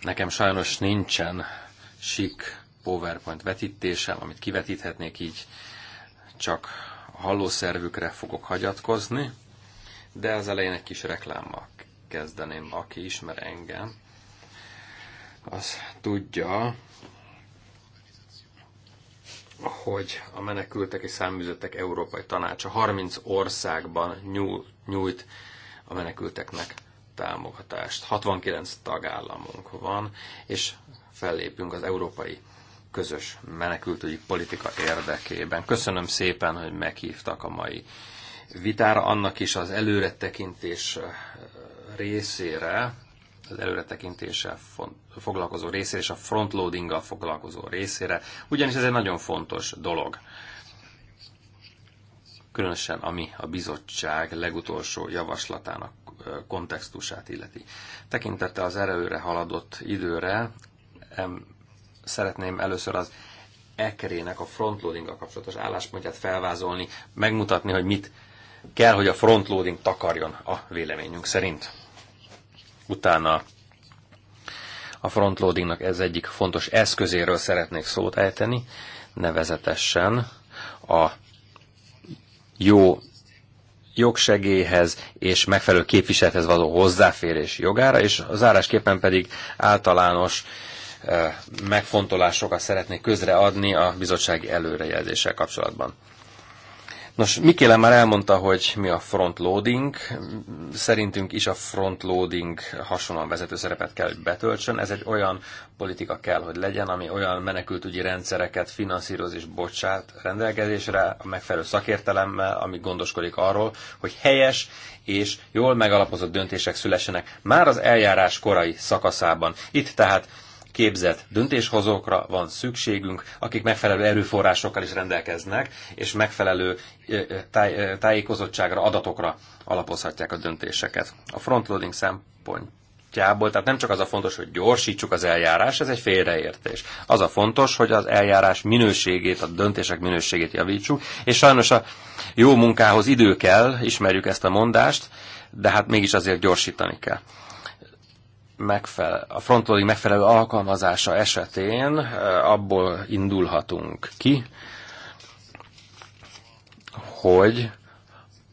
Nekem sajnos nincsen sik PowerPoint vetítésem, amit kivetíthetnék így csak a hallószervükre fogok hagyatkozni, de az elején egy kis reklámmal kezdeném. Aki ismer engem, az tudja, hogy a menekültek és száműzetek Európai Tanácsa 30 országban nyújt a menekülteknek támogatást. 69 tagállamunk van, és fellépünk az európai közös menekültügyi politika érdekében. Köszönöm szépen, hogy meghívtak a mai vitára, annak is az előretekintés eh, részére, az előretekintéssel foglalkozó részére és a frontloadinggal foglalkozó részére, ugyanis ez egy nagyon fontos dolog. Különösen ami a bizottság legutolsó javaslatának eh, kontextusát illeti. Tekintette az erőre haladott időre, szeretném először az ekerének a frontloading kapcsolatos álláspontját felvázolni, megmutatni, hogy mit kell, hogy a frontloading takarjon a véleményünk szerint. Utána a frontloadingnak ez egyik fontos eszközéről szeretnék szót ejteni, nevezetesen a jó jogsegélyhez és megfelelő képviselethez való hozzáférés jogára, és zárásképpen pedig általános megfontolásokat szeretnék közreadni a bizottsági előrejelzéssel kapcsolatban. Nos, Mikélem már elmondta, hogy mi a frontloading. Szerintünk is a frontloading hasonlóan vezető szerepet kell, hogy betöltsön. Ez egy olyan politika kell, hogy legyen, ami olyan menekültügyi rendszereket finanszíroz és bocsát rendelkezésre a megfelelő szakértelemmel, ami gondoskodik arról, hogy helyes és jól megalapozott döntések szülessenek már az eljárás korai szakaszában. Itt tehát képzett döntéshozókra van szükségünk, akik megfelelő erőforrásokkal is rendelkeznek, és megfelelő táj, tájékozottságra, adatokra alapozhatják a döntéseket. A frontloading szempontjából, tehát nem csak az a fontos, hogy gyorsítsuk az eljárás, ez egy félreértés. Az a fontos, hogy az eljárás minőségét, a döntések minőségét javítsuk, és sajnos a jó munkához idő kell, ismerjük ezt a mondást, de hát mégis azért gyorsítani kell megfelel a frontloading megfelelő alkalmazása esetén eh, abból indulhatunk ki, hogy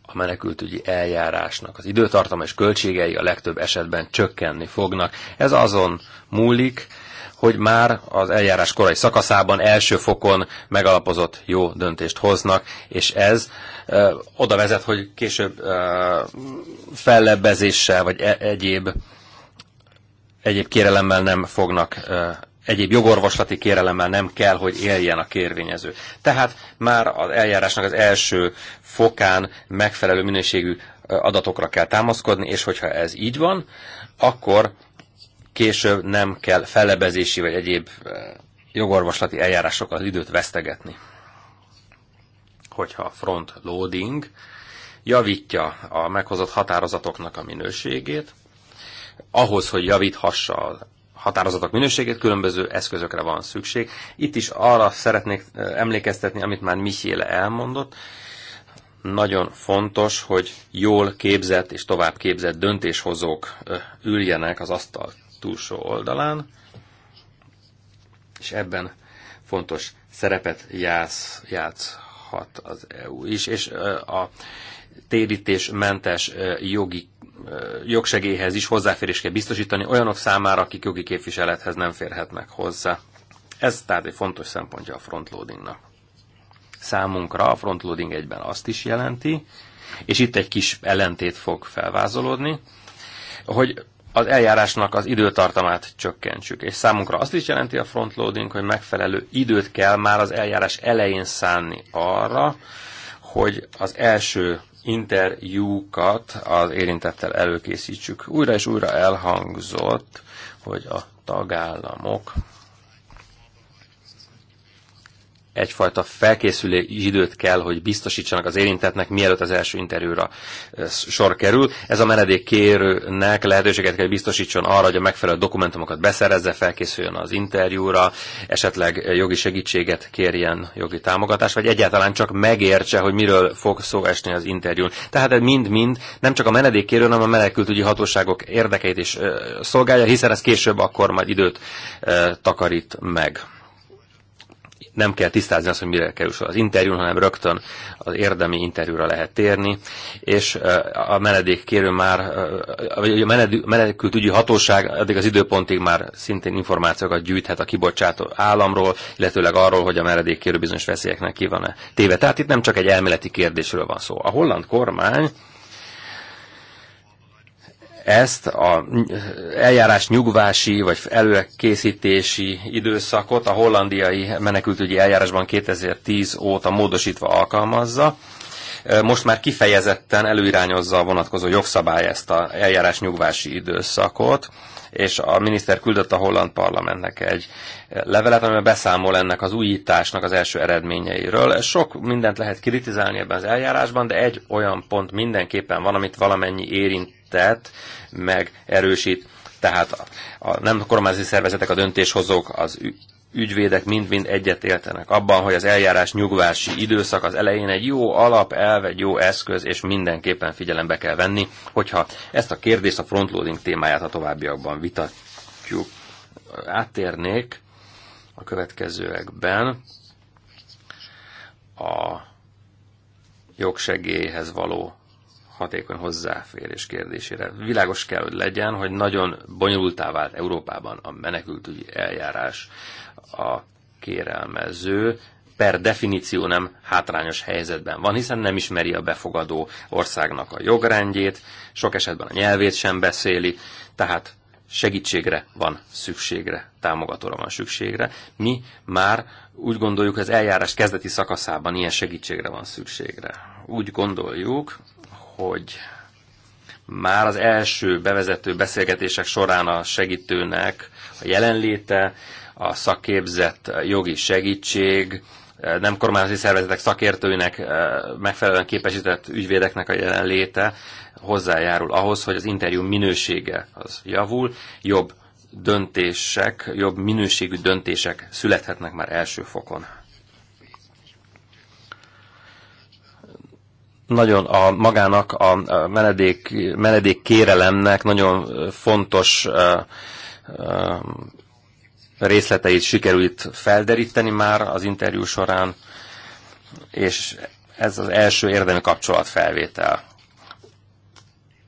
a menekültügyi eljárásnak az időtartama és költségei a legtöbb esetben csökkenni fognak. Ez azon múlik, hogy már az eljárás korai szakaszában első fokon megalapozott jó döntést hoznak, és ez ö, eh, oda vezet, hogy később ö, eh, fellebbezéssel vagy e- egyéb egyéb kérelemmel nem fognak, egyéb jogorvoslati kérelemmel nem kell, hogy éljen a kérvényező. Tehát már az eljárásnak az első fokán megfelelő minőségű adatokra kell támaszkodni, és hogyha ez így van, akkor később nem kell fellebezési vagy egyéb jogorvoslati eljárásokkal időt vesztegetni. Hogyha front loading javítja a meghozott határozatoknak a minőségét, ahhoz, hogy javíthassa a határozatok minőségét, különböző eszközökre van szükség. Itt is arra szeretnék emlékeztetni, amit már Michéle elmondott, nagyon fontos, hogy jól képzett és tovább képzett döntéshozók üljenek az asztal túlsó oldalán, és ebben fontos szerepet játsz, játszhat az EU is, és a térítésmentes jogi jogsegélyhez is hozzáférés kell biztosítani olyanok számára, akik jogi képviselethez nem férhetnek hozzá. Ez tehát egy fontos szempontja a frontloadingnak. Számunkra a frontloading egyben azt is jelenti, és itt egy kis ellentét fog felvázolódni, hogy az eljárásnak az időtartamát csökkentsük. És számunkra azt is jelenti a frontloading, hogy megfelelő időt kell már az eljárás elején szánni arra, hogy az első interjúkat az érintettel előkészítsük. Újra és újra elhangzott, hogy a tagállamok egyfajta felkészülő időt kell, hogy biztosítsanak az érintetnek, mielőtt az első interjúra sor kerül. Ez a menedék kérőnek lehetőséget kell biztosítson arra, hogy a megfelelő dokumentumokat beszerezze, felkészüljön az interjúra, esetleg jogi segítséget kérjen, jogi támogatást, vagy egyáltalán csak megértse, hogy miről fog szó esni az interjún. Tehát ez mind-mind nem csak a menedék kérő, hanem a menekültügyi hatóságok érdekeit is szolgálja, hiszen ez később akkor majd időt takarít meg nem kell tisztázni azt, hogy mire kerül sor az interjú, hanem rögtön az érdemi interjúra lehet térni, és a menedék kérő már, vagy a menedékült ügyi hatóság addig az időpontig már szintén információkat gyűjthet a kibocsátó államról, illetőleg arról, hogy a menedék kérő bizonyos veszélyeknek ki van-e téve. Tehát itt nem csak egy elméleti kérdésről van szó. A holland kormány ezt a eljárás nyugvási vagy előkészítési időszakot a hollandiai menekültügyi eljárásban 2010 óta módosítva alkalmazza. Most már kifejezetten előirányozza a vonatkozó jogszabály ezt a eljárás nyugvási időszakot és a miniszter küldött a holland parlamentnek egy levelet, amiben beszámol ennek az újításnak az első eredményeiről. Sok mindent lehet kritizálni ebben az eljárásban, de egy olyan pont mindenképpen van, amit valamennyi érintett meg erősít tehát a, a nem kormányzati szervezetek, a döntéshozók, az ügyvédek mind-mind egyet éltenek abban, hogy az eljárás nyugvási időszak az elején egy jó alap, elve, egy jó eszköz, és mindenképpen figyelembe kell venni, hogyha ezt a kérdést, a frontloading témáját a továbbiakban vitatjuk. átérnék a következőekben a jogsegélyhez való hatékony hozzáférés kérdésére. Világos kell, hogy legyen, hogy nagyon bonyolultá vált Európában a menekültügyi eljárás a kérelmező per definíció nem hátrányos helyzetben van, hiszen nem ismeri a befogadó országnak a jogrendjét, sok esetben a nyelvét sem beszéli, tehát segítségre van szükségre, támogatóra van szükségre. Mi már úgy gondoljuk, az eljárás kezdeti szakaszában ilyen segítségre van szükségre. Úgy gondoljuk, hogy már az első bevezető beszélgetések során a segítőnek a jelenléte, a szakképzett jogi segítség, eh, nem kormányzati szervezetek szakértőinek, eh, megfelelően képesített ügyvédeknek a jelenléte hozzájárul ahhoz, hogy az interjú minősége az javul, jobb döntések, jobb minőségű döntések születhetnek már első fokon. Nagyon a magának a menedék, menedék kérelemnek nagyon eh, fontos részleteit sikerült felderíteni már az interjú során, és ez az első érdemi felvétel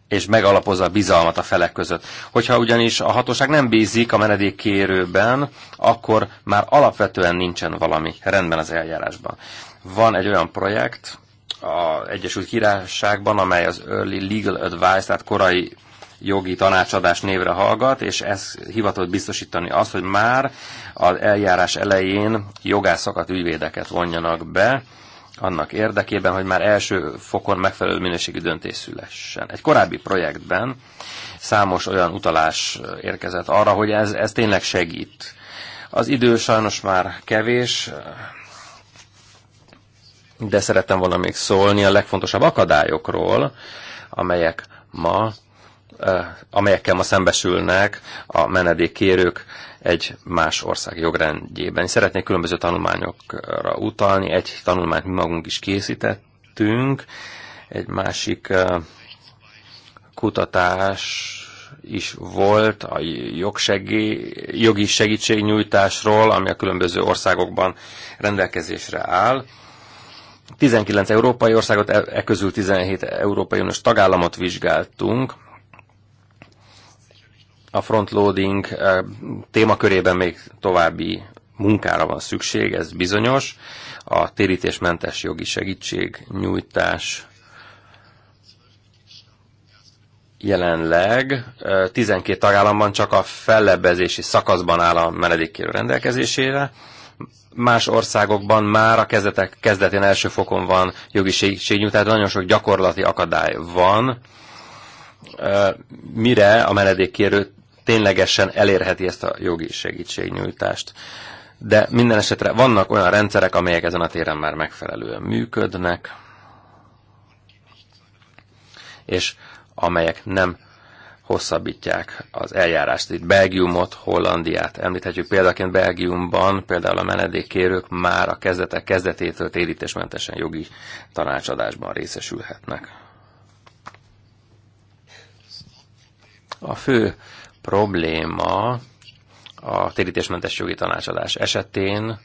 és megalapozza a bizalmat a felek között. Hogyha ugyanis a hatóság nem bízik a menedékkérőben, akkor már alapvetően nincsen valami rendben az eljárásban. Van egy olyan projekt, az Egyesült Királyságban, amely az Early Legal Advice, tehát korai jogi tanácsadás névre hallgat, és ez hivatott biztosítani azt, hogy már az eljárás elején jogászokat, ügyvédeket vonjanak be, annak érdekében, hogy már első fokon megfelelő minőségű döntés szülessen. Egy korábbi projektben számos olyan utalás érkezett arra, hogy ez, ez tényleg segít. Az idő sajnos már kevés, de szerettem volna még szólni a legfontosabb akadályokról, amelyek ma amelyekkel ma szembesülnek a menedékkérők egy más ország jogrendjében. Szeretnék különböző tanulmányokra utalni. Egy tanulmányt mi magunk is készítettünk, egy másik kutatás is volt a jogsegé, jogi segítségnyújtásról, ami a különböző országokban rendelkezésre áll. 19 európai országot, e, e közül 17 Európai Uniós tagállamot vizsgáltunk, a frontloading eh, témakörében még további munkára van szükség, ez bizonyos. A térítésmentes jogi segítség nyújtás jelenleg 12 eh, tagállamban csak a fellebbezési szakaszban áll a menedékkérő rendelkezésére. Más országokban már a kezdetek, kezdetén első fokon van jogi segítségnyújtás, tehát nagyon sok gyakorlati akadály van eh, mire a menedékkérő ténylegesen elérheti ezt a jogi segítségnyújtást. De minden esetre vannak olyan rendszerek, amelyek ezen a téren már megfelelően működnek, és amelyek nem hosszabbítják az eljárást. Itt Belgiumot, Hollandiát említhetjük. Példaként Belgiumban például a menedékkérők már a kezdetek kezdetétől térítésmentesen jogi tanácsadásban részesülhetnek. A fő probléma a térítésmentes jogi tanácsadás esetén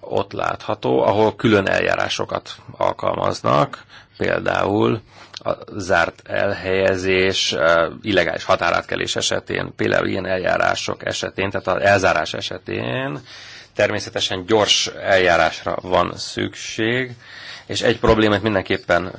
ott látható, ahol külön eljárásokat alkalmaznak, például a zárt elhelyezés, illegális határátkelés esetén, például ilyen eljárások esetén, tehát az elzárás esetén természetesen gyors eljárásra van szükség, és egy problémát mindenképpen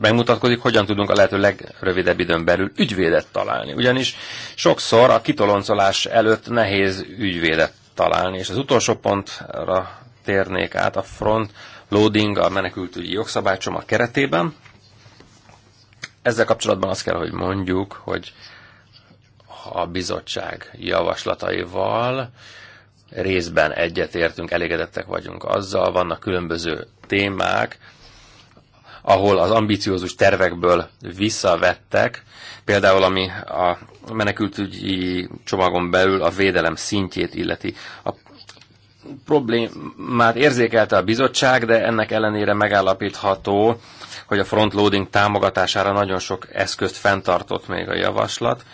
megmutatkozik, hogyan tudunk a lehető legrövidebb időn belül ügyvédet találni. Ugyanis sokszor a kitoloncolás előtt nehéz ügyvédet találni, és az utolsó pontra térnék át a front loading a menekültügyi jogszabálycsomag keretében. Ezzel kapcsolatban azt kell, hogy mondjuk, hogy a bizottság javaslataival részben egyetértünk, elégedettek vagyunk azzal, vannak különböző témák, ahol az ambiciózus tervekből visszavettek, például ami a menekültügyi csomagon belül a védelem szintjét illeti. A problémát érzékelte a bizottság, de ennek ellenére megállapítható, hogy a frontloading támogatására nagyon sok eszközt fenntartott még a javaslat.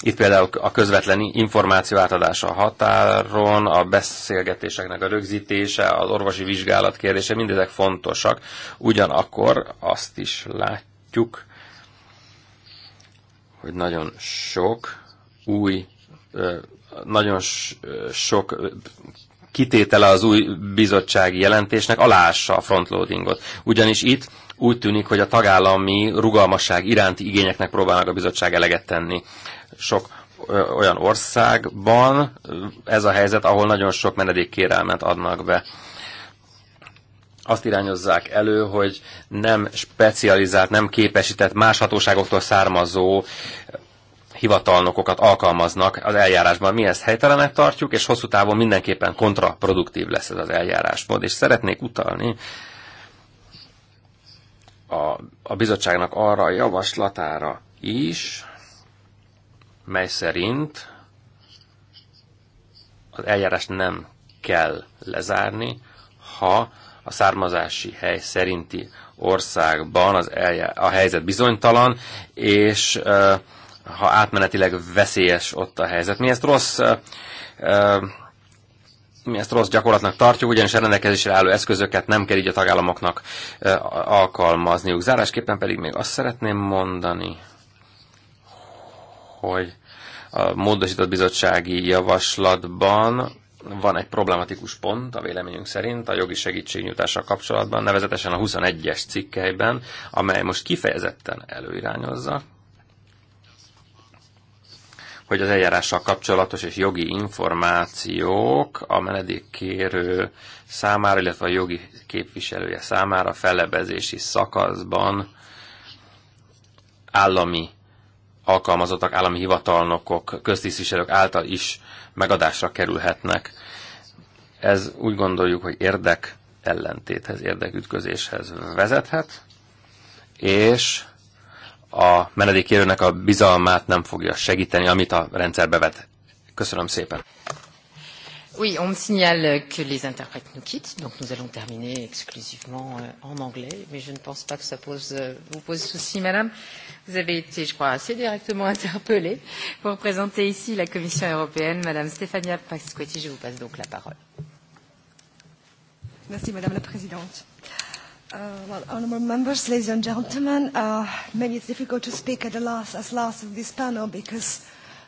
Itt például a közvetlen információ átadása a határon, a beszélgetéseknek a rögzítése, az orvosi vizsgálat kérdése, mindezek fontosak. Ugyanakkor azt is látjuk, hogy nagyon sok új, nagyon sok kitétele az új bizottsági jelentésnek alássa a frontloadingot. Ugyanis itt úgy tűnik, hogy a tagállami rugalmasság iránti igényeknek próbálnak a bizottság eleget tenni sok olyan országban ez a helyzet, ahol nagyon sok menedékkérelmet adnak be. Azt irányozzák elő, hogy nem specializált, nem képesített, más hatóságoktól származó hivatalnokokat alkalmaznak az eljárásban. Mi ezt helytelenek tartjuk, és hosszú távon mindenképpen kontraproduktív lesz ez az eljárásmód. És szeretnék utalni a, a bizottságnak arra a javaslatára is, mely szerint az eljárást nem kell lezárni, ha a származási hely szerinti országban az eljár, a helyzet bizonytalan, és ha átmenetileg veszélyes ott a helyzet. Mi ezt rossz mi ezt rossz gyakorlatnak tartjuk, ugyanis a rendelkezésre álló eszközöket nem kell így a tagállamoknak alkalmazniuk. Zárásképpen pedig még azt szeretném mondani, hogy a módosított bizottsági javaslatban van egy problematikus pont a véleményünk szerint a jogi segítségnyújtással kapcsolatban, nevezetesen a 21-es cikkelyben, amely most kifejezetten előirányozza, hogy az eljárással kapcsolatos és jogi információk a menedékkérő számára, illetve a jogi képviselője számára fellebezési szakaszban állami alkalmazottak, állami hivatalnokok, köztisztviselők által is megadásra kerülhetnek. Ez úgy gondoljuk, hogy érdek ellentéthez, érdekütközéshez vezethet, és a menedékérőnek a bizalmát nem fogja segíteni, amit a rendszerbe vet. Köszönöm szépen. Oui, on me signale que les interprètes nous quittent, donc nous allons terminer exclusivement euh, en anglais, mais je ne pense pas que ça pose, euh, vous pose souci, madame. Vous avez été, je crois, assez directement interpellée pour présenter ici la Commission européenne. Madame Stefania Pasquetti, je vous passe donc la parole. Merci, madame la présidente. Uh, well, honourable members, ladies and gentlemen, uh, maybe it's difficult to speak at the last, as last of this panel because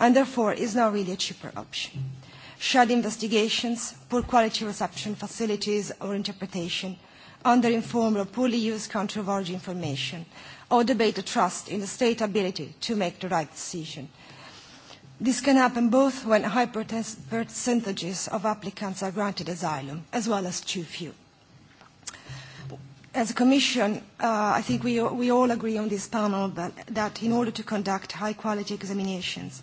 and therefore is now really a cheaper option. Shared investigations, poor quality reception facilities or interpretation, under-informed or poorly used country of origin information, or debate the trust in the state ability to make the right decision. This can happen both when high percentages of applicants are granted asylum, as well as too few. As a Commission, uh, I think we, we all agree on this panel that, that in order to conduct high-quality examinations,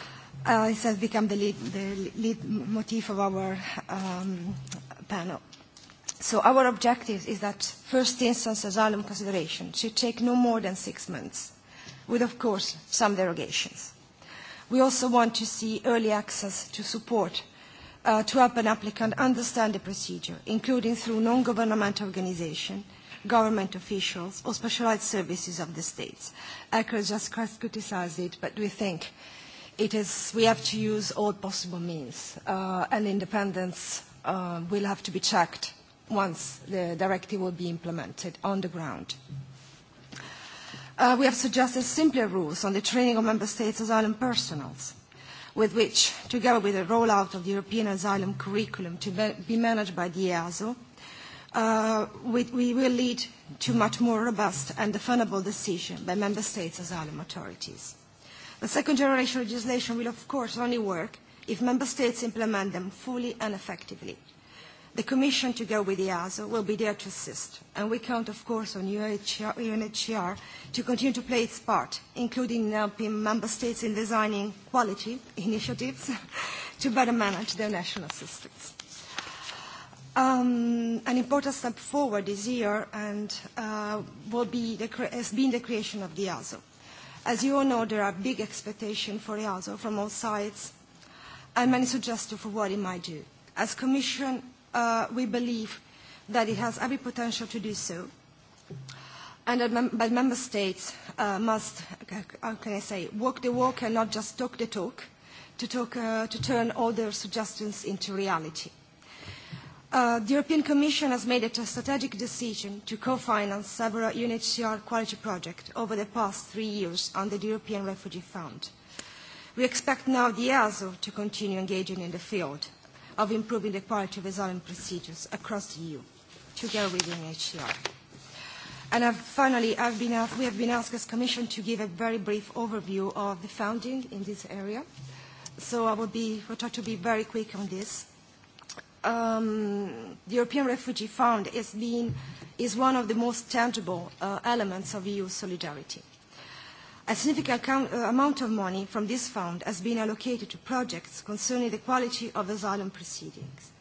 Uh, it has become the lead, the lead motif of our um, panel. So our objective is that first instance asylum consideration should take no more than six months, with of course some derogations. We also want to see early access to support uh, to help an applicant understand the procedure, including through non-governmental organizations, government officials, or specialized services of the states. ECHO just criticized it, but we think it is, we have to use all possible means, uh, and independence uh, will have to be checked once the directive will be implemented on the ground. Uh, we have suggested simpler rules on the training of member states' asylum personnels, with which, together with the rollout of the European asylum curriculum to be managed by the EASO, uh, we, we will lead to much more robust and definable decision by member states' asylum authorities. The second generation legislation will of course only work if Member States implement them fully and effectively. The Commission, together with EASO, will be there to assist, and we count, of course, on UNHCR, UNHCR to continue to play its part, including helping Member States in designing quality initiatives to better manage their national systems. Um, an important step forward this year and, uh, will be the, has been the creation of the EASO. As you all know, there are big expectations for EASO from all sides and many suggestions for what it might do. As Commission, uh, we believe that it has every potential to do so, and that mem but member states uh, must, uh, how can I say, walk the walk and not just talk the talk, to, talk, uh, to turn all their suggestions into reality. Uh, the European Commission has made it a strategic decision to co-finance several UNHCR quality projects over the past three years under the European Refugee Fund. We expect now the EASO to continue engaging in the field of improving the quality of asylum procedures across the EU, together with UNHCR. And I've, finally, I've been asked, we have been asked as Commission to give a very brief overview of the funding in this area. So I will, be, will try to be very quick on this um, the European Refugee Fund is, being, is one of the most tangible uh, elements of EU solidarity. A significant account, uh, amount of money from this fund has been allocated to projects concerning the quality of asylum proceedings.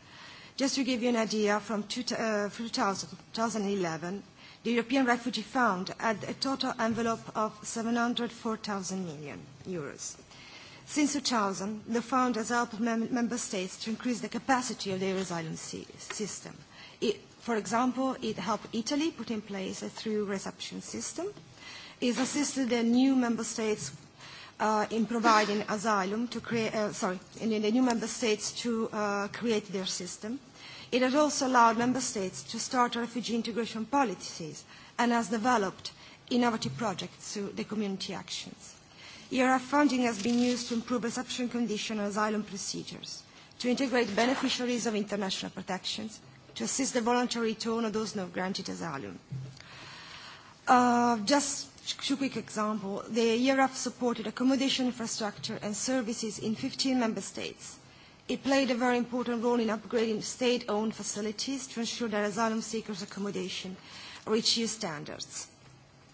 Just to give you an idea, from two, uh, 2000, 2011, the European Refugee Fund had a total envelope of 704,000 million euros. Since 2000, the fund has helped mem member states to increase the capacity of their asylum system. It, for example, it helped Italy put in place a through reception system. It assisted the new member states uh, in providing asylum to create, uh, sorry, in, in the new member states to uh, create their system. It has also allowed member states to start refugee integration policies and has developed innovative projects through the community actions. ERA funding has been used to improve reception conditions and asylum procedures, to integrate beneficiaries of international protections, to assist the voluntary return of those not granted asylum. Uh, just two quick examples. The ERAF supported accommodation infrastructure and services in 15 member states. It played a very important role in upgrading state-owned facilities to ensure that asylum seekers' accommodation reach EU standards.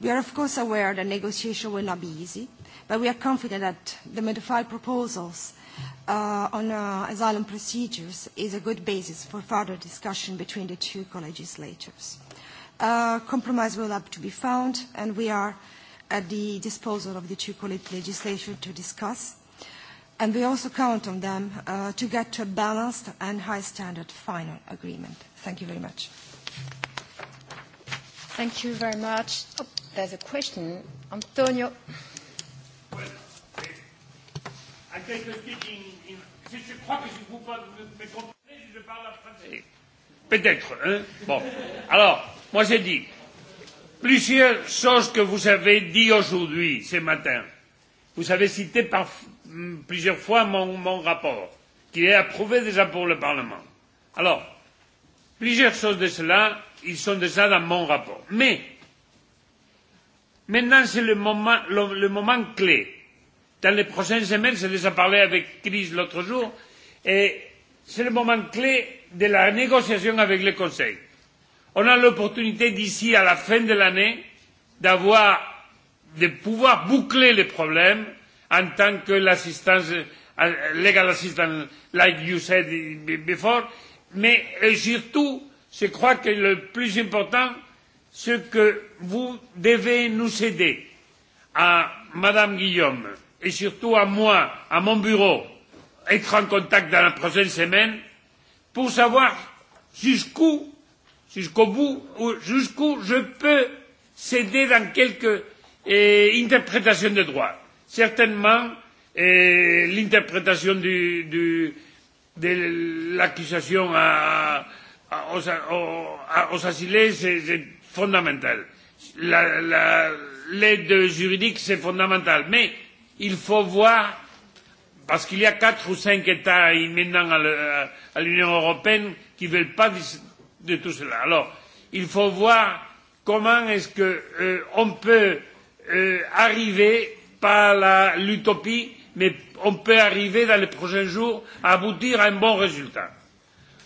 We are of course aware that negotiation will not be easy, but we are confident that the modified proposals uh, on uh, asylum procedures is a good basis for further discussion between the two co-legislators. Uh, compromise will have to be found, and we are at the disposal of the two co-legislators to discuss. And we also count on them uh, to get to a balanced and high standard final agreement. Thank you very much. Thank you. Thank you very much. Oh, there's a question. Antonio. Peut-être, hein Bon. Alors, moi j'ai dit plusieurs choses que vous avez dit aujourd'hui, ce matin. Vous avez cité par, plusieurs fois mon, mon rapport, qui est approuvé déjà pour le Parlement. Alors, plusieurs choses de cela, ils sont déjà dans mon rapport. Mais, maintenant, c'est le moment, le, le moment clé. Dans les prochaines semaines, j'ai déjà parlé avec Chris l'autre jour, et c'est le moment clé de la négociation avec le Conseil. On a l'opportunité d'ici à la fin de l'année d'avoir, de pouvoir boucler les problèmes en tant que l'assistance, euh, legal assistance, like you said before, mais surtout je crois que le plus important, c'est que vous devez nous aider à Madame Guillaume et surtout à moi, à mon bureau, être en contact dans la prochaine semaine pour savoir jusqu'où, jusqu'au bout, jusqu'où je peux céder dans quelques eh, interprétations de droit. Certainement, eh, l'interprétation du, du, de l'accusation à, Ah, o sea, o, a, ah, o sea os asilés, c'est fondamental. La, la, l'aide juridique, c'est fondamental. Mais il faut voir, parce qu'il y a quatre ou cinq États maintenant à l'Union européenne qui ne veulent pas de, de tout cela. Alors, il faut voir comment est-ce qu'on euh, on peut euh, arriver, pas la, l'utopie, mais on peut arriver dans les prochains jours à aboutir à un bon résultat.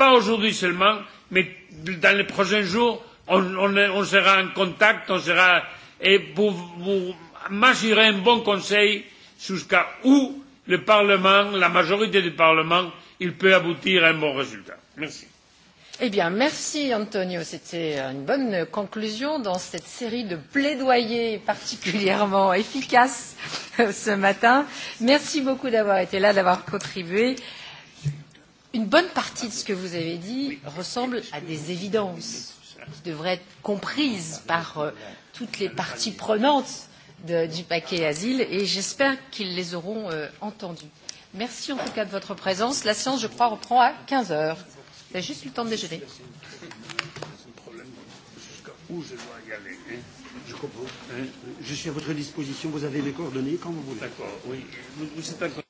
pas aujourd'hui seulement, mais dans les prochains jours, on, on, on sera en contact, on sera et pour vous m'assurer un bon conseil jusqu'à où le Parlement, la majorité du Parlement, il peut aboutir à un bon résultat. Merci. Eh bien, merci Antonio. C'était une bonne conclusion dans cette série de plaidoyers particulièrement efficaces ce matin. Merci beaucoup d'avoir été là, d'avoir contribué une bonne partie de ce que vous avez dit ressemble à des évidences qui devraient être comprises par euh, toutes les parties prenantes de, du paquet asile et j'espère qu'ils les auront euh, entendues. Merci en tout cas de votre présence. La séance, je crois, reprend à 15 heures. Vous avez juste le temps de déjeuner. je comprends. je suis à votre disposition. Vous avez mes coordonnées quand vous voulez. D'accord, oui.